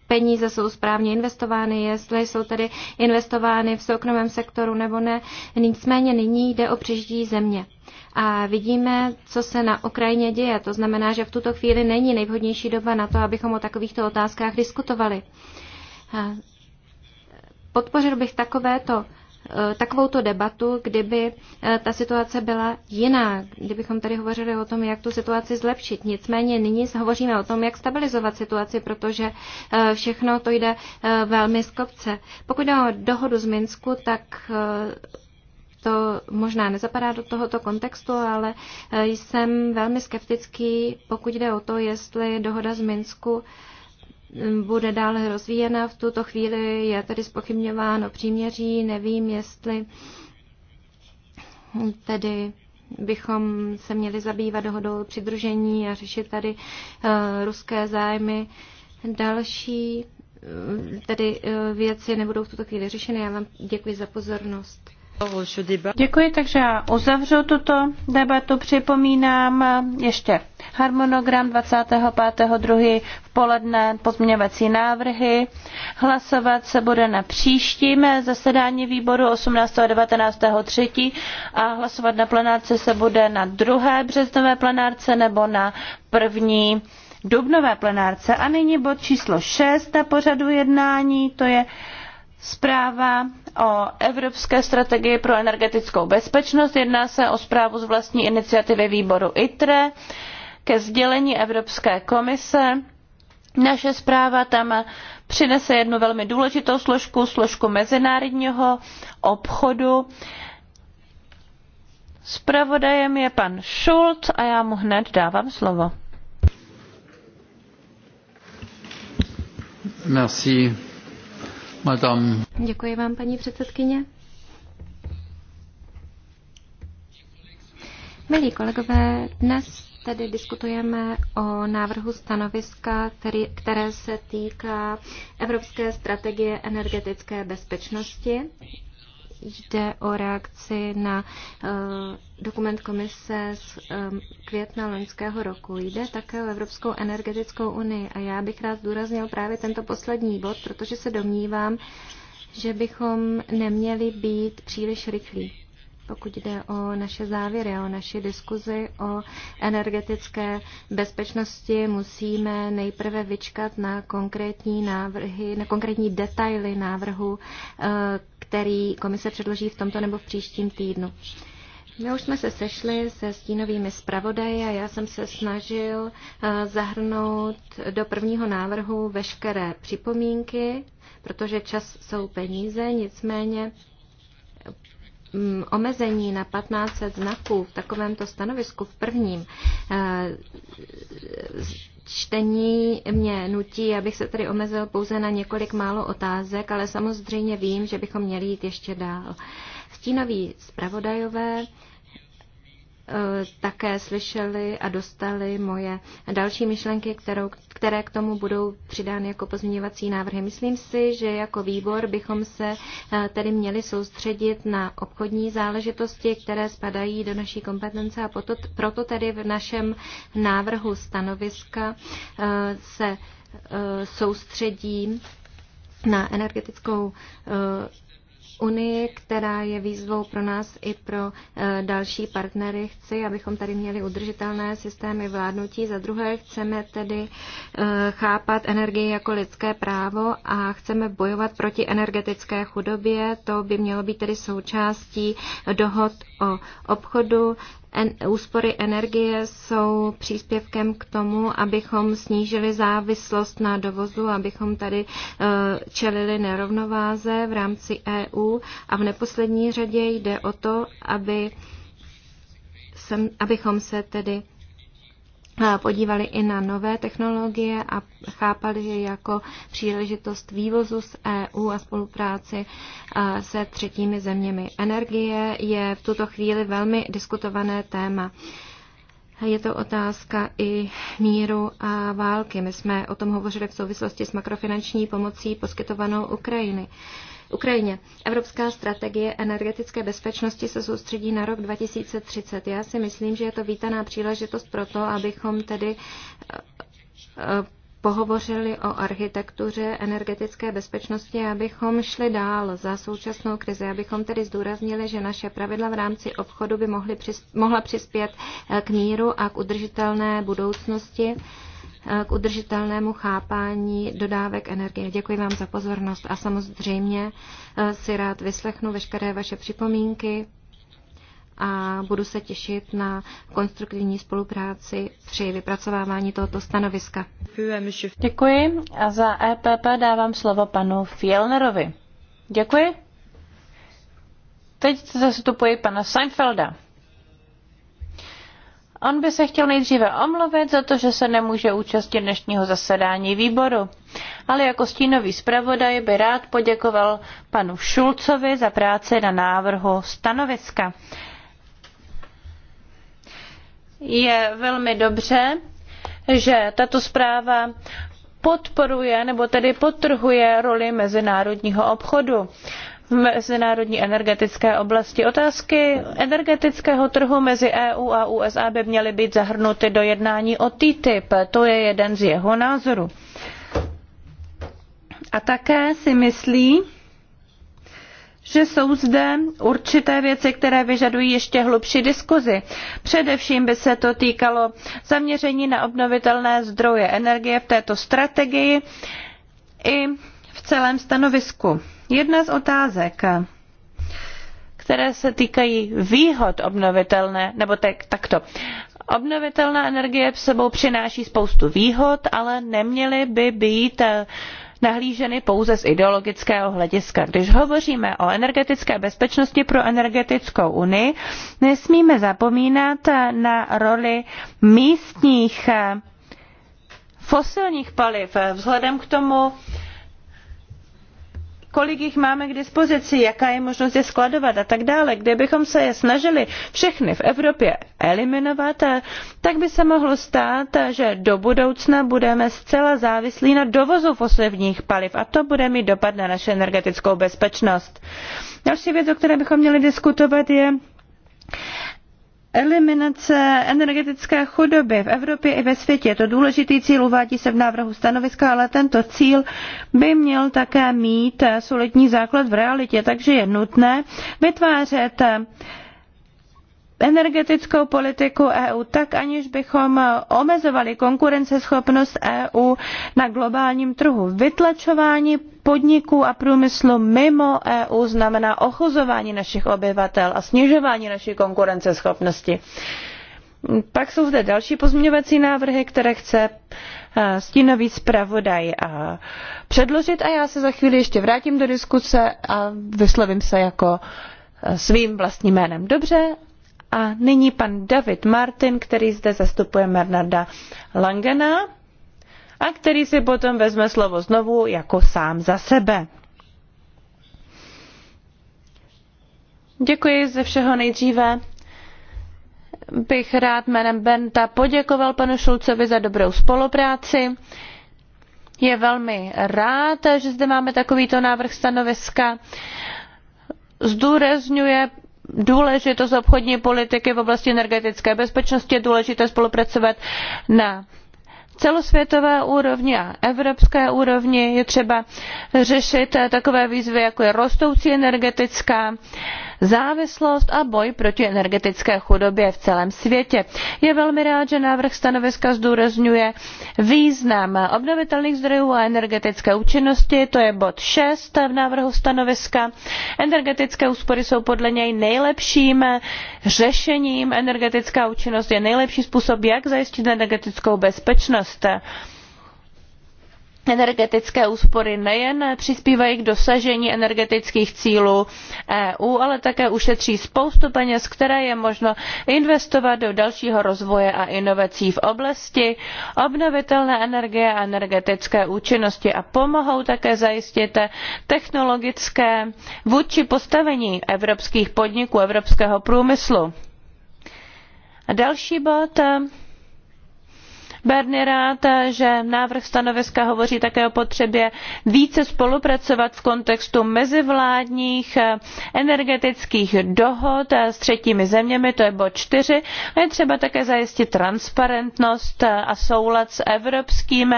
peníze jsou správně investovány, jestli jsou tedy investovány v soukromém sektoru nebo ne. Nicméně nyní jde o přežití země. A vidíme, co se na Ukrajině děje. To znamená, že v tuto chvíli není nejvhodnější doba na to, abychom o takovýchto otázkách diskutovali. Podpořil bych takovéto Eh, takovouto debatu, kdyby eh, ta situace byla jiná, kdybychom tady hovořili o tom, jak tu situaci zlepšit. Nicméně nyní hovoříme o tom, jak stabilizovat situaci, protože eh, všechno to jde velmi z kopce. Pokud jde o dohodu z Minsku, tak to možná nezapadá do tohoto kontextu, ale jsem velmi skeptický, pokud jde o to, jestli dohoda z Minsku bude dále rozvíjena. V tuto chvíli je tedy spochybňováno příměří. Nevím, jestli tedy bychom se měli zabývat dohodou přidružení a řešit tady eh, ruské zájmy. Další eh, tedy eh, věci nebudou v tuto chvíli řešeny. Já vám děkuji za pozornost. Děkuji, takže já uzavřu tuto debatu. Připomínám ještě harmonogram 25.2. v poledne pozměňovací návrhy. Hlasovat se bude na příštím zasedání výboru 18. a 19. 3. a hlasovat na plenárce se bude na druhé březnové plenárce nebo na první dubnové plenárce. A nyní bod číslo 6 na pořadu jednání, to je zpráva o evropské strategii pro energetickou bezpečnost. Jedná se o zprávu z vlastní iniciativy výboru ITRE ke sdělení Evropské komise. Naše zpráva tam přinese jednu velmi důležitou složku, složku mezinárodního obchodu. Spravodajem je pan Schulz a já mu hned dávám slovo. Madame. Děkuji vám, paní předsedkyně. Milí kolegové, dnes tedy diskutujeme o návrhu stanoviska, který, které se týká Evropské strategie energetické bezpečnosti jde o reakci na eh, dokument komise z eh, května loňského roku. Jde také o Evropskou energetickou unii a já bych rád zdůraznil právě tento poslední bod, protože se domnívám, že bychom neměli být příliš rychlí, pokud jde o naše závěry, o naši diskuzi o energetické bezpečnosti, musíme nejprve vyčkat na konkrétní návrhy, na konkrétní detaily návrhu eh, který komise předloží v tomto nebo v příštím týdnu. My už jsme se sešli se stínovými zpravodaji a já jsem se snažil eh, zahrnout do prvního návrhu veškeré připomínky, protože čas jsou peníze, nicméně mm, omezení na 1500 znaků v takovémto stanovisku v prvním eh, čtení mě nutí, abych se tady omezil pouze na několik málo otázek, ale samozřejmě vím, že bychom měli jít ještě dál. Stínoví zpravodajové Eh, také slyšeli a dostali moje další myšlenky, kterou, které k tomu budou přidány jako pozměňovací návrhy. Myslím si, že jako výbor bychom se eh, tedy měli soustředit na obchodní záležitosti, které spadají do naší kompetence a proto, proto tedy v našem návrhu stanoviska eh, se soustředím na energetickou Unii, která je výzvou pro nás i pro eh, další partnery. Chci, abychom tady měli udržitelné systémy vládnutí. Za druhé chceme tedy eh, chápat energii jako lidské právo a chceme bojovat proti energetické chudobě. To by mělo být tedy součástí dohod o obchodu úspory energie jsou příspěvkem k tomu, abychom snížili závislost na dovozu, abychom tady eh, čelili nerovnováze v rámci EU a v neposlední řadě jde o to, aby sem, abychom se tedy podívali i na nové technologie a chápali je jako příležitost vývozu z EU a spolupráci se třetími zeměmi. Energie je v tuto chvíli velmi diskutované téma. Je to otázka i míru a války. My jsme o tom hovořili v souvislosti s makrofinanční pomocí poskytovanou Ukrajiny. Ukrajině. Evropská strategie energetické bezpečnosti se soustředí na rok 2030. Já si myslím, že je to vítaná příležitost pro to, abychom tedy eh, eh, pohovořili o architektuře energetické bezpečnosti, abychom šli dál za současnou krizi, abychom tedy zdůraznili, že naše pravidla v rámci obchodu by mohly přispět, mohla přispět eh, k míru a k udržitelné budoucnosti. Eh, k udržitelnému chápání dodávek energie. Děkuji vám za pozornost a samozřejmě eh, si rád vyslechnu veškeré vaše připomínky a budu se těšit na konstruktivní spolupráci při vypracovávání tohoto stanoviska. Děkuji a za EPP dávám slovo panu Fielnerovi. Děkuji. Teď se zastupuji pana Seinfelda. On by se chtěl nejdříve omluvit za to, že se nemůže účastnit dnešního zasedání výboru. Ale jako stínový zpravodaj by rád poděkoval panu Šulcovi za práci na návrhu stanoviska. Je velmi dobře, že tato zpráva podporuje nebo tedy potrhuje roli mezinárodního obchodu v mezinárodní energetické oblasti. Otázky energetického trhu mezi EU a USA by měly být zahrnuty do jednání o TTIP. To je jeden z jeho názorů. A také si myslí, že jsou zde určité věci, které vyžadují ještě hlubší diskuzi. Především by se to týkalo zaměření na obnovitelné zdroje energie v této strategii i v celém stanovisku. Jedna z otázek, které se týkají výhod obnovitelné, nebo tak, takto. Obnovitelná energie v sebou přináší spoustu výhod, ale neměly by být eh, nahlíženy pouze z ideologického hlediska. Když hovoříme o energetické bezpečnosti pro energetickou unii, nesmíme zapomínat eh, na roli místních eh, fosilních paliv vzhledem k tomu, kolik jich máme k dispozici, jaká je možnost je skladovat a tak dále. Kdybychom se je snažili všechny v Evropě eliminovat, tak by se mohlo stát, že do budoucna budeme zcela závislí na dovozu fosilních paliv a to bude mít dopad na naši energetickou bezpečnost. Další věc, o které bychom měli diskutovat, je Eliminace energetické chudoby v Evropě i ve světě je to důležitý cíl, uvádí se v návrhu stanoviska, ale tento cíl by měl také mít solidní základ v realitě, takže je nutné vytvářet energetickou politiku EU tak, aniž bychom eh, omezovali konkurenceschopnost EU na globálním trhu. Vytlačování podniků a průmyslu mimo EU znamená ochuzování našich obyvatel a snižování naší konkurenceschopnosti. Pak jsou zde další pozměňovací návrhy, které chce eh, stínový zpravodaj eh, předložit a já se za chvíli ještě vrátím do diskuse a vyslovím se jako svým vlastním jménem. Dobře, a nyní pan David Martin, který zde zastupuje Bernarda Langena a který si potom vezme slovo znovu jako sám za sebe. Děkuji ze všeho nejdříve. Bych rád jménem Benta poděkoval panu Šulcovi za dobrou spolupráci. Je velmi rád, že zde máme takovýto návrh stanoviska. Zdůrazňuje důležitost obchodní politiky v oblasti energetické bezpečnosti je důležité spolupracovat na celosvětové úrovni a evropské úrovni je třeba řešit takové výzvy jako je rostoucí energetická závislost a boj proti energetické chudobě v celém světě. Je velmi rád, že návrh stanoviska zdůrazňuje význam obnovitelných zdrojů a energetické účinnosti, to je bod 6 v návrhu stanoviska. Energetické úspory jsou podle něj nejlepším řešením, energetická účinnost je nejlepší způsob, jak zajistit energetickou bezpečnost. Bezpečnost energetické úspory nejen přispívají k dosažení energetických cílů eu ale také ušetří spoustu peněz které je možno investovat do dalšího rozvoje a inovací v oblasti obnovitelné energie a energetické účinnosti a pomohou také zajistit technologické vůdčí postavení evropských podniků evropského průmyslu. další bod Bernie rád, že návrh stanoviska hovoří také o potřebě více spolupracovat v kontextu mezivládních energetických dohod s třetími zeměmi, to je bod four A je třeba také zajistit transparentnost a soulad s evropským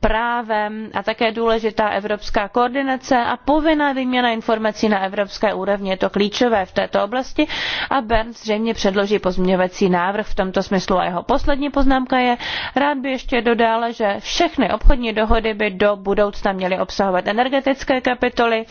právem a také důležitá evropská koordinace a povinná výměna informací na evropské úrovni. Je to klíčové v této oblasti a Bern zřejmě předloží pozměňovací návrh v tomto smyslu. A jeho poslední poznámka je, Rád bych ještě dodal, že všechny obchodní dohody by do budoucna měly obsahovat energetické kapitoly,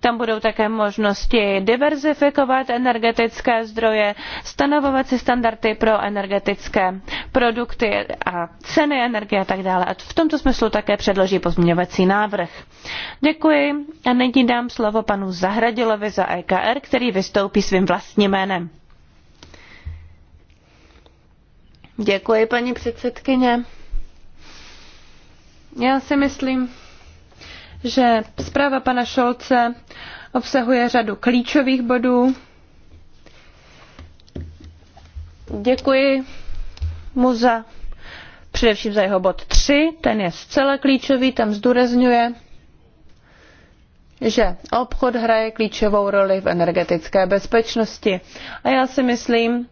tam budou také možnosti diverzifikovat energetické zdroje, stanovovat si standardy pro energetické produkty a ceny energie a tak dále. A v tomto smyslu také předloží pozměňovací návrh. Děkuji a nyní dám slovo panu Zahradilovi za EKR, který vystoupí svým vlastním jménem. Děkuji, paní předsedkyně. Já si myslím, že zpráva pana Šolce obsahuje řadu klíčových bodů. Děkuji mu za především za jeho bod 3, ten je zcela klíčový, tam zdůrazňuje, že obchod hraje klíčovou roli v energetické bezpečnosti. A já si myslím,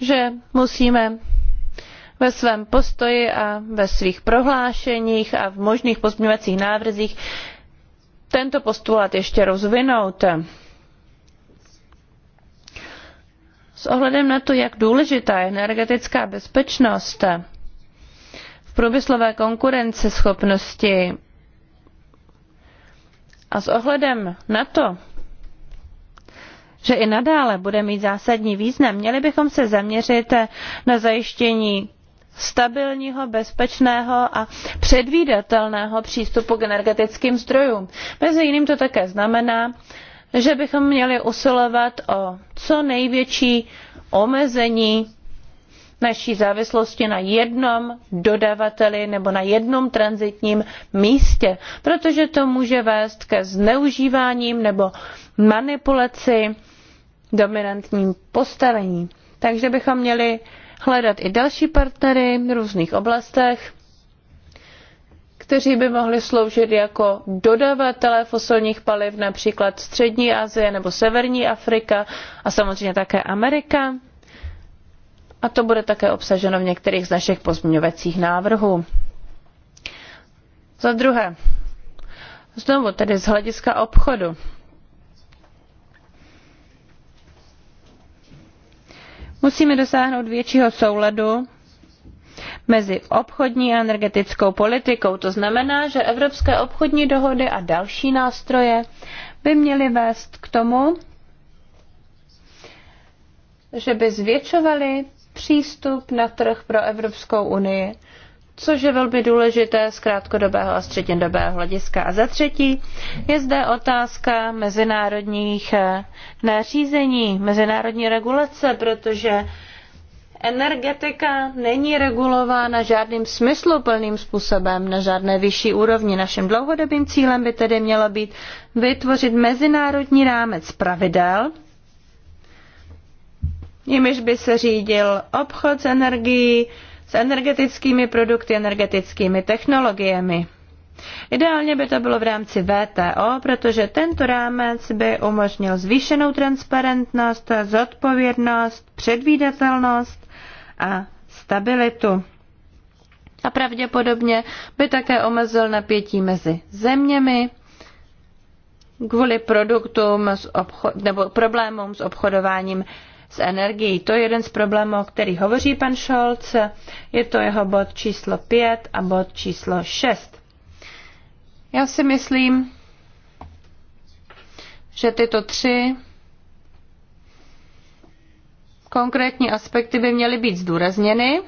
že musíme ve svém postoji a ve svých prohlášeních a v možných pozměňovacích návrzích tento postulát ještě rozvinout. S ohledem na to, jak důležitá je energetická bezpečnost v průmyslové konkurenceschopnosti a s ohledem na to, že i nadále bude mít zásadní význam, měli bychom se zaměřit na zajištění stabilního, bezpečného a předvídatelného přístupu k energetickým zdrojům. Mezi jiným to také znamená, že bychom měli usilovat o co největší omezení naší závislosti na jednom dodavateli nebo na jednom transitním místě, protože to může vést ke zneužíváním nebo manipulaci dominantním postavení. Takže bychom měli hledat i další partnery v různých oblastech, kteří by mohli sloužit jako dodavatelé fosilních paliv, například Střední Asie nebo Severní Afrika a samozřejmě také Amerika. A to bude také obsaženo v některých z našich pozměňovacích návrhů. Za druhé, znovu tedy z hlediska obchodu. Musíme dosáhnout většího souladu mezi obchodní a energetickou politikou. To znamená, že evropské obchodní dohody a další nástroje by měly vést k tomu, že by zvětšovaly přístup na trh pro Evropskou unii což je velmi důležité z krátkodobého a střednědobého hlediska. A za třetí je zde otázka mezinárodních eh, nařízení, mezinárodní regulace, protože energetika není regulována žádným smysluplným způsobem na žádné vyšší úrovni. Naším dlouhodobým cílem by tedy mělo být vytvořit mezinárodní rámec pravidel, jimiž by se řídil obchod s energií, s energetickými produkty, energetickými technologiemi. Ideálně by to bylo v rámci VTO, protože tento rámec by umožnil zvýšenou transparentnost, zodpovědnost, předvídatelnost a stabilitu. A pravděpodobně by také omezil napětí mezi zeměmi kvůli produktům s obcho- nebo problémům s obchodováním s energií. To je jeden z problémů, o který hovoří pan Scholz. Je to jeho bod číslo 5 a bod číslo 6. Já si myslím, že tyto tři konkrétní aspekty by měly být zdůrazněny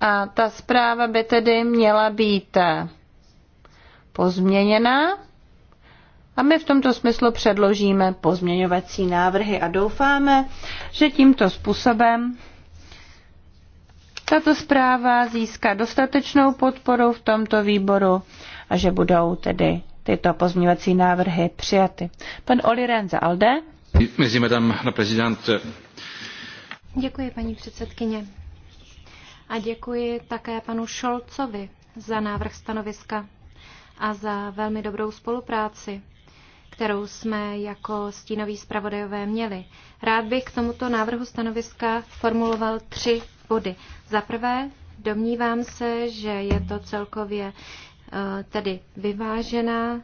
a ta zpráva by tedy měla být pozměněna a my v tomto smyslu předložíme pozměňovací návrhy a doufáme, že tímto způsobem tato zpráva získá dostatečnou podporu v tomto výboru a že budou tedy tyto pozměňovací návrhy přijaty. Pan Oli Renza Alde. Mezi madame na prezident. Děkuji, paní předsedkyně. A děkuji také panu Šolcovi za návrh stanoviska a za velmi dobrou spolupráci kterou jsme jako stínoví zpravodajové měli. Rád bych k tomuto návrhu stanoviska formuloval tři body. Za prvé, domnívám se, že je to celkově eh, tedy vyvážená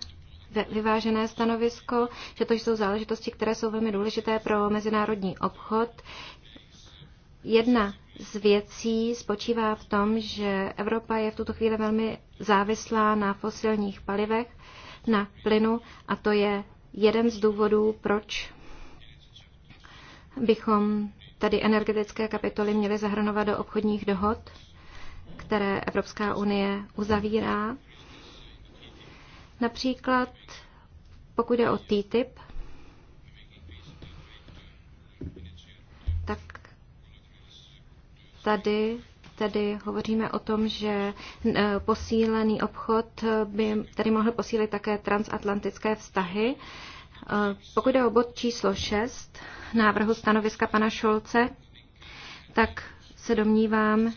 vyvážené stanovisko, že to jsou záležitosti, které jsou velmi důležité pro mezinárodní obchod. Jedna z věcí spočívá v tom, že Evropa je v tuto chvíli velmi závislá na fosilních palivech na plynu a to je jeden z důvodů, proč bychom tady energetické kapitoly měly zahrnovat do obchodních dohod, které Evropská unie uzavírá. Například pokud je o TTIP, tak tady tedy hovoříme o tom, že eh, posílený obchod by tady mohl posílit také transatlantické vztahy. Eh, pokud jde o bod číslo 6 návrhu stanoviska pana Šolce, tak se domnívám,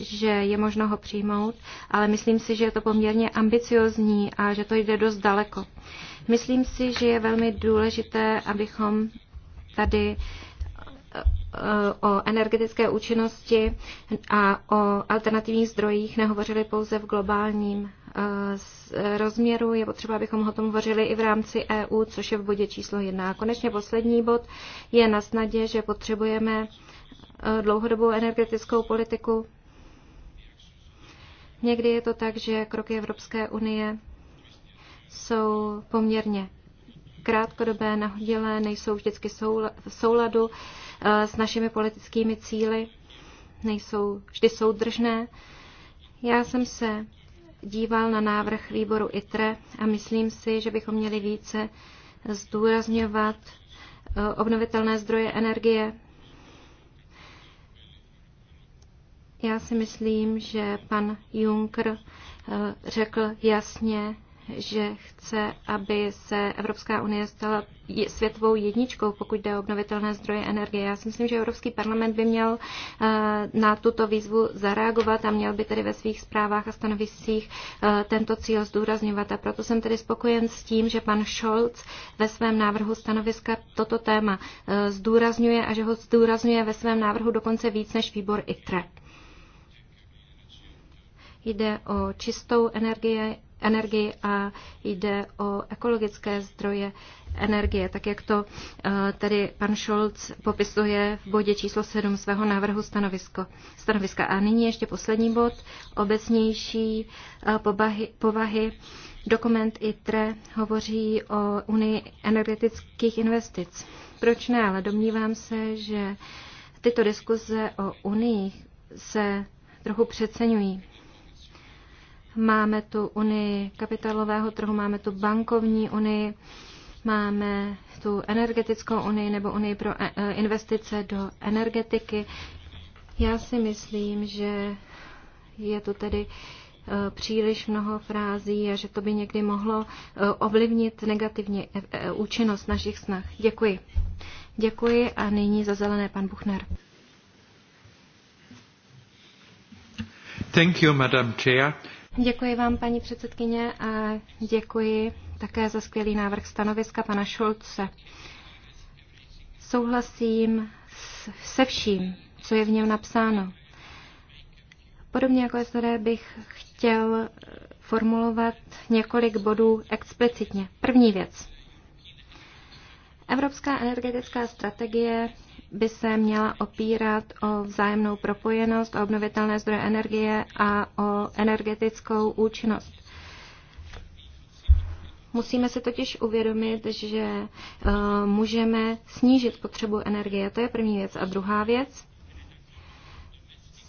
že je možno ho přijmout, ale myslím si, že je to poměrně ambiciozní a že to jde dost daleko. Myslím si, že je velmi důležité, abychom tady o energetické účinnosti a o alternativních zdrojích nehovořili pouze v globálním eh, rozměru. Je potřeba, abychom o tom hovořili i v rámci EU, což je v bodě číslo jedna. A konečně poslední bod je na snadě, že potřebujeme eh, dlouhodobou energetickou politiku. Někdy je to tak, že kroky Evropské unie jsou poměrně krátkodobé, nahodilé, nejsou vždycky v souladu s našimi politickými cíly, nejsou vždy soudržné. Já jsem se díval na návrh výboru ITRE a myslím si, že bychom měli více zdůrazňovat e, obnovitelné zdroje energie. Já si myslím, že pan Juncker e, řekl jasně, že chce, aby se Evropská unie stala světovou jedničkou, pokud jde o obnovitelné zdroje energie. Já si myslím, že Evropský parlament by měl eh, na tuto výzvu zareagovat a měl by tedy ve svých zprávách a stanoviscích eh, tento cíl zdůrazňovat. A proto jsem tedy spokojen s tím, že pan Scholz ve svém návrhu stanoviska toto téma eh, zdůrazňuje a že ho zdůrazňuje ve svém návrhu dokonce víc než výbor ITRE. Jde o čistou energii, energii a jde o ekologické zdroje energie, tak jak to eh, tady pan Scholz popisuje v bodě číslo 7 svého návrhu stanovisko, stanoviska. A nyní ještě poslední bod, obecnější eh, povahy, povahy. Dokument ITRE hovoří o unii energetických investic. Proč ne, ale domnívám se, že tyto diskuze o unii se trochu přeceňují. Máme tu unii kapitalového trhu, máme tu bankovní unii, máme tu energetickou unii nebo unii pro eh, eh, investice do energetiky. Já si myslím, že je to tedy eh, příliš mnoho frází a že to by někdy mohlo ovlivnit negativně účinnost našich snah. Děkuji. Děkuji a nyní za zelené pan Buchner. Thank you, Madam Chair. Děkuji vám, paní předsedkyně, a děkuji také za skvělý návrh stanoviska pana Šulce. Souhlasím se vším, co je v něm napsáno. Podobně jako SD bych chtěl eh, formulovat několik bodů explicitně. První věc. Evropská energetická strategie by se měla opírat o vzájemnou propojenost, o obnovitelné zdroje energie a o energetickou účinnost. Musíme si totiž uvědomit, že e, můžeme snížit potřebu energie. To je první věc. A druhá věc,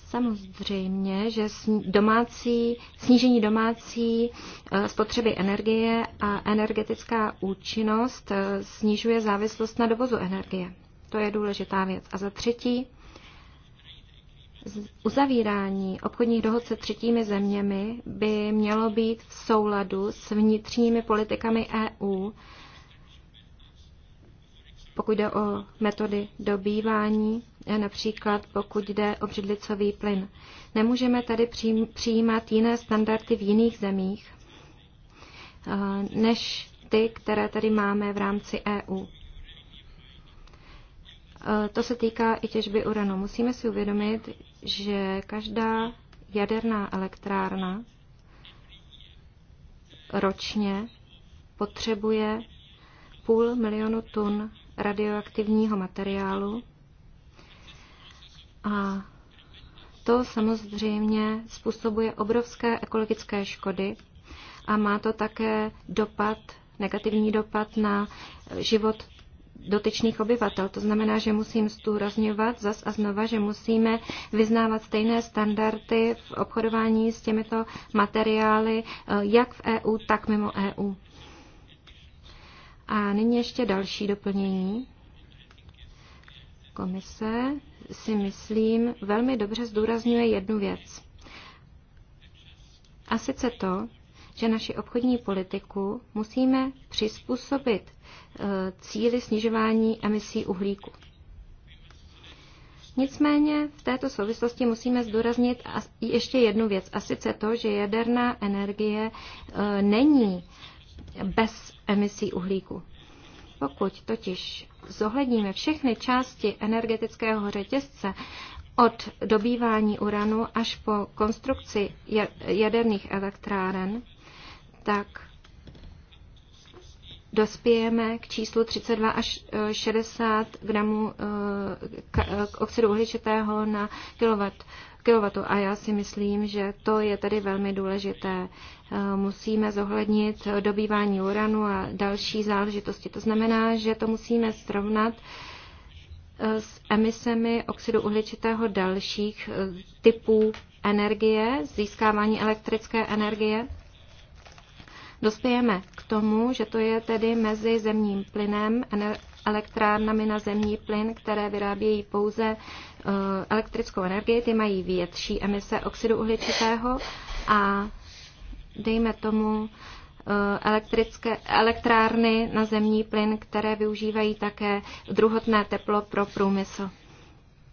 samozřejmě, že domácí, snížení domácí e, spotřeby energie a energetická účinnost e, snižuje závislost na dovozu energie. To je důležitá věc. A za třetí, uzavírání obchodních dohod se třetími zeměmi by mělo být v souladu s vnitřními politikami EU, pokud jde o metody dobývání, eh, například pokud jde o břidlicový plyn. Nemůžeme tady přijímat jiné standardy v jiných zemích, eh, než ty, které tady máme v rámci EU. To se týká i těžby uranu. Musíme si uvědomit, že každá jaderná elektrárna ročně potřebuje půl milionu tun radioaktivního materiálu a to samozřejmě způsobuje obrovské ekologické škody a má to také dopad, negativní dopad na život dotyčných obyvatel. To znamená, že musím zdůrazňovat zas a znova, že musíme vyznávat stejné standardy v obchodování s těmito materiály, eh, jak v EU, tak mimo EU. A nyní ještě další doplnění. Komise si myslím velmi dobře zdůrazňuje jednu věc. A sice to, že naši obchodní politiku musíme přizpůsobit eh, cíli snižování emisí uhlíku. Nicméně v této souvislosti musíme zdůraznit ještě jednu věc, a sice to, že jaderná energie eh, není bez emisí uhlíku. Pokud totiž zohledníme všechny části energetického řetězce, od dobývání uranu až po konstrukci jaderných elektráren, tak dospějeme k číslu 32 až 60 eh, gramů eh, eh, oxidu uhličitého na kilowatt kilovatu. A já si myslím, že to je tady velmi důležité. Musíme zohlednit dobývání uranu a další záležitosti. To znamená, že to musíme srovnat s emisemi oxidu uhličitého dalších typů energie, získávání elektrické energie dospějeme k tomu, že to je tedy mezi zemním plynem, elektrárnami na zemní plyn, které vyrábějí pouze eh, elektrickou energii, ty mají větší emise oxidu uhličitého a dejme tomu eh, elektrické, elektrárny na zemní plyn, které využívají také druhotné teplo pro průmysl.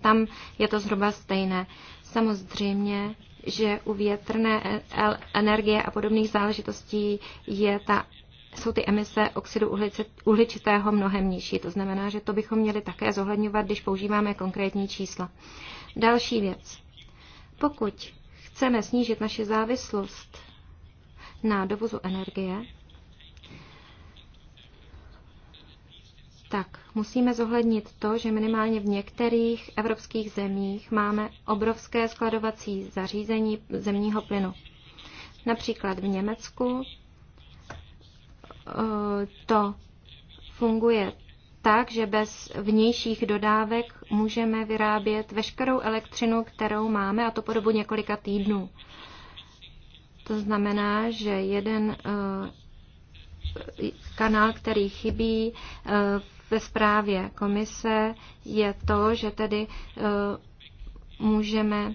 Tam je to zhruba stejné. Samozřejmě že u větrné e- energie a podobných záležitostí je ta, jsou ty emise oxidu uhličitého mnohem nižší. To znamená, že to bychom měli také zohledňovat, když používáme konkrétní čísla. Další věc. Pokud chceme snížit naši závislost na dovozu energie, tak musíme zohlednit to, že minimálně v některých evropských zemích máme obrovské skladovací zařízení zemního plynu. Například v Německu eh, to funguje tak, že bez vnějších dodávek můžeme vyrábět veškerou elektřinu, kterou máme, a to po dobu několika týdnů. To znamená, že jeden eh, kanál, který chybí eh, ve zprávě komise, je to, že tedy e, můžeme e,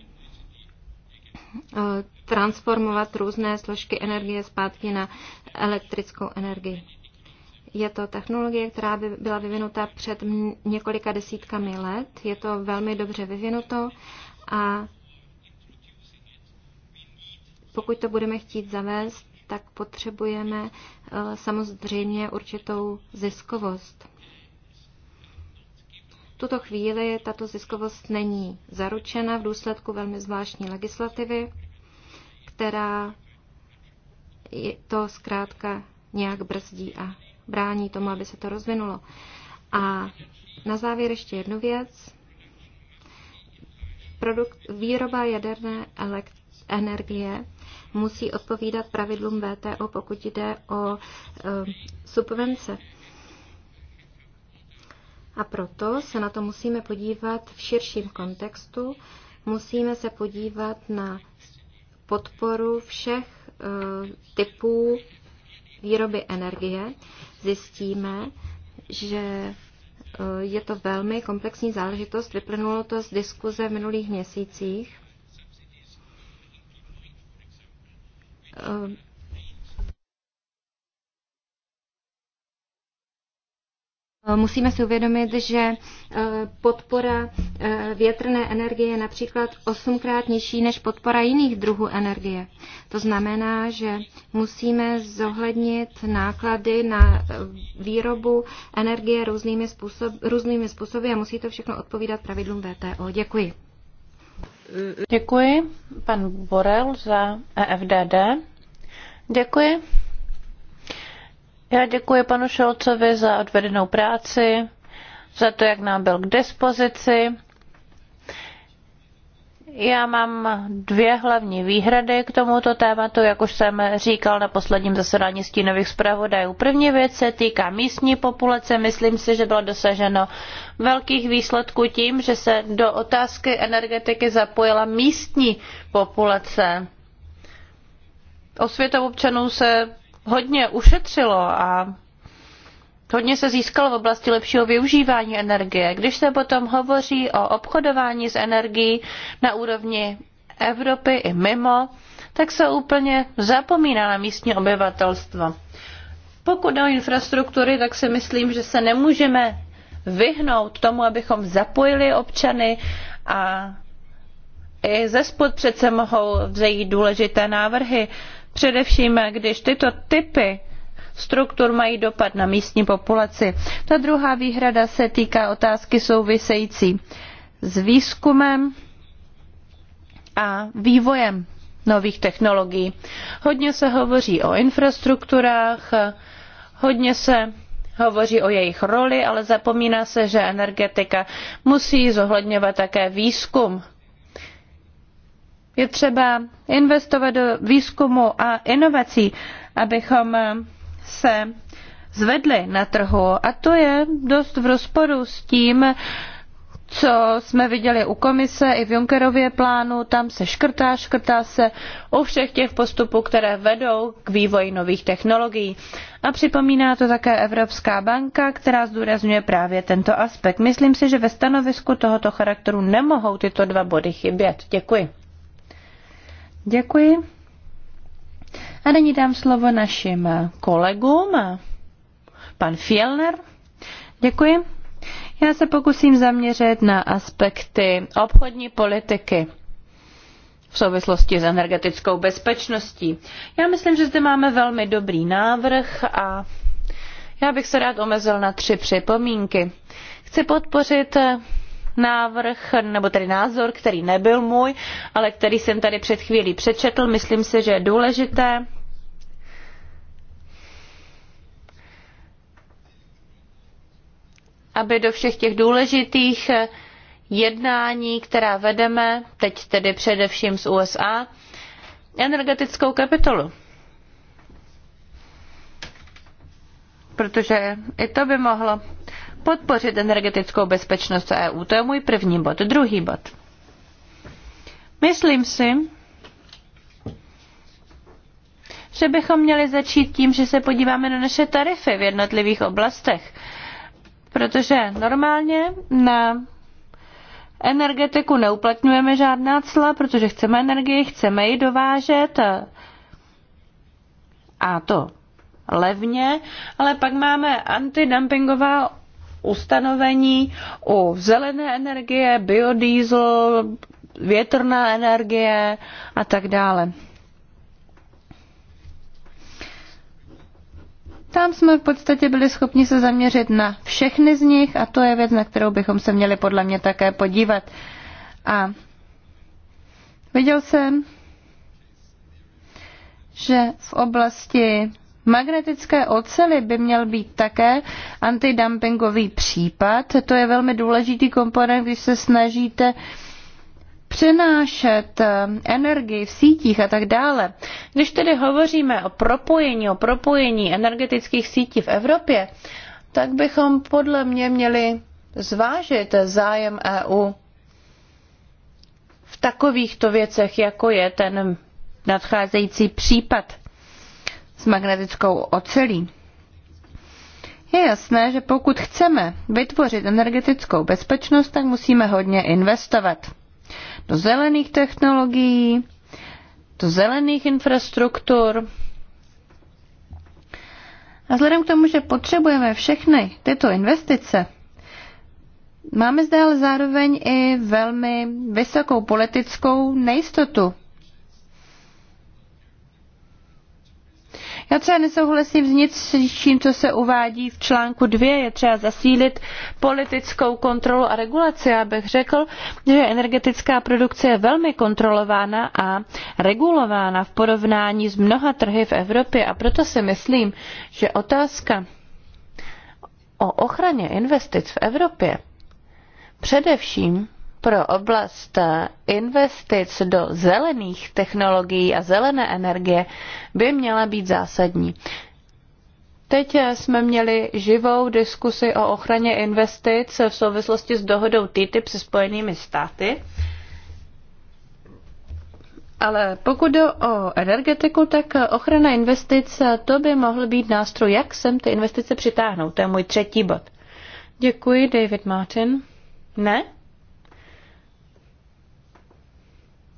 transformovat různé složky energie zpátky na elektrickou energii. Je to technologie, která by byla vyvinuta před několika desítkami let. Je to velmi dobře vyvinuto a pokud to budeme chtít zavést, tak potřebujeme e, samozřejmě určitou ziskovost tuto chvíli tato ziskovost není zaručena v důsledku velmi zvláštní legislativy, která to zkrátka nějak brzdí a brání tomu, aby se to rozvinulo. A na závěr ještě jednu věc. Produkt, výroba jaderné energie musí odpovídat pravidlům VTO, pokud jde o e, subvence. A proto se na to musíme podívat v širším kontextu. Musíme se podívat na podporu všech e, typů výroby energie. Zjistíme, že e, je to velmi komplexní záležitost. Vyplnulo to z diskuze v minulých měsících. E, Eh, musíme si uvědomit, že eh, podpora eh, větrné energie je například osmkrát nižší než podpora jiných druhů energie. To znamená, že musíme zohlednit náklady na výrobu energie různými způsoby, různými způsoby a musí to všechno odpovídat pravidlům VTO. Děkuji. Děkuji, pan Borel za EFDD. Děkuji. Já děkuji panu Šolcovi za odvedenou práci, za to, jak nám byl k dispozici. Já mám dvě hlavní výhrady k tomuto tématu, jak už jsem říkal na posledním zasedání stínových zpravodajů. První věc se týká místní populace. Myslím si, že bylo dosaženo velkých výsledků tím, že se do otázky energetiky zapojila místní populace. O světov občanů se hodně ušetřilo a Hodně se získalo v oblasti lepšího využívání energie. Když se potom hovoří o obchodování s energií na úrovni Evropy i mimo, tak se úplně zapomíná na místní obyvatelstvo. Pokud o infrastruktury, tak si myslím, že se nemůžeme vyhnout tomu, abychom zapojili občany a i ze spod přece mohou vzejít důležité návrhy. Především, když tyto typy struktur mají dopad na místní populaci. Ta druhá výhrada se týká otázky související s výzkumem a vývojem nových technologií. Hodně se hovoří o infrastrukturách, hodně se hovoří o jejich roli, ale zapomíná se, že energetika musí zohledňovat také výzkum je třeba investovat do výzkumu a inovací, abychom se zvedli na trhu. A to je dost v rozporu s tím, co jsme viděli u komise i v Junckerově plánu, tam se škrtá, škrtá se u všech těch postupů, které vedou k vývoji nových technologií. A připomíná to také Evropská banka, která zdůrazňuje právě tento aspekt. Myslím si, že ve stanovisku tohoto charakteru nemohou tyto dva body chybět. Děkuji. Děkuji. A nyní dám slovo našim kolegům. Pan Fielner. Děkuji. Já se pokusím zaměřit na aspekty obchodní politiky v souvislosti s energetickou bezpečností. Já myslím, že zde máme velmi dobrý návrh a já bych se rád omezil na tři připomínky. Chci podpořit návrh, nebo tedy názor, který nebyl můj, ale který jsem tady před chvílí přečetl. Myslím si, že je důležité. aby do všech těch důležitých jednání, která vedeme, teď tedy především z USA, energetickou kapitolu. Protože i to by mohlo podpořit energetickou bezpečnost EU. To je můj první bod. Druhý bod. Myslím si, že bychom měli začít tím, že se podíváme na naše tarify v jednotlivých oblastech. Protože normálně na energetiku neuplatňujeme žádná cla, protože chceme energii, chceme ji dovážet a to levně, ale pak máme antidumpingová ustanovení u zelené energie, biodiesel, větrná energie a tak dále. Tam jsme v podstatě byli schopni se zaměřit na všechny z nich a to je věc, na kterou bychom se měli podle mě také podívat. A viděl jsem, že v oblasti Magnetické ocely by měl být také antidumpingový případ. To je velmi důležitý komponent, když se snažíte přenášet eh, energii v sítích a tak dále. Když tedy hovoříme o propojení, o propojení energetických sítí v Evropě, tak bychom podle mě měli zvážit zájem EU v takovýchto věcech, jako je ten nadcházející případ s magnetickou ocelí. Je jasné, že pokud chceme vytvořit energetickou bezpečnost, tak musíme hodně investovat do zelených technologií, do zelených infrastruktur. A vzhledem k tomu, že potřebujeme všechny tyto investice, máme zde ale zároveň i velmi vysokou politickou nejistotu Já třeba nesouhlasím s nic, s tím, co se uvádí v článku 2. Je třeba zasílit politickou kontrolu a regulaci. Já bych řekl, že energetická produkce je velmi kontrolována a regulována v porovnání s mnoha trhy v Evropě a proto si myslím, že otázka o ochraně investic v Evropě především pro oblast eh, investic do zelených technologií a zelené energie by měla být zásadní. Teď eh, jsme měli živou diskusi o ochraně investic v souvislosti s dohodou TTIP se Spojenými státy. Ale pokud jde o energetiku, tak eh, ochrana investic, to by mohl být nástroj, jak sem ty investice přitáhnout. To je můj třetí bod. Děkuji, David Martin. Ne?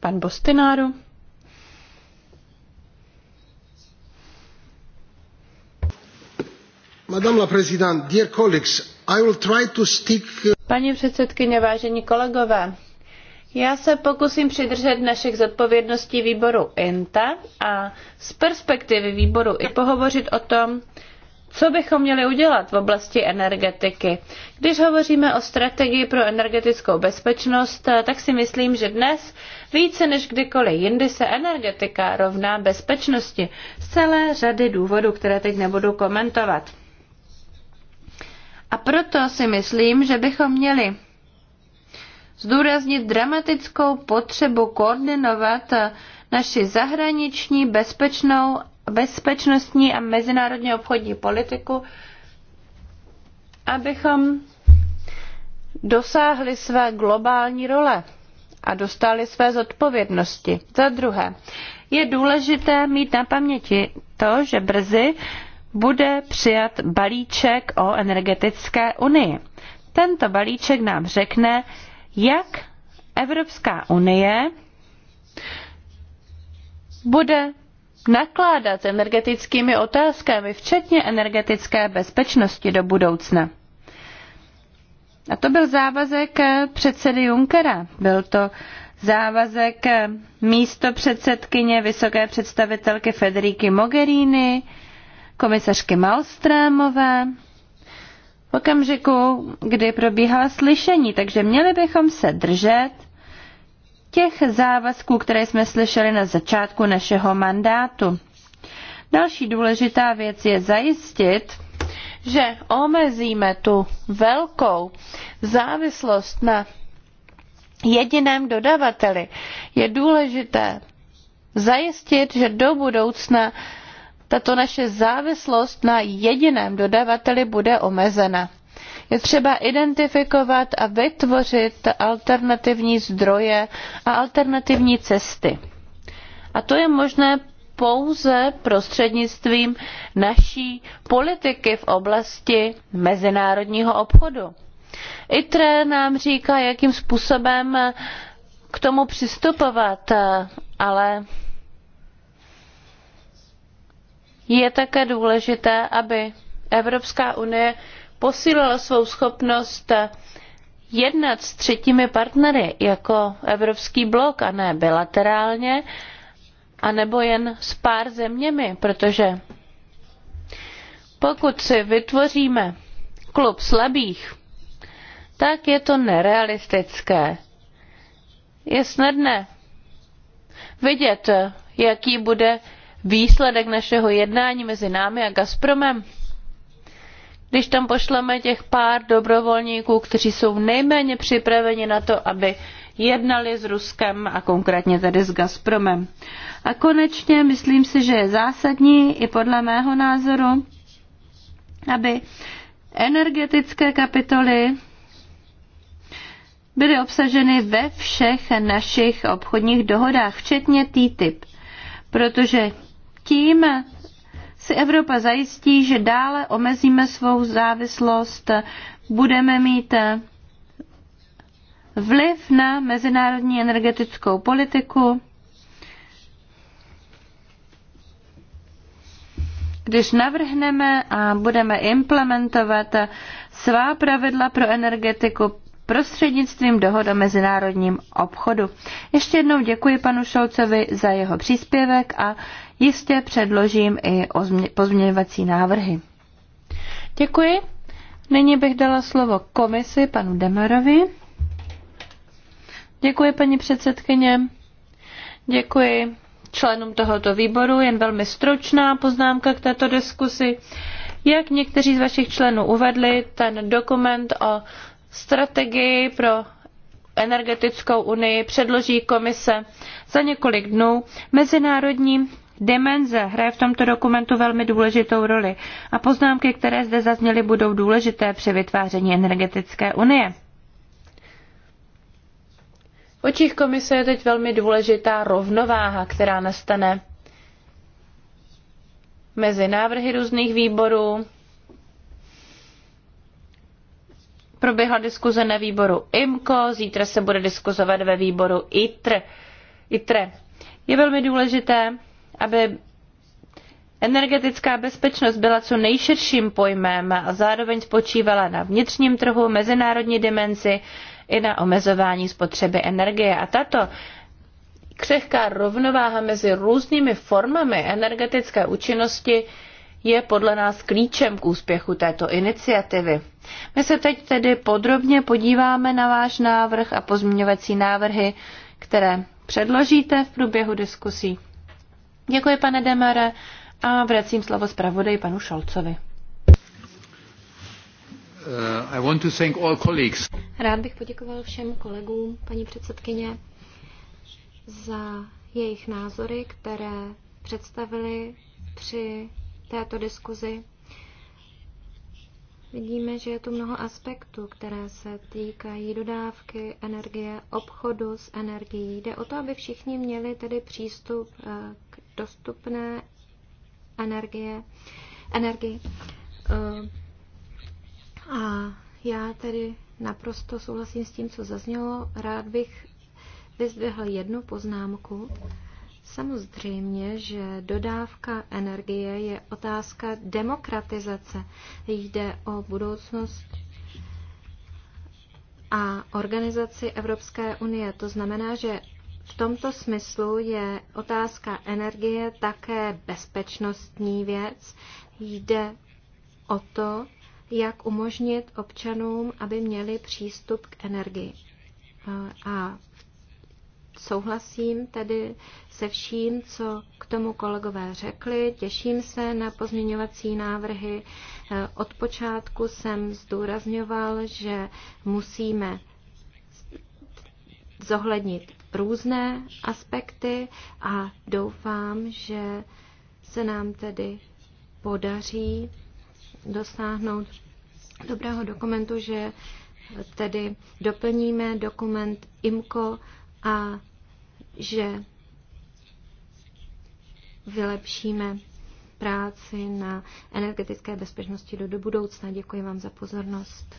Pan Bostináru. Madame la Présidente, dear colleagues, I will try to stick... Uh, Paní předsedkyně, vážení kolegové, já se pokusím přidržet našich zodpovědností výboru INTA a z perspektivy výboru i pohovořit o tom, co bychom měli udělat v oblasti energetiky? Když hovoříme o strategii pro energetickou bezpečnost, eh, tak si myslím, že dnes více než kdykoliv jindy se energetika rovná bezpečnosti z celé řady důvodů, které teď nebudu komentovat. A proto si myslím, že bychom měli zdůraznit dramatickou potřebu koordinovat naši zahraniční bezpečnou, bezpečnostní a mezinárodně obchodní politiku, abychom dosáhli své globální role a dostali své zodpovědnosti. Za druhé, je důležité mít na paměti to, že brzy bude přijat balíček o energetické unii. Tento balíček nám řekne, jak Evropská unie bude nakládat s energetickými otázkami, včetně energetické bezpečnosti do budoucna. A to byl závazek eh, předsedy Junckera. Byl to závazek eh, místo předsedkyně vysoké představitelky Federiky Mogherini, komisařky Malstrámové, v okamžiku, kdy probíhala slyšení, takže měli bychom se držet těch závazků, které jsme slyšeli na začátku našeho mandátu. Další důležitá věc je zajistit, že omezíme tu velkou závislost na jediném dodavateli, je důležité zajistit, že do budoucna tato naše závislost na jediném dodavateli bude omezena. Je třeba identifikovat a vytvořit alternativní zdroje a alternativní cesty. A to je možné pouze prostřednictvím naší politiky v oblasti mezinárodního obchodu. ITRE nám říká, jakým způsobem k tomu přistupovat, ale je také důležité, aby Evropská unie posílila svou schopnost jednat s třetími partnery jako Evropský blok a ne bilaterálně anebo jen s pár zeměmi, protože pokud si vytvoříme klub slabých, tak je to nerealistické. Je snadné vidět, jaký bude výsledek našeho jednání mezi námi a Gazpromem. Když tam pošleme těch pár dobrovolníků, kteří jsou nejméně připraveni na to, aby jednali s Ruskem a konkrétně tedy s Gazpromem. A konečně myslím si, že je zásadní i podle mého názoru, aby energetické kapitoly byly obsaženy ve všech našich obchodních dohodách, včetně TTIP, protože tím si Evropa zajistí, že dále omezíme svou závislost, budeme mít vliv na mezinárodní energetickou politiku, když navrhneme a budeme implementovat svá pravidla pro energetiku prostřednictvím dohod o mezinárodním obchodu. Ještě jednou děkuji panu Šolcovi za jeho příspěvek a jistě předložím i pozměňovací návrhy. Děkuji. Nyní bych dala slovo komisi panu Demerovi. Děkuji, paní předsedkyně. Děkuji členům tohoto výboru. Jen velmi stručná poznámka k této diskusi. Jak někteří z vašich členů uvedli, ten dokument o strategii pro energetickou unii předloží komise za několik dnů. Mezinárodní dimenze hraje v tomto dokumentu velmi důležitou roli a poznámky, které zde zazněly, budou důležité při vytváření energetické unie. V očích komise je teď velmi důležitá rovnováha, která nastane mezi návrhy různých výborů. Proběhla diskuze na výboru IMCO, zítra se bude diskuzovat ve výboru ITR. ITRE. Je velmi důležité, aby energetická bezpečnost byla co nejširším pojmem a zároveň spočívala na vnitřním trhu, mezinárodní dimenzi i na omezování spotřeby energie. A tato křehká rovnováha mezi různými formami energetické účinnosti je podle nás klíčem k úspěchu této iniciativy. My se teď tedy podrobně podíváme na váš návrh a pozměňovací návrhy, které předložíte v průběhu diskusí. Děkuji, pane Demare, a vracím slovo zpravodaji panu Šolcovi. Uh, Rád bych poděkoval všem kolegům, paní předsedkyně, za jejich názory, které představili při této diskuzi. Vidíme, že je tu mnoho aspektů, které se týkají dodávky energie, obchodu s energií. Jde o to, aby všichni měli tedy přístup eh, k dostupné energie, energii. Eh, a já tedy naprosto souhlasím s tím, co zaznělo. Rád bych vyzdvihl jednu poznámku. Samozřejmě, že dodávka energie je otázka demokratizace. Jde o budoucnost a organizaci Evropské unie. To znamená, že v tomto smyslu je otázka energie také bezpečnostní věc. Jde o to, jak umožnit občanům, aby měli přístup k energii. A souhlasím tedy se vším, co k tomu kolegové řekli. Těším se na pozměňovací návrhy. E, od počátku jsem zdůrazňoval, že musíme zohlednit různé aspekty a doufám, že se nám tedy podaří dosáhnout dobrého dokumentu, že tedy doplníme dokument IMCO a že vylepšíme práci na energetické bezpečnosti do, do budoucna. Děkuji vám za pozornost.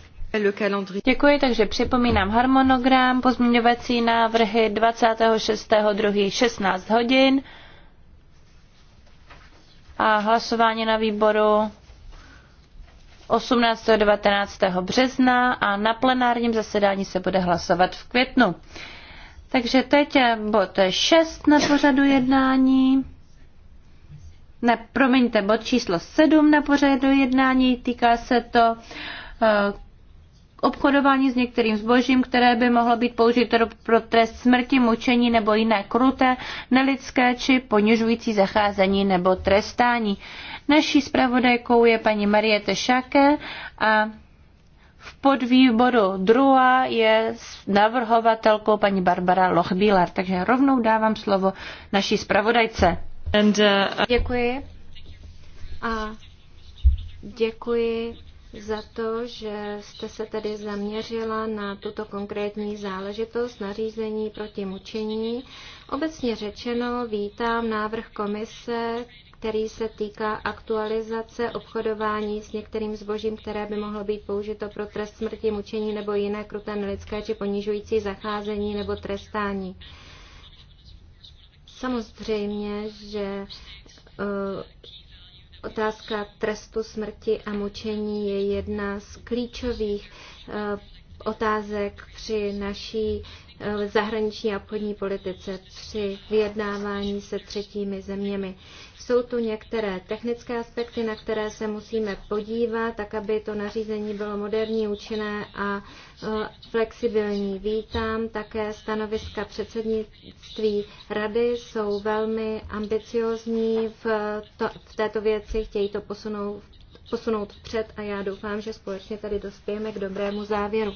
Děkuji, takže připomínám harmonogram, pozměňovací návrhy 26.2. 16 hodin a hlasování na výboru 18. a 19. března a na plenárním zasedání se bude hlasovat v květnu. Takže teď je bod 6 na pořadu jednání. Ne, promiňte, bod číslo 7 na pořadu jednání. Týká se to eh, obchodování s některým zbožím, které by mohlo být použito pro trest smrti, mučení nebo jiné kruté, nelidské či ponižující zacházení nebo trestání. Naší zpravodajkou je paní Mariette Šake a v podvýboru druhá je navrhovatelkou paní Barbara Lochbílar. Takže rovnou dávám slovo naší zpravodajce. And, uh, děkuji. A děkuji za to, že jste se tedy zaměřila na tuto konkrétní záležitost nařízení proti mučení. Obecně řečeno vítám návrh komise který se týká aktualizace obchodování s některým zbožím, které by mohlo být použito pro trest smrti, mučení nebo jiné kruté nelidské či ponižující zacházení nebo trestání. Samozřejmě, že eh, otázka trestu smrti a mučení je jedna z klíčových eh, otázek při naší eh, zahraniční a obchodní politice, při vyjednávání se třetími zeměmi. Jsou tu některé technické aspekty, na které se musíme podívat, tak aby to nařízení bylo moderní, účinné a e, flexibilní. Vítám také stanoviska předsednictví rady, jsou velmi ambiciozní v, to, v této věci, chtějí to posunout posunout vpřed a já doufám, že společně tady dospějeme k dobrému závěru.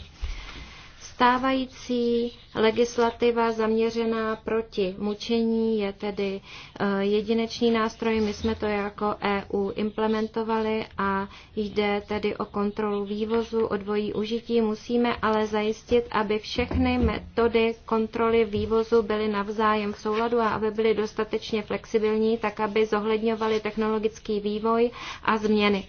Stávající legislativa zaměřená proti mučení je tedy eh, jedinečný nástroj. My jsme to jako EU implementovali a jde tedy o kontrolu vývozu, o dvojí užití. Musíme ale zajistit, aby všechny metody kontroly vývozu byly navzájem v souladu a aby byly dostatečně flexibilní, tak aby zohledňovaly technologický vývoj a změny.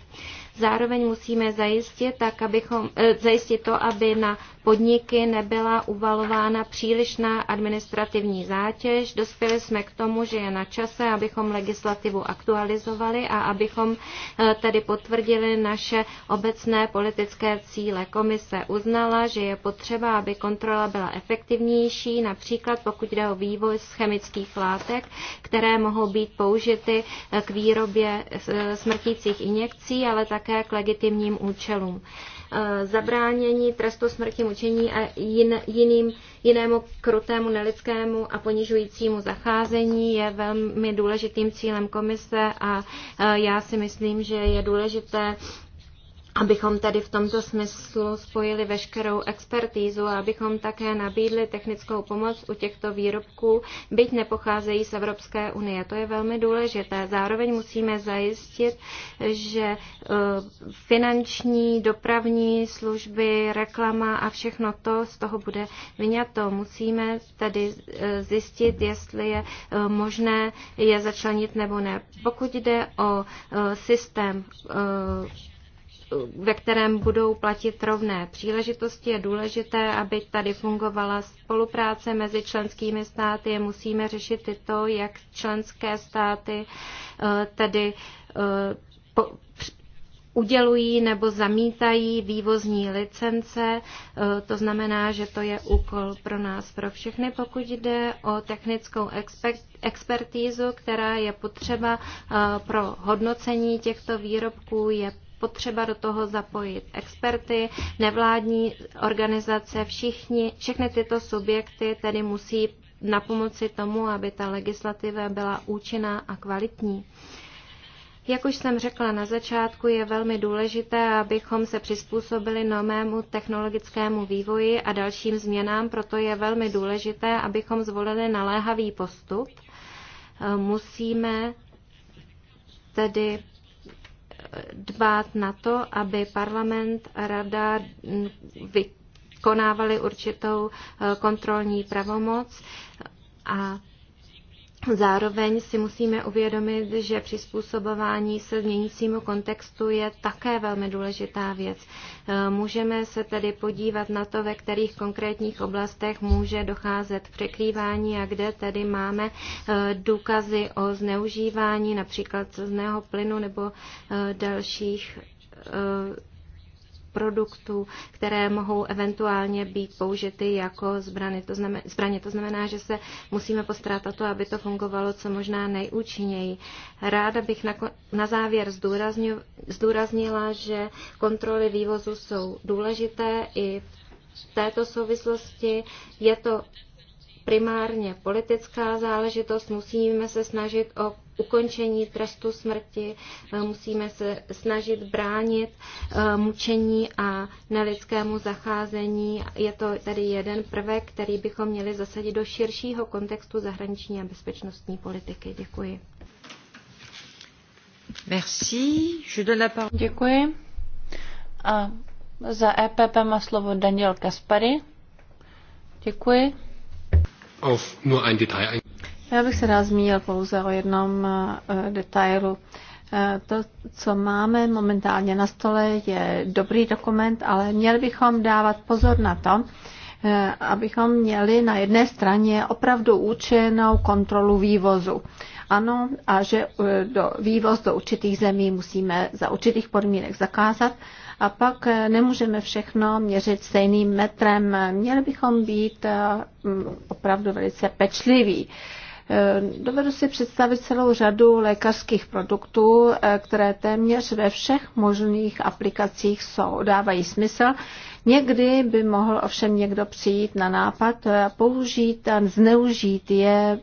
Zároveň musíme zajistit, tak abychom, eh, zajistit to, aby na podniky nebyla uvalována přílišná administrativní zátěž. Dospěli jsme k tomu, že je na čase, abychom legislativu aktualizovali a abychom eh, tedy potvrdili naše obecné politické cíle. Komise uznala, že je potřeba, aby kontrola byla efektivnější, například pokud jde o vývoj z chemických látek, které mohou být použity eh, k výrobě eh, smrtících injekcí, ale také k legitimním účelům. Eh, zabránění trestu smrti, mučení a jin, jiným, jinému krutému, nelidskému a ponižujícímu zacházení je velmi důležitým cílem komise a eh, já si myslím, že je důležité abychom tedy v tomto smyslu spojili veškerou expertízu a abychom také nabídli technickou pomoc u těchto výrobků, byť nepocházejí z Evropské unie. To je velmi důležité. Zároveň musíme zajistit, že e, finanční, dopravní služby, reklama a všechno to z toho bude vyňato. Musíme tedy e, zjistit, jestli je e, možné je začlenit nebo ne. Pokud jde o systém ve kterém budou platit rovné příležitosti. Je důležité, aby tady fungovala spolupráce mezi členskými státy. Musíme řešit tyto, jak členské státy eh, tedy eh, udělují nebo zamítají vývozní licence. Eh, to znamená, že to je úkol pro nás, pro všechny, pokud jde o technickou expertízu, která je potřeba pro hodnocení těchto výrobků, je potřeba do toho zapojit experty, nevládní organizace, všichni, všechny tyto subjekty tedy musí na pomoci tomu, aby ta legislativa byla účinná a kvalitní. Jak už jsem řekla na začátku, je velmi důležité, abychom se přizpůsobili novému technologickému vývoji a dalším změnám, proto je velmi důležité, abychom zvolili naléhavý postup. Musíme tedy dbát na to, aby parlament a rada vykonávali určitou eh, kontrolní pravomoc a Zároveň si musíme uvědomit, že přizpůsobování se změnícímu kontextu je také velmi důležitá věc. E, můžeme se tedy podívat na to, ve kterých konkrétních oblastech může docházet k překrývání a kde tedy máme e, důkazy o zneužívání například slzného plynu nebo e, dalších produktů, které mohou eventuálně být použity jako zbraně. To znamená, zbraně. To znamená, že se musíme postarat o to, aby to fungovalo co možná nejúčinněji. Ráda bych na, na závěr zdůraznila, že kontroly vývozu jsou důležité i v této souvislosti. Je to primárně politická záležitost. Musíme se snažit o ukončení trestu smrti, eh, musíme se snažit bránit eh, mučení a nelidskému zacházení. Je to tedy jeden prvek, který bychom měli zasadit do širšího kontextu zahraniční a bezpečnostní politiky. Děkuji. Merci. Je donne la parole. Děkuji. A za EPP má slovo Daniel Kaspary. Děkuji auf nur ein Detail eingehen. Já bych se rád zmínil pouze o jednom eh, detailu. Eh, to, co máme momentálně na stole, je dobrý dokument, ale měli bychom dávat pozor na to, eh, abychom měli na jedné straně opravdu účinnou kontrolu vývozu. Ano, a že do, vývoz do určitých zemí musíme za určitých podmínek zakázat, a pak eh, nemůžeme všechno měřit stejným metrem. Měli bychom být eh, mm, opravdu velice pečliví. Eh, dovedu si představit celou řadu lékařských produktů, které téměř ve všech možných aplikacích jsou, dávají smysl. Někdy by mohl ovšem někdo přijít na nápad použít a zneužít je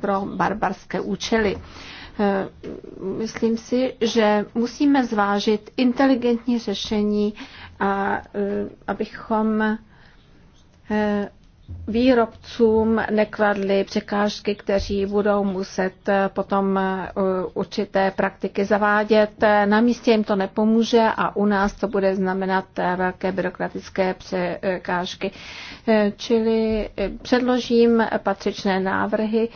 pro barbarské účely. Eh, myslím si, že musíme zvážit inteligentní řešení, a eh, abychom eh, výrobcům nekladli překážky, kteří budou muset eh, potom eh, určité praktiky zavádět. Na místě jim to nepomůže a u nás to bude znamenat eh, velké byrokratické překážky. Čili předložím patřičné návrhy,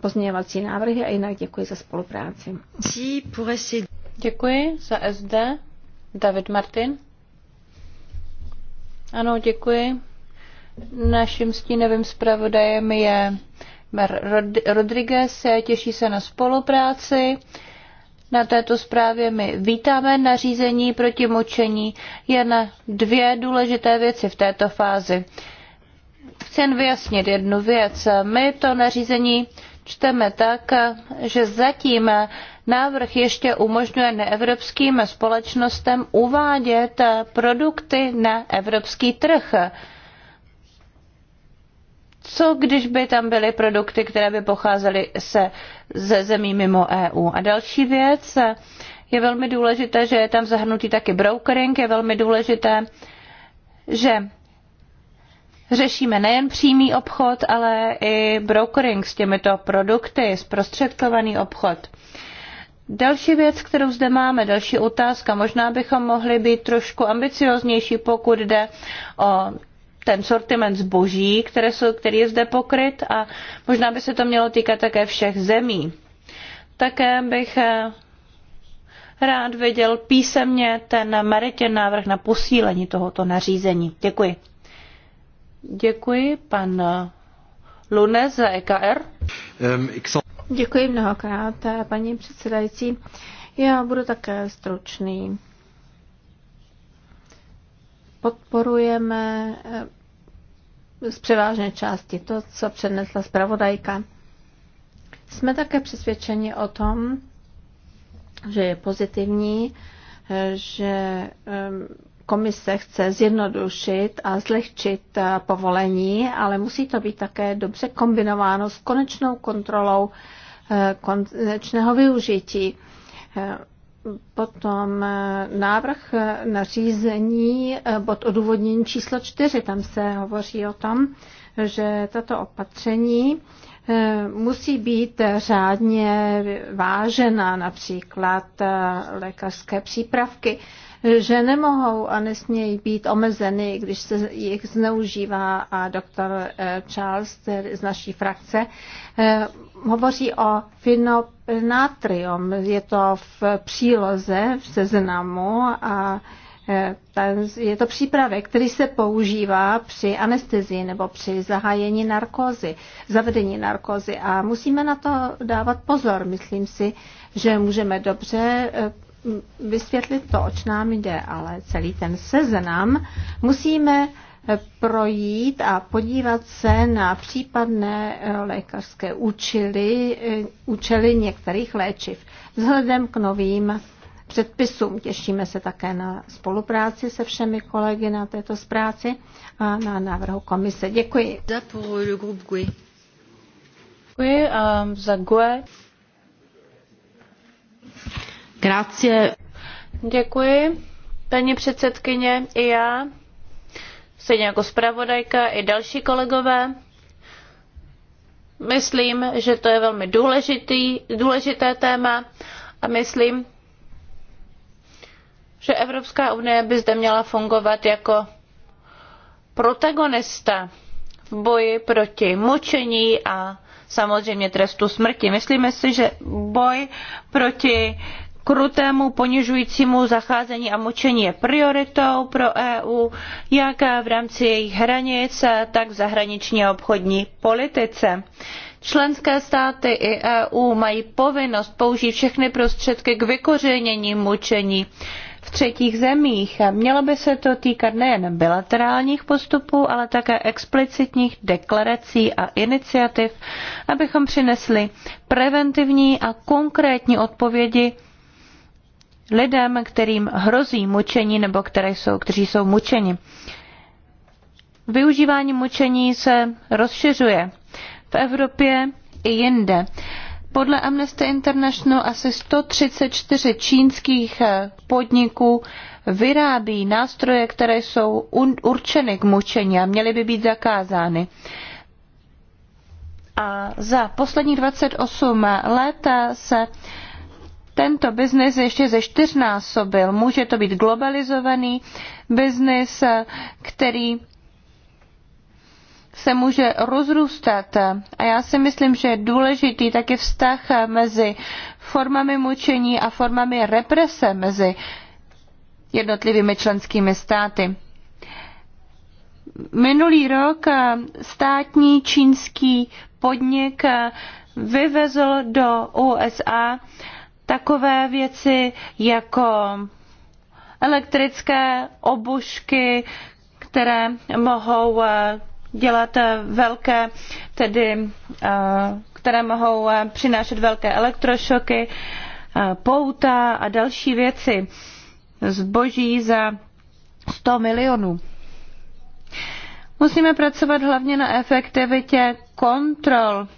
pozměňovací návrhy a jinak děkuji za spolupráci. Děkuji za SD. David Martin. Ano, děkuji. Naším stínovým zpravodajem je Mer Rodriguez, těší se na spolupráci. Na této zprávě my vítáme nařízení proti mučení. na dvě důležité věci v této fázi. Chci jen vyjasnit jednu věc. My to nařízení čteme tak, že zatím návrh ještě umožňuje neevropským společnostem uvádět produkty na evropský trh co když by tam byly produkty, které by pocházely se, ze zemí mimo EU. A další věc, je velmi důležité, že je tam zahrnutý taky brokering, je velmi důležité, že řešíme nejen přímý obchod, ale i brokering s těmito produkty, zprostředkovaný obchod. Další věc, kterou zde máme, další otázka, možná bychom mohli být trošku ambicioznější, pokud jde o ten sortiment zboží, které jsou, který je zde pokryt a možná by se to mělo týkat také všech zemí. Také bych eh, rád viděl písemně ten Maritě návrh na posílení tohoto nařízení. Děkuji. Děkuji, pan eh, Lunes za EKR. Ehm, Děkuji mnohokrát, eh, paní předsedající. Já budu také stručný. Podporujeme z převážné části to, co přednesla zpravodajka. Jsme také přesvědčeni o tom, že je pozitivní, že komise chce zjednodušit a zlehčit eh, povolení, ale musí to být také dobře kombinováno s konečnou kontrolou eh, konečného využití. Eh, Potom eh, návrh nařízení, eh, bod odůvodnění číslo 4, tam se hovoří o tom, že tato opatření eh, musí být řádně vážena, například lékařské přípravky že nemohou a nesmějí být omezeny, když se jich zneužívá a doktor eh, Charles z naší frakce eh, hovoří o finopnatrium. Je to v příloze, v seznamu a eh, je to přípravek, který se používá při anestezii nebo při zahájení narkózy, zavedení narkózy. A musíme na to dávat pozor. Myslím si, že můžeme dobře vysvětlit to, oč nám jde, ale celý ten seznam musíme projít a podívat se na případné eh, lékařské účely, eh, účely některých léčiv. Vzhledem k novým předpisům těšíme se také na spolupráci se všemi kolegy na této zpráci a na návrhu komise. Děkuji. E. Děkuji um, za GUE. Grazie. Děkuji. Paní předsedkyně, i já, stejně jako zpravodajka, i další kolegové, myslím, že to je velmi důležitý, důležité téma a myslím, že Evropská unie by zde měla fungovat jako protagonista v boji proti mučení a samozřejmě trestu smrti. Myslíme si, že boj proti krutému ponižujícímu zacházení a mučení je prioritou pro EU, jak v rámci jejich hranic, tak v zahraniční a obchodní politice. Členské státy i EU mají povinnost použít všechny prostředky k vykořenění mučení v třetích zemích. Mělo by se to týkat nejen bilaterálních postupů, ale také explicitních deklarací a iniciativ, abychom přinesli preventivní a konkrétní odpovědi lidem, kterým hrozí mučení nebo které jsou, kteří jsou mučeni. Využívání mučení se rozšiřuje v Evropě i jinde. Podle Amnesty International asi 134 čínských eh, podniků vyrábí nástroje, které jsou určeny k mučení a měly by být zakázány. A za posledních 28 let se tento biznis ještě ze čtyřnásobil. Může to být globalizovaný biznis, který se může rozrůstat. A já si myslím, že je důležitý taky vztah mezi formami mučení a formami represe mezi jednotlivými členskými státy. Minulý rok státní čínský podnik vyvezl do USA takové věci jako elektrické obušky, které mohou eh, dělat eh, velké, tedy, eh, které mohou přinášet velké elektrošoky, pouta a další věci. Zboží za 100 milionů. Musíme pracovat hlavně na efektivitě kontrol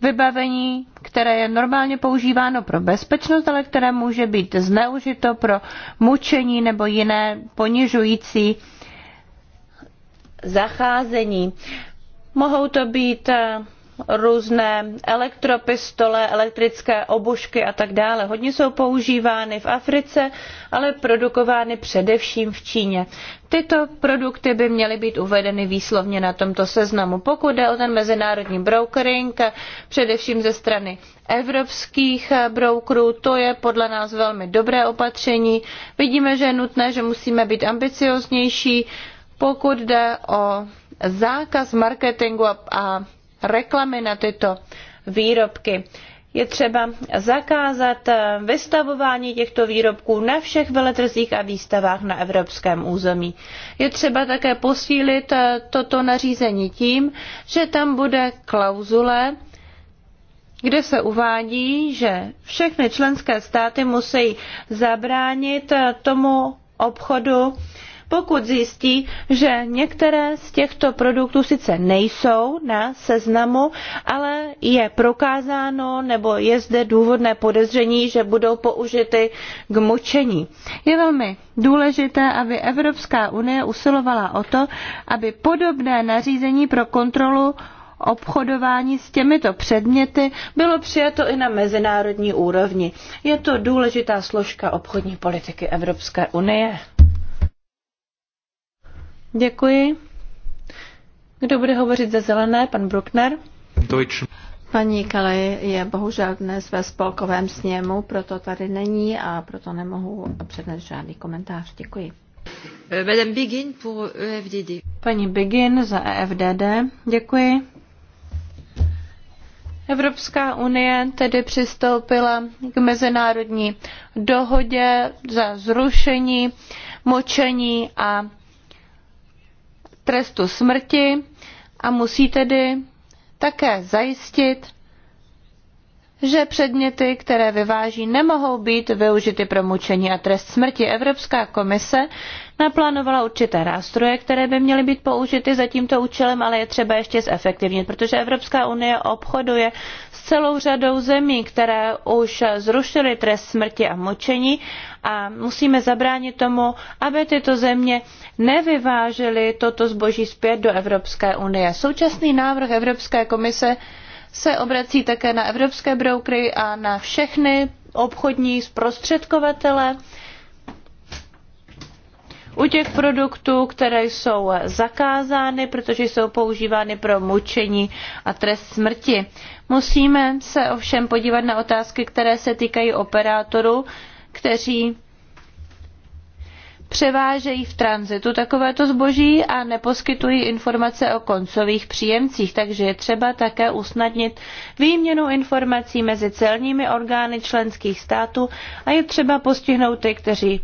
vybavení, které je normálně používáno pro bezpečnost, ale které může být zneužito pro mučení nebo jiné ponižující zacházení. Mohou to být eh, různé elektropistole, elektrické obušky a tak dále. Hodně jsou používány v Africe, ale produkovány především v Číně. Tyto produkty by měly být uvedeny výslovně na tomto seznamu. Pokud jde o ten mezinárodní brokering, především ze strany evropských brokerů, to je podle nás velmi dobré opatření. Vidíme, že je nutné, že musíme být ambicioznější, pokud jde o zákaz marketingu a reklamy na tyto výrobky. Je třeba zakázat eh, vystavování těchto výrobků na všech veletrzích a výstavách na evropském území. Je třeba také posílit eh, toto nařízení tím, že tam bude klauzule, kde se uvádí, že všechny členské státy musí zabránit eh, tomu obchodu pokud zjistí, že některé z těchto produktů sice nejsou na seznamu, ale je prokázáno nebo je zde důvodné podezření, že budou použity k mučení. Je velmi důležité, aby Evropská unie usilovala o to, aby podobné nařízení pro kontrolu obchodování s těmito předměty bylo přijato i na mezinárodní úrovni. Je to důležitá složka obchodní politiky Evropské unie. Děkuji. Kdo bude hovořit za zelené? Pan Bruckner. Deutsch. Paní Kelly je bohužel dnes ve spolkovém sněmu, proto tady není a proto nemohu přednést žádný komentář. Děkuji. Euh, Madame Begin pour EFDD. Paní Begin za EFDD. Děkuji. Evropská unie tedy přistoupila k mezinárodní dohodě za zrušení močení a trestu smrti a musí tedy také zajistit, že předměty, které vyváží, nemohou být využity pro mučení a trest smrti. Evropská komise naplánovala určité nástroje, které by měly být použity za tímto účelem, ale je třeba ještě zefektivnit, protože Evropská unie obchoduje s celou řadou zemí, které už zrušily trest smrti a mučení a musíme zabránit tomu, aby tyto země nevyvážely toto zboží zpět do Evropské unie. Současný návrh Evropské komise se obrací také na evropské broukry a na všechny obchodní zprostředkovatele, u těch produktů, které jsou zakázány, protože jsou používány pro mučení a trest smrti. Musíme se ovšem podívat na otázky, které se týkají operátorů, kteří převážejí v tranzitu takovéto zboží a neposkytují informace o koncových příjemcích, takže je třeba také usnadnit výměnu informací mezi celními orgány členských států a je třeba postihnout ty, kteří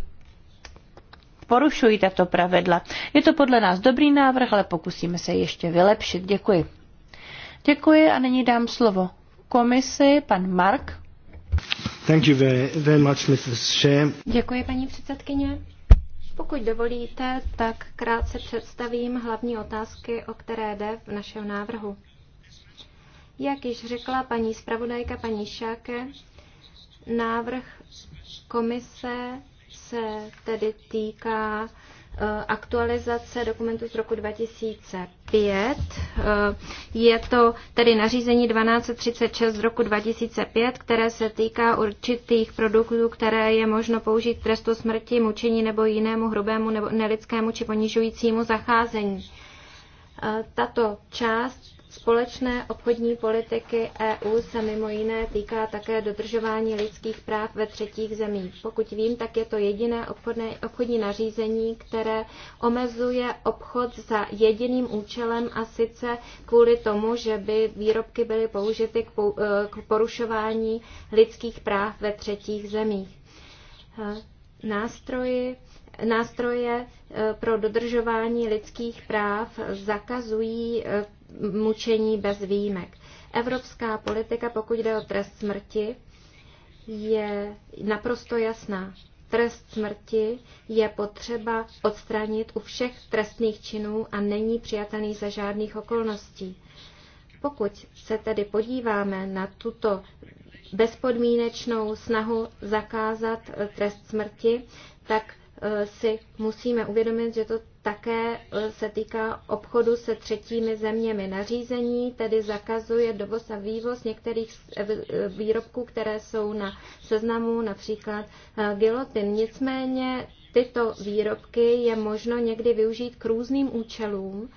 porušují tato pravidla. Je to podle nás dobrý návrh, ale pokusíme se ještě vylepšit. Děkuji. Děkuji a nyní dám slovo komisi, pan Mark. Thank you very, very much, Mrs. Děkuji, paní předsedkyně. Pokud dovolíte, tak krátce představím hlavní otázky, o které jde v našem návrhu. Jak již řekla paní zpravodajka paní Šáke, návrh komise se tedy týká eh, aktualizace dokumentu z roku 2005. Eh, je to tedy nařízení 1236 z roku 2005, které se týká určitých produktů, které je možno použít trestu smrti, mučení nebo jinému hrubému nebo nelidskému či ponižujícímu zacházení. Eh, tato část Společné obchodní politiky EU se mimo jiné týká také dodržování lidských práv ve třetích zemích. Pokud vím, tak je to jediné obchodné, obchodní nařízení, které omezuje obchod za jediným účelem a sice kvůli tomu, že by výrobky byly použity k eh, porušování lidských práv ve třetích zemích. Eh, nástroji nástroje eh, pro dodržování lidských práv zakazují eh, mučení bez výjimek. Evropská politika, pokud jde o trest smrti, je naprosto jasná. Trest smrti je potřeba odstranit u všech trestných činů a není přijatelný za žádných okolností. Pokud se tedy podíváme na tuto bezpodmínečnou snahu zakázat eh, trest smrti, tak si musíme uvědomit, že to také eh, se týká obchodu se třetími zeměmi. Nařízení tedy zakazuje dovoz a vývoz některých eh, eh, výrobků, které jsou na seznamu, například gilotin. Nicméně tyto výrobky je možno někdy využít k různým účelům.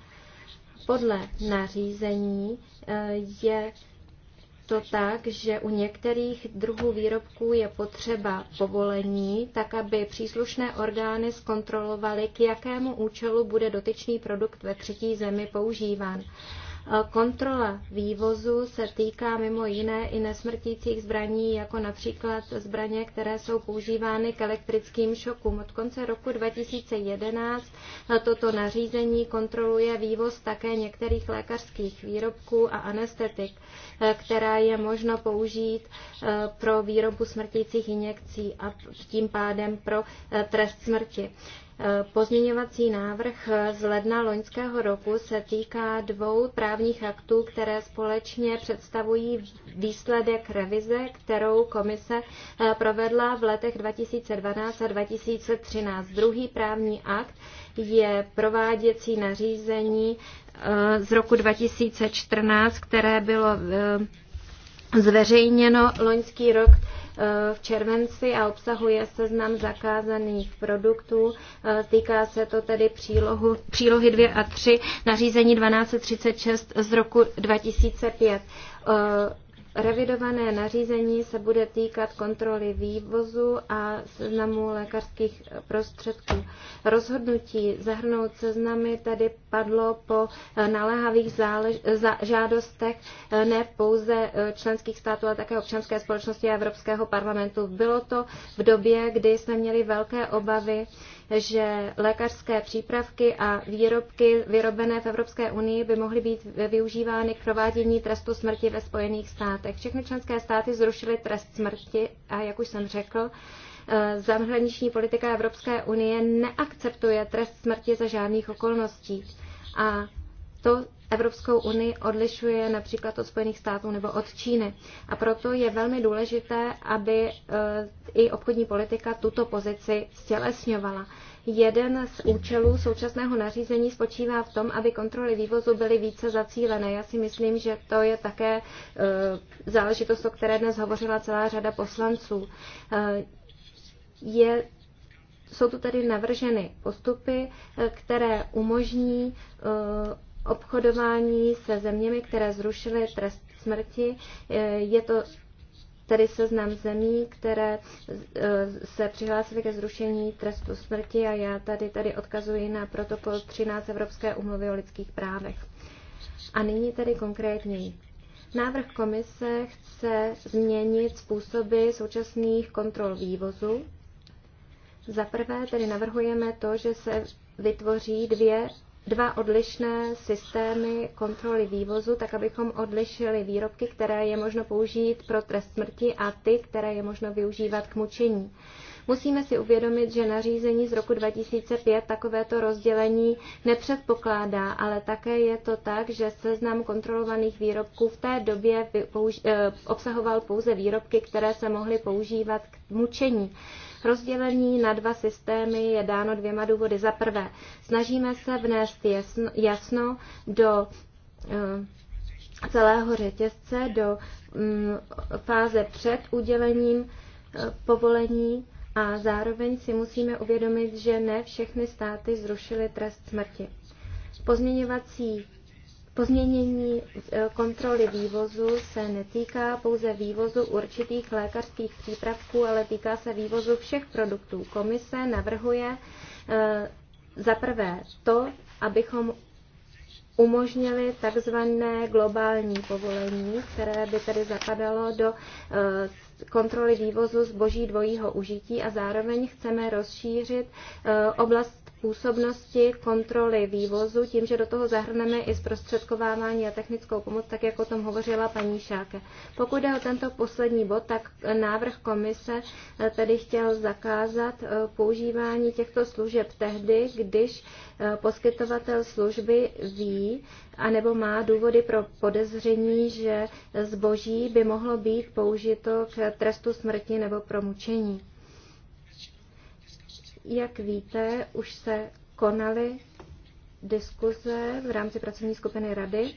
Podle nařízení je to tak, že u některých druhů výrobků je potřeba povolení, tak aby příslušné orgány zkontrolovaly, k jakému účelu bude dotyčný produkt ve třetí zemi používán. Kontrola vývozu se týká mimo jiné i nesmrtících zbraní, jako například zbraně, které jsou používány k elektrickým šokům. Od konce roku 2011 toto nařízení kontroluje vývoz také některých lékařských výrobků a anestetik, která je možno použít e, pro výrobu smrtících injekcí a tím pádem pro e, trest smrti. Pozměňovací návrh z ledna loňského roku se týká dvou právních aktů, které společně představují výsledek revize, kterou komise eh, provedla v letech 2012 a 2013. Druhý právní akt je prováděcí nařízení eh, z roku 2014, které bylo eh, zveřejněno loňský rok v červenci a obsahuje seznam zakázaných produktů. Eh, týká se to tedy přílohu, přílohy 2 a 3 nařízení 1236 z roku 2005 revidované nařízení se bude týkat kontroly vývozu a seznamu lékařských prostředků. Rozhodnutí zahrnout seznamy tady padlo po naléhavých zálež, žádostech eh, ne pouze eh, členských států, ale také občanské společnosti a Evropského parlamentu. Bylo to v době, kdy jsme měli velké obavy, že lékařské přípravky a výrobky vyrobené v Evropské unii by mohly být využívány k provádění trestu smrti ve Spojených státech. Všechny členské státy zrušily trest smrti a jak už jsem řekl, eh, zahraniční politika Evropské unie neakceptuje trest smrti za žádných okolností. A to Evropskou unii odlišuje například od Spojených států nebo od Číny. A proto je velmi důležité, aby e, i obchodní politika tuto pozici stělesňovala. Jeden z účelů současného nařízení spočívá v tom, aby kontroly vývozu byly více zacílené. Já si myslím, že to je také e, záležitost, o které dnes hovořila celá řada poslanců. E, je jsou tu tedy navrženy postupy, které umožní obchodování se zeměmi, které zrušily trest smrti. Eh, je to tedy seznam zemí, které eh, se přihlásily ke zrušení trestu smrti a já tady, tady odkazuji na protokol 13 Evropské umluvy o lidských právech. A nyní tedy konkrétněji. Návrh komise chce změnit způsoby současných kontrol vývozu. Za prvé tedy navrhujeme to, že se vytvoří dvě dva odlišné systémy kontroly vývozu, tak abychom odlišili výrobky, které je možno použít pro trest smrti a ty, které je možno využívat k mučení. Musíme si uvědomit, že nařízení z roku 2005 takovéto rozdělení nepředpokládá, ale také je to tak, že seznam kontrolovaných výrobků v té době eh, obsahoval pouze výrobky, které se mohly používat k mučení. Rozdělení na dva systémy je dáno dvěma důvody. Za prvé, snažíme se vnést jasno, jasno do eh, celého řetězce, do mm, fáze před udělením eh, povolení a zároveň si musíme uvědomit, že ne všechny státy zrušily trest smrti. Pozměňovací Pozměnění eh, kontroly vývozu se netýká pouze vývozu určitých lékařských přípravků, ale týká se vývozu všech produktů. Komise navrhuje eh, za prvé to, abychom umožnili takzvané globální povolení, které by tedy zapadalo do eh, kontroly vývozu zboží dvojího užití a zároveň chceme rozšířit oblast působnosti kontroly vývozu tím, že do toho zahrneme i zprostředkovávání a technickou pomoc, tak jak o tom hovořila paní Šáke. Pokud jde o tento poslední bod, tak návrh komise eh, tedy chtěl zakázat eh, používání těchto služeb tehdy, když eh, poskytovatel služby ví anebo má důvody pro podezření, že zboží by mohlo být použito k trestu smrti nebo pro mučení. Jak víte, už se konaly diskuze v rámci pracovní skupiny Rady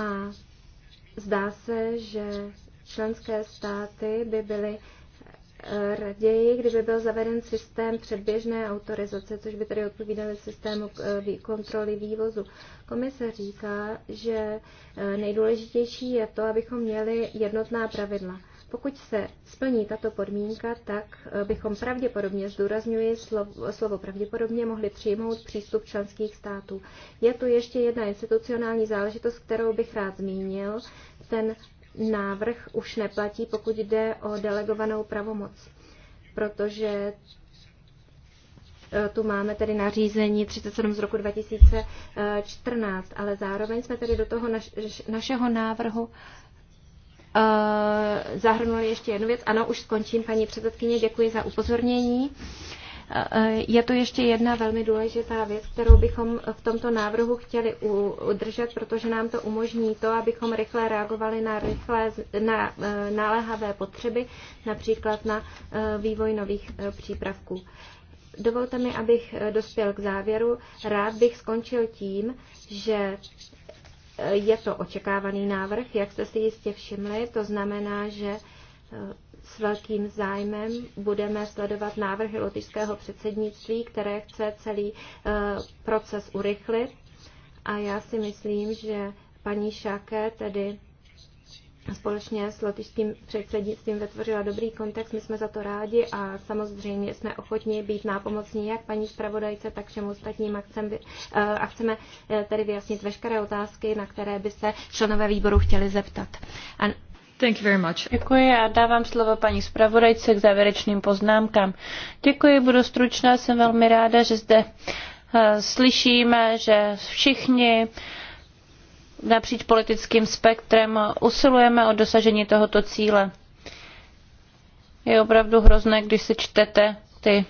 a zdá se, že členské státy by byly eh, raději, kdyby byl zaveden systém předběžné autorizace, což by tedy odpovídal systému eh, kontroly vývozu. Komise říká, že eh, nejdůležitější je to, abychom měli jednotná pravidla. Pokud se splní tato podmínka, tak eh, bychom pravděpodobně, zdůrazňuji slovo, slovo pravděpodobně, mohli přijmout přístup členských států. Je tu ještě jedna institucionální záležitost, kterou bych rád zmínil. Ten návrh už neplatí, pokud jde o delegovanou pravomoc, protože eh, tu máme tedy nařízení 37 z roku 2014, eh, ale zároveň jsme tedy do toho naš, našeho návrhu Eh, zahrnuli ještě jednu věc. Ano, už skončím, paní předsedkyně, děkuji za upozornění. Eh, je to ještě jedna velmi důležitá věc, kterou bychom v tomto návrhu chtěli udržet, protože nám to umožní to, abychom rychle reagovali na, rychlé, na eh, náléhavé potřeby, například na vývoj nových přípravků. Dovolte mi, abych dospěl k závěru. Rád bych skončil tím, že je to očekávaný návrh, jak jste si jistě všimli, to znamená, že e, s velkým zájmem budeme sledovat návrhy lotyšského předsednictví, které chce celý e, proces urychlit. A já si myslím, že paní Šáke tedy společně s lotyšským předsednictvím vytvořila dobrý kontext. My jsme za to rádi a samozřejmě jsme ochotni být nápomocní jak paní zpravodajce, tak všem ostatním a, chcem, eh, a chceme eh, tedy vyjasnit veškeré otázky, na které by se členové výboru chtěli zeptat. A Thank you very much. Děkuji a dávám slovo paní zpravodajce k závěrečným poznámkám. Děkuji, budu stručná, jsem velmi ráda, že zde eh, slyšíme, že všichni uh, napříč politickým spektrem usilujeme o dosažení tohoto cíle. Je opravdu hrozné, když si čtete ty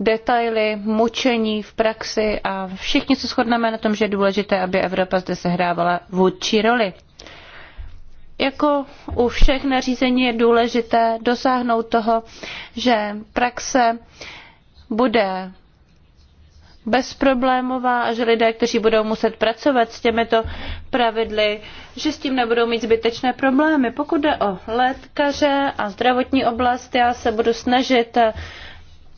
detaily, mučení v praxi a všichni se shodneme na tom, že je důležité, aby Evropa zde sehrávala vůdčí roli. Jako u všech nařízení je důležité dosáhnout toho, že praxe bude bezproblémová a že lidé, kteří budou muset pracovat s těmito pravidly, že s tím nebudou mít zbytečné problémy. Pokud jde o lékaře a zdravotní oblast, já se budu snažit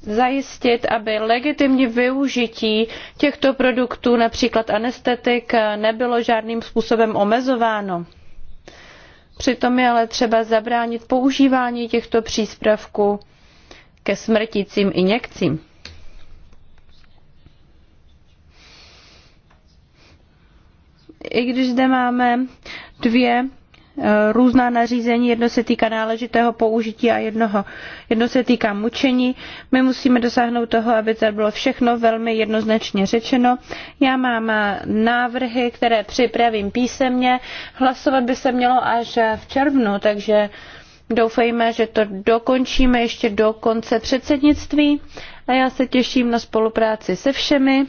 zajistit, aby legitimní využití těchto produktů, například anestetik, nebylo žádným způsobem omezováno. Přitom je ale třeba zabránit používání těchto přípravků ke smrtícím injekcím. i když zde máme dvě eh, různá nařízení, jedno se týká náležitého použití a jednoho, jedno se týká mučení. My musíme dosáhnout toho, aby to bylo všechno velmi jednoznačně řečeno. Já mám eh, návrhy, které připravím písemně. Hlasovat by se mělo až eh, v červnu, takže doufejme, že to dokončíme ještě do konce předsednictví a já se těším na spolupráci se všemi.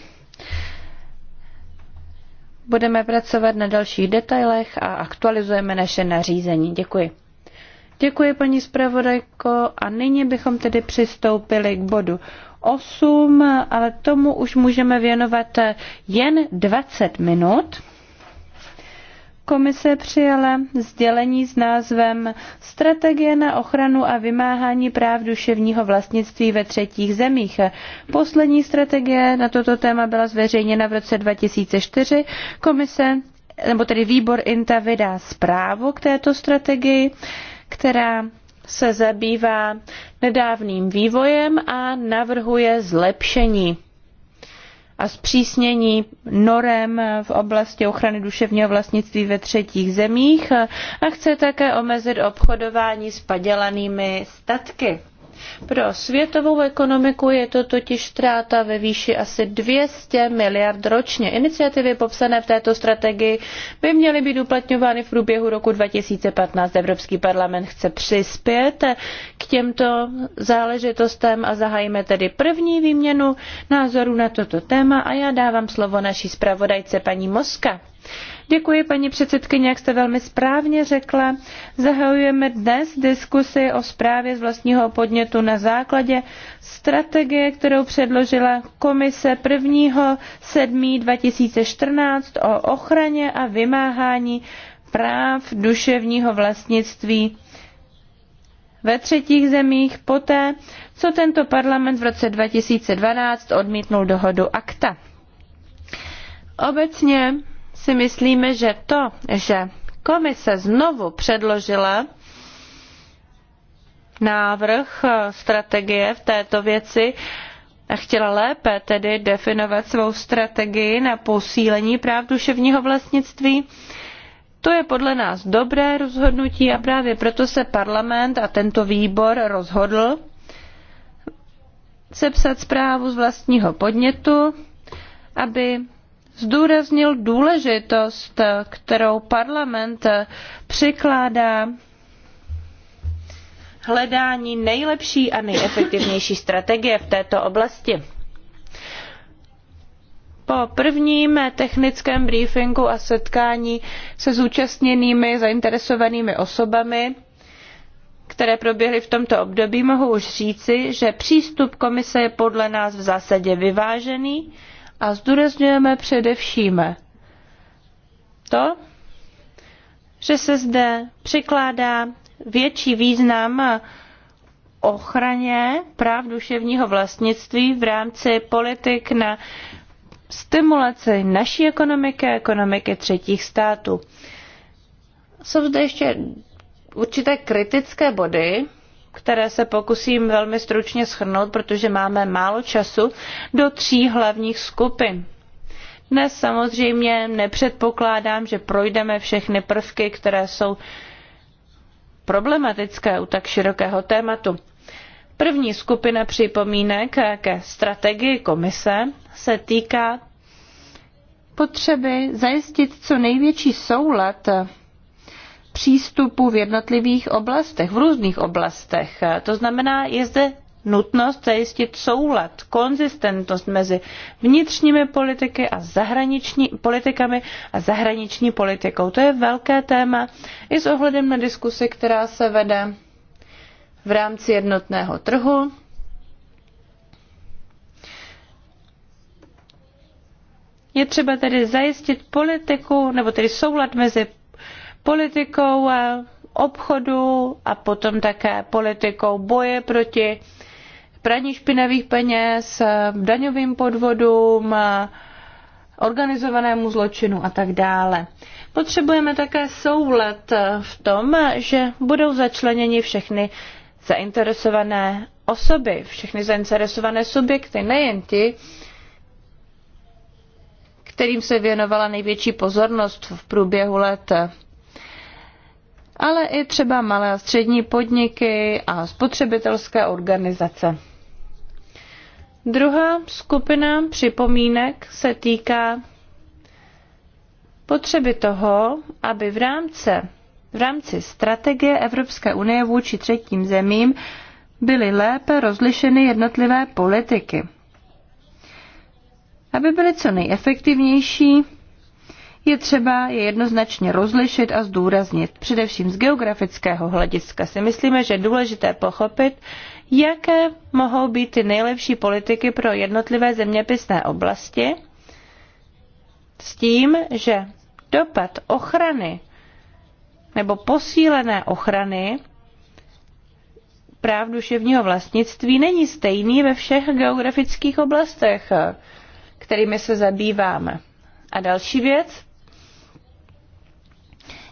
Budeme pracovat na dalších detailech a aktualizujeme naše nařízení. Děkuji. Děkuji, paní zpravodajko. A nyní bychom tedy přistoupili k bodu 8, ale tomu už můžeme věnovat jen 20 minut. Komise přijala sdělení s názvem Strategie na ochranu a vymáhání práv duševního vlastnictví ve třetích zemích. Poslední strategie na toto téma byla zveřejněna v roce 2004. Komise, nebo tedy výbor INTA vydá zprávu k této strategii, která se zabývá nedávným vývojem a navrhuje zlepšení a zpřísnění norem v oblasti ochrany duševního vlastnictví ve třetích zemích a chce také omezit obchodování s padělanými statky. Pro světovou ekonomiku je to totiž ztráta ve výši asi 200 miliard ročně. Iniciativy popsané v této strategii by měly být uplatňovány v průběhu roku 2015. Evropský parlament chce přispět k těmto záležitostem a zahájíme tedy první výměnu názorů na toto téma a já dávám slovo naší zpravodajce paní Moska. Děkuji, paní předsedkyně, jak jste velmi správně řekla. Zahajujeme dnes diskusi o zprávě z vlastního podnětu na základě strategie, kterou předložila komise 1. 7. 2014 o ochraně a vymáhání práv duševního vlastnictví ve třetích zemích poté, co tento parlament v roce 2012 odmítnul dohodu akta. Obecně si myslíme, že to, že komise znovu předložila návrh eh, strategie v této věci a chtěla lépe tedy definovat svou strategii na posílení práv duševního vlastnictví, to je podle nás dobré rozhodnutí a právě proto se parlament a tento výbor rozhodl sepsat zprávu z vlastního podnětu, aby zdůraznil důležitost, kterou parlament přikládá hledání nejlepší a nejefektivnější strategie v této oblasti. Po prvním technickém briefingu a setkání se zúčastněnými zainteresovanými osobami, které proběhly v tomto období, mohu už říci, že přístup komise je podle nás v zásadě vyvážený, a zdůrazňujeme především to, že se zde přikládá větší význam ochraně práv duševního vlastnictví v rámci politik na stimulaci naší ekonomiky a ekonomiky třetích států. Jsou zde ještě určité kritické body, které se pokusím velmi stručně shrnout, protože máme málo času, do tří hlavních skupin. Dnes samozřejmě nepředpokládám, že projdeme všechny prvky, které jsou problematické u tak širokého tématu. První skupina připomínek ke strategii komise se týká potřeby zajistit co největší soulad přístupu v jednotlivých oblastech, v různých oblastech. To znamená, je zde nutnost zajistit soulad, konzistentnost mezi vnitřními politiky a zahraniční politikami a zahraniční politikou. To je velké téma i s ohledem na diskusi, která se vede v rámci jednotného trhu. Je třeba tedy zajistit politiku, nebo tedy soulad mezi politikou eh, obchodu a potom také politikou boje proti praní špinavých peněz, eh, daňovým podvodům, eh, organizovanému zločinu a tak dále. Potřebujeme také soulad v tom, že budou začleněni všechny zainteresované osoby, všechny zainteresované subjekty, nejen ti, kterým se věnovala největší pozornost v průběhu let ale i třeba malé a střední podniky a spotřebitelské organizace. Druhá skupina připomínek se týká potřeby toho, aby v rámci, v rámci strategie Evropské unie vůči třetím zemím byly lépe rozlišeny jednotlivé politiky. Aby byly co nejefektivnější, je třeba je jednoznačně rozlišit a zdůraznit. Především z geografického hlediska si myslíme, že je důležité pochopit, jaké mohou být ty nejlepší politiky pro jednotlivé zeměpisné oblasti, s tím, že dopad ochrany nebo posílené ochrany práv duševního vlastnictví není stejný ve všech geografických oblastech, kterými se zabýváme. A další věc,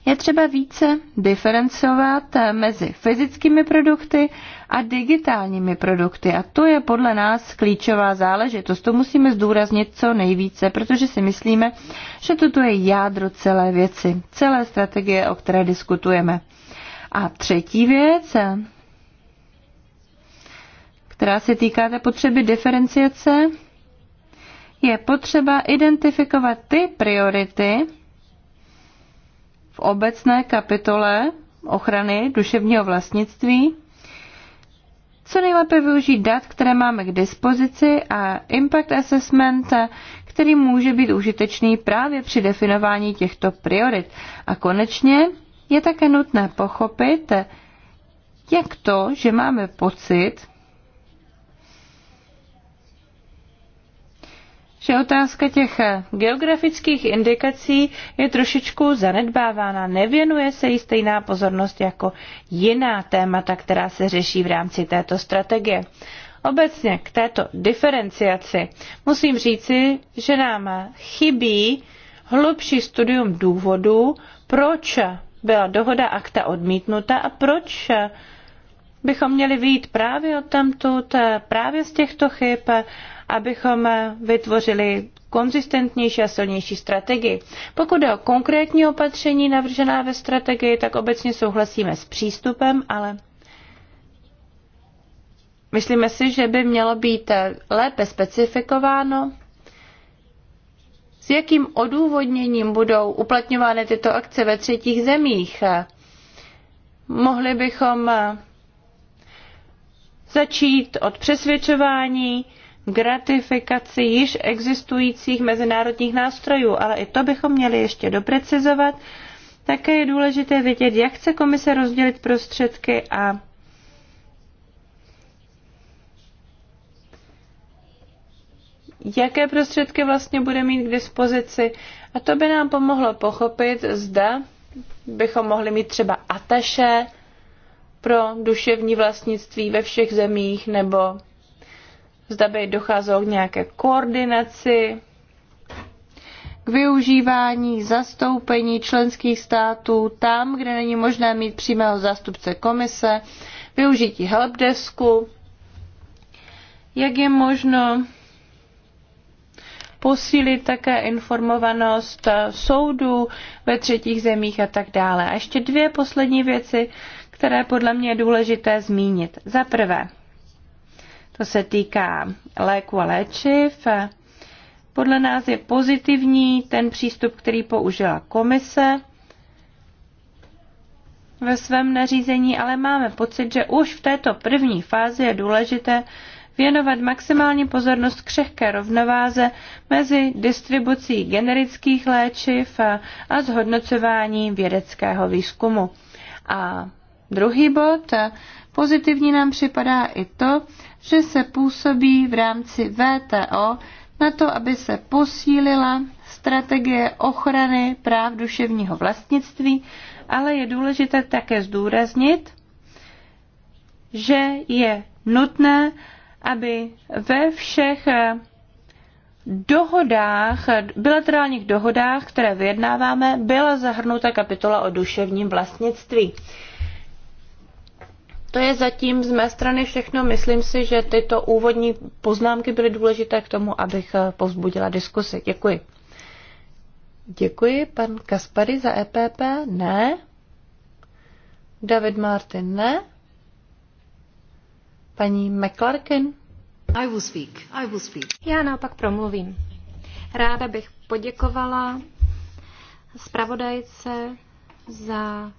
je třeba více diferencovat eh, mezi fyzickými produkty a digitálními produkty. A to je podle nás klíčová záležitost. To musíme zdůraznit co nejvíce, protože si myslíme, že toto je jádro celé věci, celé strategie, o které diskutujeme. A třetí věc, eh, která se týká té potřeby diferenciace, je potřeba identifikovat ty priority, v obecné kapitole ochrany duševního vlastnictví co nejlépe využít dat, které máme k dispozici a impact assessment, který může být užitečný právě při definování těchto priorit. A konečně je také nutné pochopit, jak to, že máme pocit, že otázka těch eh, geografických indikací je trošičku zanedbávána. Nevěnuje se jí stejná pozornost jako jiná témata, která se řeší v rámci této strategie. Obecně k této diferenciaci musím říci, že nám chybí hlubší studium důvodů, proč byla dohoda akta odmítnuta a proč bychom měli vyjít právě od tamtud, eh, právě z těchto chyb abychom vytvořili konzistentnější a silnější strategii. Pokud je o konkrétní opatření navržená ve strategii, tak obecně souhlasíme s přístupem, ale myslíme si, že by mělo být lépe specifikováno, s jakým odůvodněním budou uplatňovány tyto akce ve třetích zemích. Mohli bychom začít od přesvědčování, k ratifikaci již existujících mezinárodních nástrojů, ale i to bychom měli ještě doprecizovat. Také je důležité vědět, jak chce komise rozdělit prostředky a jaké prostředky vlastně bude mít k dispozici. A to by nám pomohlo pochopit, zda bychom mohli mít třeba ataše pro duševní vlastnictví ve všech zemích nebo zda by docházelo k nějaké koordinaci, k využívání zastoupení členských států tam, kde není možné mít přímého zástupce komise, využití helpdesku, jak je možno posílit také informovanost soudů ve třetích zemích a tak dále. A ještě dvě poslední věci, které podle mě je důležité zmínit. Za prvé, to se týká léku a léčiv. Podle nás je pozitivní ten přístup, který použila komise ve svém nařízení, ale máme pocit, že už v této první fázi je důležité věnovat maximální pozornost křehké rovnováze mezi distribucí generických léčiv a zhodnocování vědeckého výzkumu. A druhý bod, pozitivní nám připadá i to, že se působí v rámci VTO na to, aby se posílila strategie ochrany práv duševního vlastnictví, ale je důležité také zdůraznit, že je nutné, aby ve všech eh, dohodách, bilaterálních dohodách, které vyjednáváme, byla zahrnuta kapitola o duševním vlastnictví. To je zatím z mé strany všechno. Myslím si, že tyto úvodní poznámky byly důležité k tomu, abych eh, povzbudila diskusi. Děkuji. Děkuji. Pan Kaspary za EPP? Ne. David Martin? Ne. Paní McClarkin? I will speak. I will speak. Já naopak promluvím. Ráda bych poděkovala zpravodajce za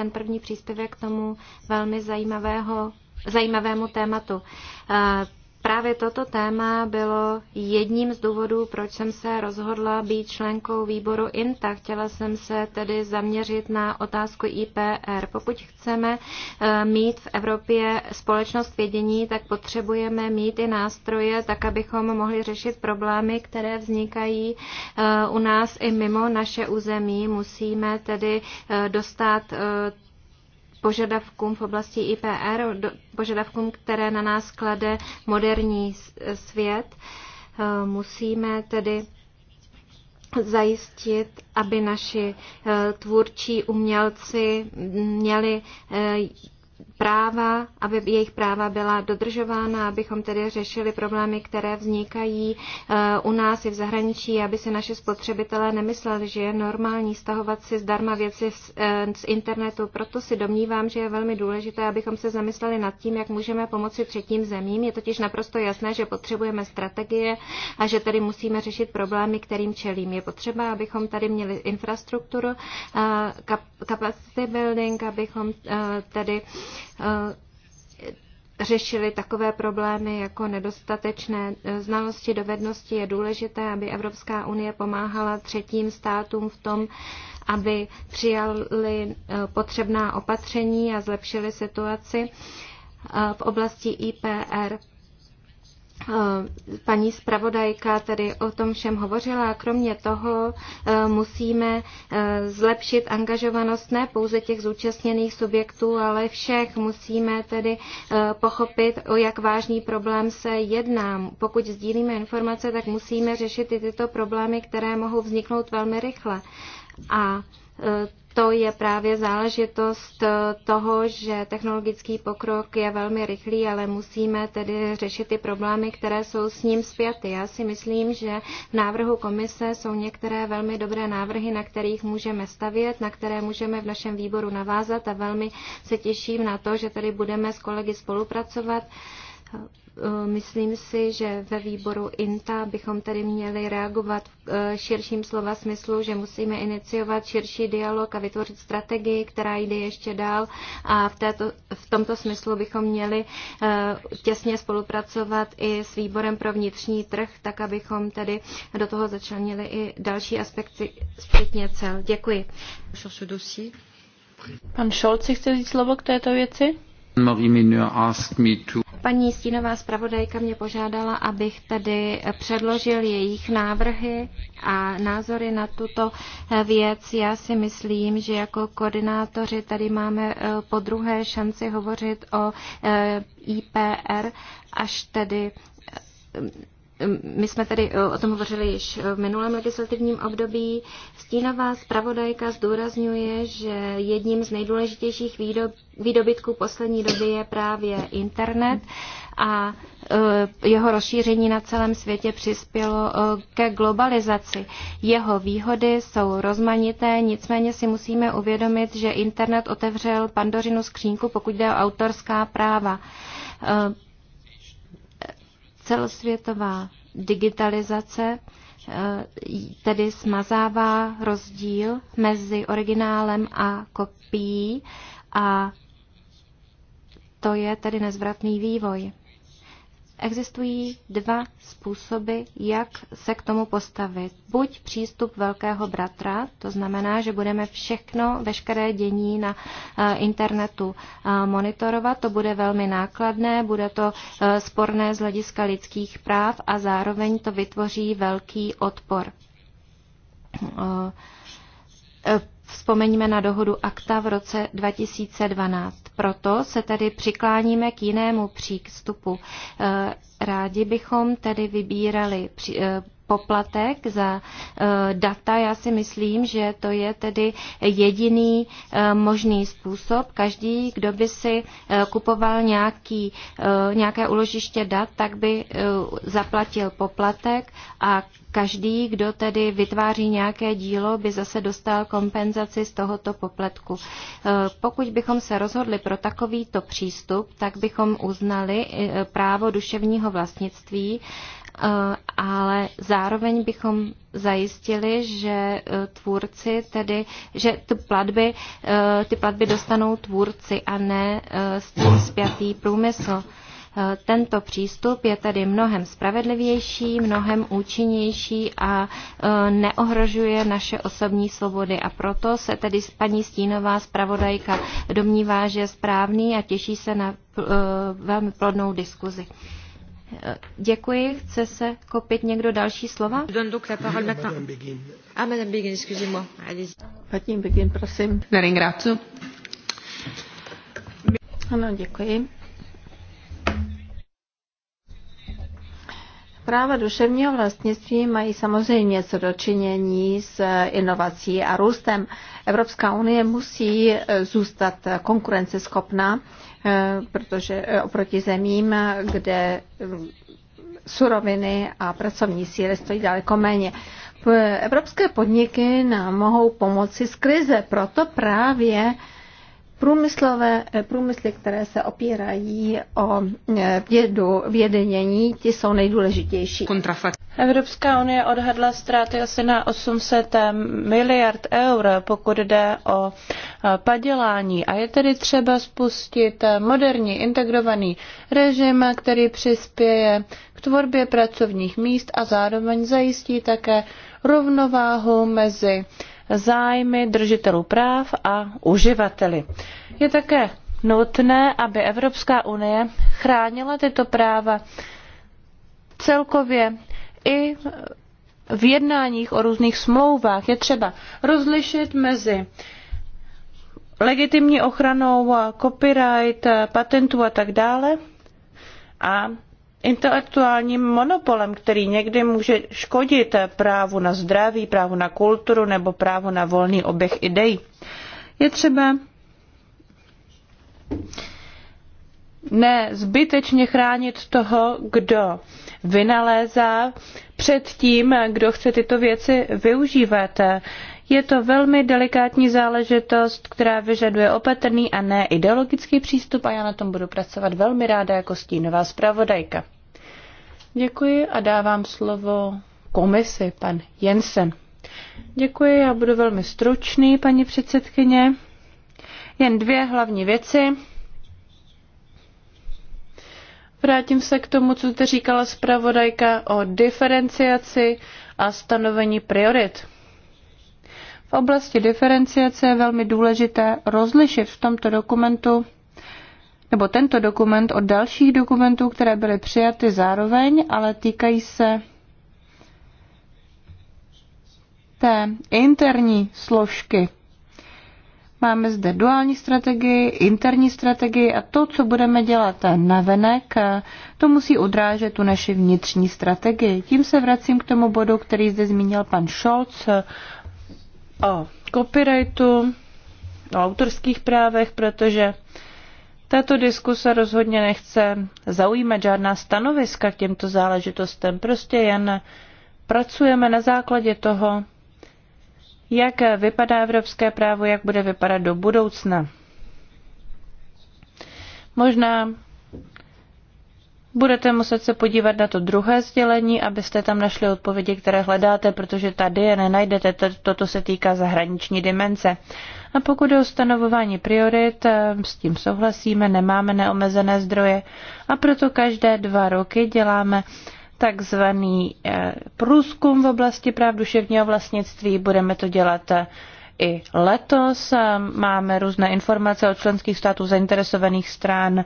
ten první příspěvek k tomu velmi zajímavého, zajímavému tématu. Eh, Právě toto téma bylo jedním z důvodů, proč jsem se rozhodla být členkou výboru INTA. Chtěla jsem se tedy zaměřit na otázku IPR. Pokud chceme eh, mít v Evropě společnost vědění, tak potřebujeme mít i nástroje, tak abychom mohli řešit problémy, které vznikají eh, u nás i mimo naše území. Musíme tedy eh, dostat požadavkům v oblasti IPR, do, požadavkům, které na nás klade moderní svět. Eh, musíme tedy zajistit, aby naši eh, tvůrčí umělci měli eh, práva, aby jejich práva byla dodržována, abychom tedy řešili problémy, které vznikají eh, u nás i v zahraničí, aby si naše spotřebitelé nemysleli, že je normální stahovat si zdarma věci eh, z internetu. Proto si domnívám, že je velmi důležité, abychom se zamysleli nad tím, jak můžeme pomoci třetím zemím. Je totiž naprosto jasné, že potřebujeme strategie a že tedy musíme řešit problémy, kterým čelím. Je potřeba, abychom tady měli infrastrukturu, eh, capacity building, abychom tedy Eh, řešili takové problémy jako nedostatečné eh, znalosti, dovednosti. Je důležité, aby Evropská unie pomáhala třetím státům v tom, aby přijali eh, potřebná opatření a zlepšili situaci v oblasti IPR. Paní zpravodajka tady o tom všem hovořila a kromě toho e, musíme e, zlepšit angažovanost ne pouze těch zúčastněných subjektů, ale všech. Musíme tedy e, pochopit, o jak vážný problém se jedná. Pokud sdílíme informace, tak musíme řešit i tyto problémy, které mohou vzniknout velmi rychle. A to je právě záležitost eh, toho, že technologický pokrok je velmi rychlý, ale musíme tedy řešit ty problémy, které jsou s ním zpěty. Já si myslím, že v návrhu komise jsou některé velmi dobré návrhy, na kterých můžeme stavět, na které můžeme v našem výboru navázat a velmi se těším na to, že tady budeme s kolegy spolupracovat Eh, myslím si, že ve výboru INTA bychom tedy měli reagovat v eh, širším slova smyslu, že musíme iniciovat širší dialog a vytvořit strategii, která jde ještě dál a v, této, v tomto smyslu bychom měli eh, těsně spolupracovat i s výborem pro vnitřní trh, tak abychom tedy do toho začlenili i další aspekty zpětně cel. Děkuji. Pan Šolci chce říct slovo k této věci? Paní Stínová zpravodajka mě požádala, abych tady předložil jejich návrhy a názory na tuto věc. Já si myslím, že jako koordinátoři tady máme eh, po druhé šanci hovořit o eh, IPR, až tedy eh, my jsme tedy eh, o tom hovořili již v minulém legislativním období. Stínová zpravodajka zdůrazňuje, že jedním z nejdůležitějších výdobytků poslední doby je právě internet a eh, jeho rozšíření na celém světě přispělo eh, ke globalizaci. Jeho výhody jsou rozmanité, nicméně si musíme uvědomit, že internet otevřel pandořinu skřínku, pokud jde o autorská práva Celosvětová digitalizace eh, tedy smazává rozdíl mezi originálem a kopií a to je tedy nezvratný vývoj. Existují dva způsoby, jak se k tomu postavit. Buď přístup velkého bratra, to znamená, že budeme všechno, veškeré dění na eh, internetu eh, monitorovat, to bude velmi nákladné, bude to eh, sporné z hlediska lidských práv a zároveň to vytvoří velký odpor Vzpomeňme na dohodu akta v roce 2012. Proto se tedy přikláníme k jinému přístupu. Eh, rádi bychom tedy vybírali eh, poplatek za eh, data. Já si myslím, že to je tedy jediný eh, možný způsob. Každý, kdo by si eh, kupoval nějaký, nějaké uložiště dat, tak by zaplatil poplatek a každý, kdo tedy vytváří nějaké dílo, by zase dostal kompenzaci z tohoto popletku. Pokud bychom se rozhodli pro takovýto přístup, tak bychom uznali právo duševního vlastnictví Eh, ale zároveň bychom zajistili, že eh, tvůrci tedy, že ty platby, eh, ty platby dostanou tvůrci a ne s tím zpětý průmysl. Tento přístup je tedy mnohem spravedlivější, mnohem účinnější a neohrožuje naše osobní svobody. A proto se tedy paní Stínová zpravodajka domnívá, že je správný a těší se na velmi plodnou diskuzi. Děkuji. Chce se kopit někdo další slova? Ah, Paní Begin, prosím. Ano, děkuji. Práva duševního vlastnictví mají samozřejmě co dočinění s inovací a růstem. Evropská unie musí eh, zůstat konkurenceschopná Eh, protože eh, oproti zemím, kde mm, suroviny a pracovní síly stojí daleko méně. Evropské podniky nám mohou pomoci z krize, proto právě Průmyslové eh, průmysly, které se opírají o eh, vědu, vědenění, ty jsou nejdůležitější. Kontrafakt. Evropská unie odhadla ztráty asi na 800 miliard eur, pokud jde o eh, padělání. A je tedy třeba spustit moderní integrovaný režim, který přispěje k tvorbě pracovních míst a zároveň zajistí také rovnováhu mezi zájmy držitelů práv a uživateli. Je také nutné, aby Evropská unie chránila tyto práva celkově i v jednáních o různých smlouvách. Je třeba rozlišit mezi legitimní ochranou copyright, patentů a tak dále a intelektuálním monopolem, který někdy může škodit právu na zdraví, právu na kulturu nebo právu na volný oběh idejí, Je třeba ne zbytečně chránit toho, kdo vynalézá před tím, kdo chce tyto věci využívat. Je to velmi delikátní záležitost, která vyžaduje opatrný a ne ideologický přístup a já na tom budu pracovat velmi ráda jako stínová zpravodajka. Děkuji a dávám slovo komisi, pan Jensen. Děkuji, já budu velmi stručný, paní předsedkyně. Jen dvě hlavní věci. Vrátím se k tomu, co zde říkala zpravodajka o diferenciaci a stanovení priorit. V oblasti diferenciace je velmi důležité rozlišit v tomto dokumentu nebo tento dokument od dalších dokumentů, které byly přijaty zároveň, ale týkají se té interní složky. Máme zde duální strategii, interní strategii a to, co budeme dělat na venek, to musí odrážet tu naši vnitřní strategii. Tím se vracím k tomu bodu, který zde zmínil pan Scholz o copyrightu, o autorských právech, protože tato diskuse rozhodně nechce zaujímat žádná stanoviska k těmto záležitostem. Prostě jen pracujeme na základě toho, jak vypadá evropské právo, jak bude vypadat do budoucna. Možná Budete muset se podívat na to druhé sdělení, abyste tam našli odpovědi, které hledáte, protože tady je nenajdete. Toto se týká zahraniční dimenze. A pokud je o stanovování priorit, eh, s tím souhlasíme, nemáme neomezené zdroje a proto každé dva roky děláme takzvaný eh, průzkum v oblasti práv duševního vlastnictví. Budeme to dělat eh, i letos. Máme různé informace od členských států zainteresovaných stran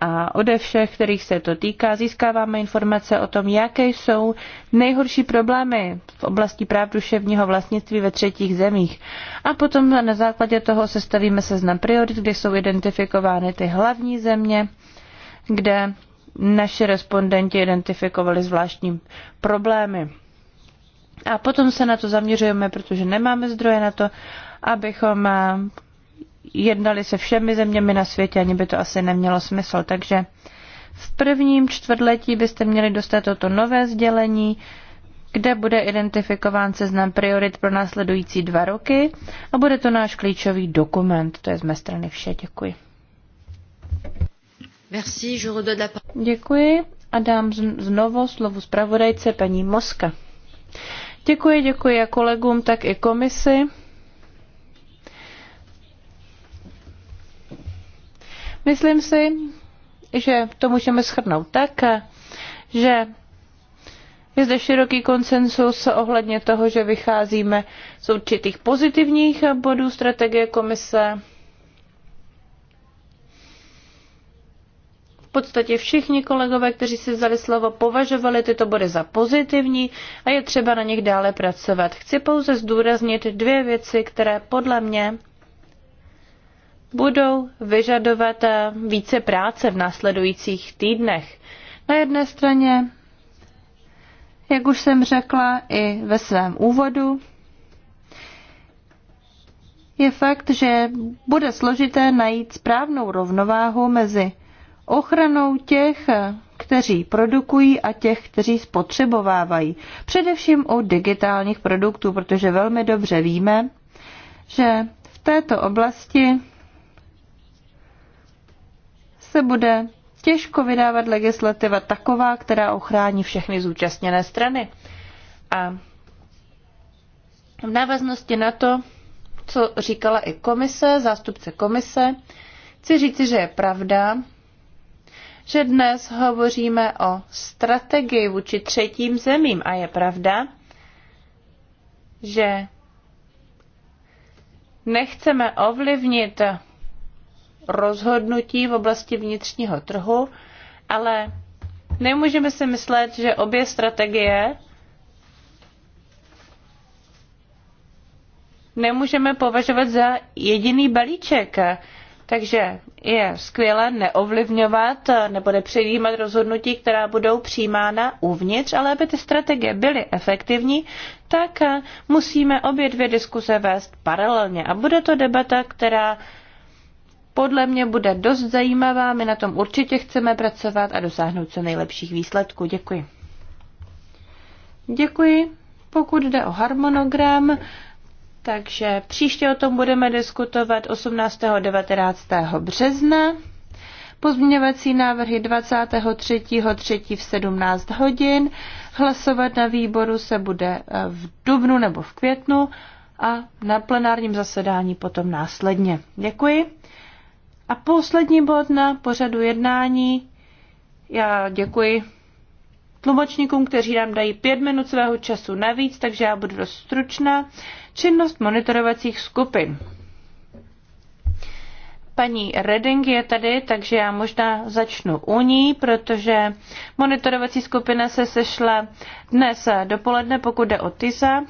a ode všech, kterých se to týká, získáváme informace o tom, jaké jsou nejhorší problémy v oblasti práv duševního vlastnictví ve třetích zemích. A potom na základě toho sestavíme seznam priorit, kde jsou identifikovány ty hlavní země, kde naše respondenti identifikovali zvláštní problémy. A potom se na to zaměřujeme, protože nemáme zdroje na to, abychom jednali se všemi zeměmi na světě, ani by to asi nemělo smysl. Takže v prvním čtvrtletí byste měli dostat toto nové sdělení, kde bude identifikován seznam priorit pro následující dva roky a bude to náš klíčový dokument. To je z mé strany vše. Děkuji. Merci, je redonne la... Děkuji a dám znovu slovu zpravodajce paní Moska. Děkuji, děkuji jak kolegům, tak i komisi. Myslím si, že to můžeme shrnout tak, že je zde široký konsensus ohledně toho, že vycházíme z určitých pozitivních bodů strategie komise. V podstatě všichni kolegové, kteří si vzali slovo, považovali tyto body za pozitivní a je třeba na nich dále pracovat. Chci pouze zdůraznit dvě věci, které podle mě budou vyžadovat eh, více práce v následujících týdnech. Na jedné straně, jak už jsem řekla i ve svém úvodu, je fakt, že bude složité najít správnou rovnováhu mezi ochranou těch, kteří produkují a těch, kteří spotřebovávají. Především u digitálních produktů, protože velmi dobře víme, že v této oblasti se bude těžko vydávat legislativa taková, která ochrání všechny zúčastněné strany. A v návaznosti na to, co říkala i komise, zástupce komise, chci říci, že je pravda, že dnes hovoříme o strategii vůči třetím zemím a je pravda, že nechceme ovlivnit rozhodnutí v oblasti vnitřního trhu, ale nemůžeme si myslet, že obě strategie nemůžeme považovat za jediný balíček. Takže je skvělé neovlivňovat nebo nepředjímat rozhodnutí, která budou přijímána uvnitř, ale aby ty strategie byly efektivní, tak musíme obě dvě diskuse vést paralelně. A bude to debata, která podle mě bude dost zajímavá. My na tom určitě chceme pracovat a dosáhnout co nejlepších výsledků. Děkuji. Děkuji. Pokud jde o harmonogram, takže příště o tom budeme diskutovat 18. a 19. března. Pozměňovací návrhy 23. 3. v 17 hodin. Hlasovat na výboru se bude eh, v dubnu nebo v květnu a na plenárním zasedání potom následně. Děkuji. A poslední bod na pořadu jednání. Já děkuji tlumočníkům, kteří nám dají pět minut svého času navíc, takže já budu dost stručná. Činnost monitorovacích skupin. Paní Reding je tady, takže já možná začnu u ní, protože monitorovací skupina se sešla dnes dopoledne, pokud jde o TISA.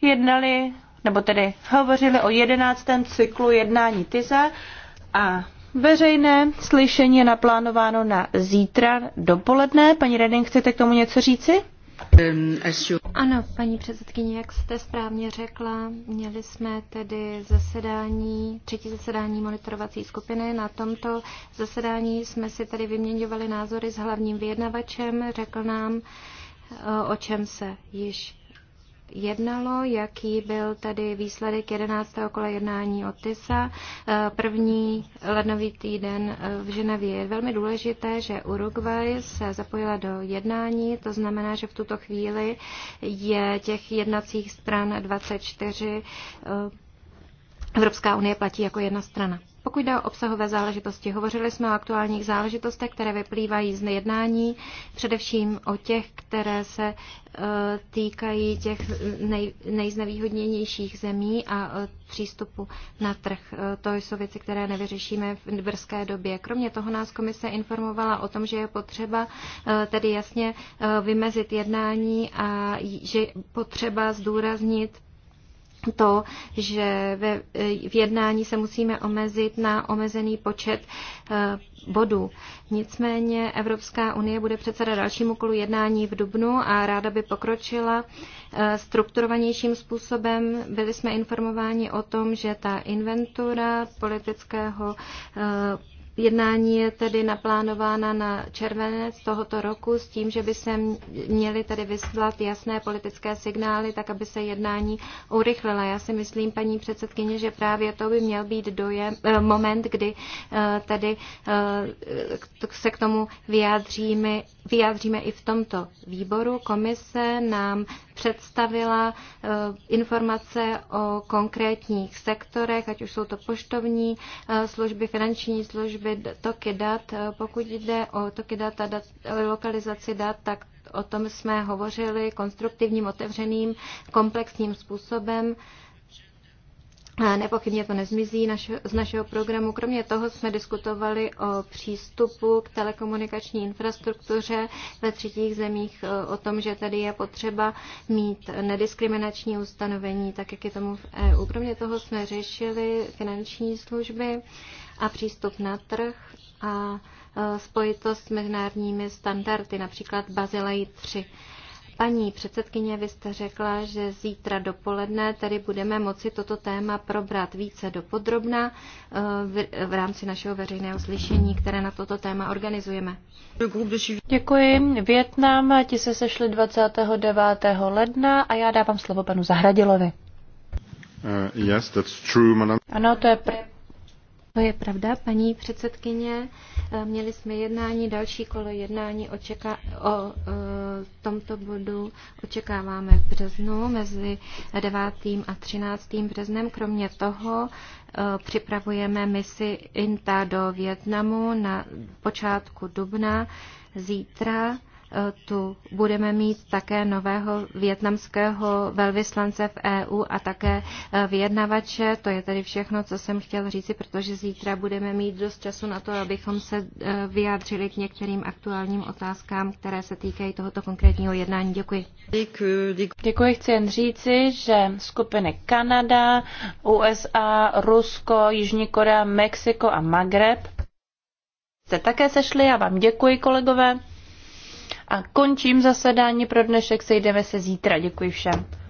Jednali, nebo tedy hovořili o jedenáctém cyklu jednání TISA a veřejné slyšení je naplánováno na zítra dopoledne. Paní Reding, chcete k tomu něco říci? Um, ano, paní předsedkyně, jak jste správně řekla, měli jsme tedy zasedání, třetí zasedání monitorovací skupiny. Na tomto zasedání jsme si tady vyměňovali názory s hlavním vyjednavačem. Řekl nám, eh, o čem se již jednalo, jaký byl tady výsledek 11. kola jednání od TISA. Eh, první lednový týden eh, v Ženevě je velmi důležité, že Uruguay se zapojila do jednání, to znamená, že v tuto chvíli je těch jednacích stran 24. Eh, Evropská unie platí jako jedna strana. Pokud jde o obsahové záležitosti, hovořili jsme o aktuálních záležitostech, které vyplývají z jednání, především o těch, které se e, týkají těch nej, nejznevýhodněnějších zemí a e, přístupu na trh. E, to jsou věci, které nevyřešíme v brzké době. Kromě toho nás komise informovala o tom, že je potřeba tedy jasně vymezit jednání a že potřeba zdůraznit to, že ve, v jednání se musíme omezit na omezený počet eh, bodů. Nicméně Evropská unie bude předseda dalšímu kolu jednání v Dubnu a ráda by pokročila eh, strukturovanějším způsobem. Byli jsme informováni o tom, že ta inventura politického eh, Jednání je tedy naplánována na červenec tohoto roku s tím, že by se měly tedy vyslat jasné politické signály, tak aby se jednání urychlila. Já si myslím, paní předsedkyně, že právě to by měl být dojem, eh, moment, kdy eh, tedy eh, se k tomu vyjádříme, vyjádříme i v tomto výboru. Komise nám představila eh, informace o konkrétních sektorech, ať už jsou to poštovní eh, služby, finanční služby, toky dat. Eh, pokud jde o toky dat a dat, lokalizaci dat, tak o tom jsme hovořili konstruktivním, otevřeným, komplexním způsobem. Nepochybně to nezmizí z našeho programu. Kromě toho jsme diskutovali o přístupu k telekomunikační infrastruktuře ve třetích zemích, e, o tom, že tady je potřeba mít nediskriminační ustanovení, tak jak je tomu v EU. Kromě toho jsme řešili finanční služby a přístup na trh a e, spojitost s mezinárodními standardy, například Bazilej 3. Paní předsedkyně, vy jste řekla, že zítra dopoledne tady budeme moci toto téma probrat více dopodrobna eh, v rámci našeho veřejného slyšení, které na toto téma organizujeme. Děkuji. Větnam, ti se sešli 29. ledna a já dávám slovo panu Zahradilovi. Uh, yes, that's true, madam. Ano, to je pravda. To je pravda, paní předsedkyně. Eh, měli jsme jednání, další kolo jednání očeká, o, o eh, tomto bodu očekáváme v březnu mezi 9. a 13. březnem. Kromě toho eh, připravujeme misi INTA do Větnamu na počátku dubna zítra. E, tu budeme mít také nového větnamského velvyslance v EU a také e, vyjednavače. To je tedy všechno, co jsem chtěl říci, protože zítra budeme mít dost času na to, abychom se e, vyjádřili k některým aktuálním otázkám, které se týkají tohoto konkrétního jednání. Děkuji. Děkuji, děkuji. chci jen říci, že skupiny Kanada, USA, Rusko, Jižní Korea, Mexiko a Magreb se také sešly. Já vám děkuji, kolegové a končím zasedání pro dnešek. Sejdeme se zítra. Děkuji všem.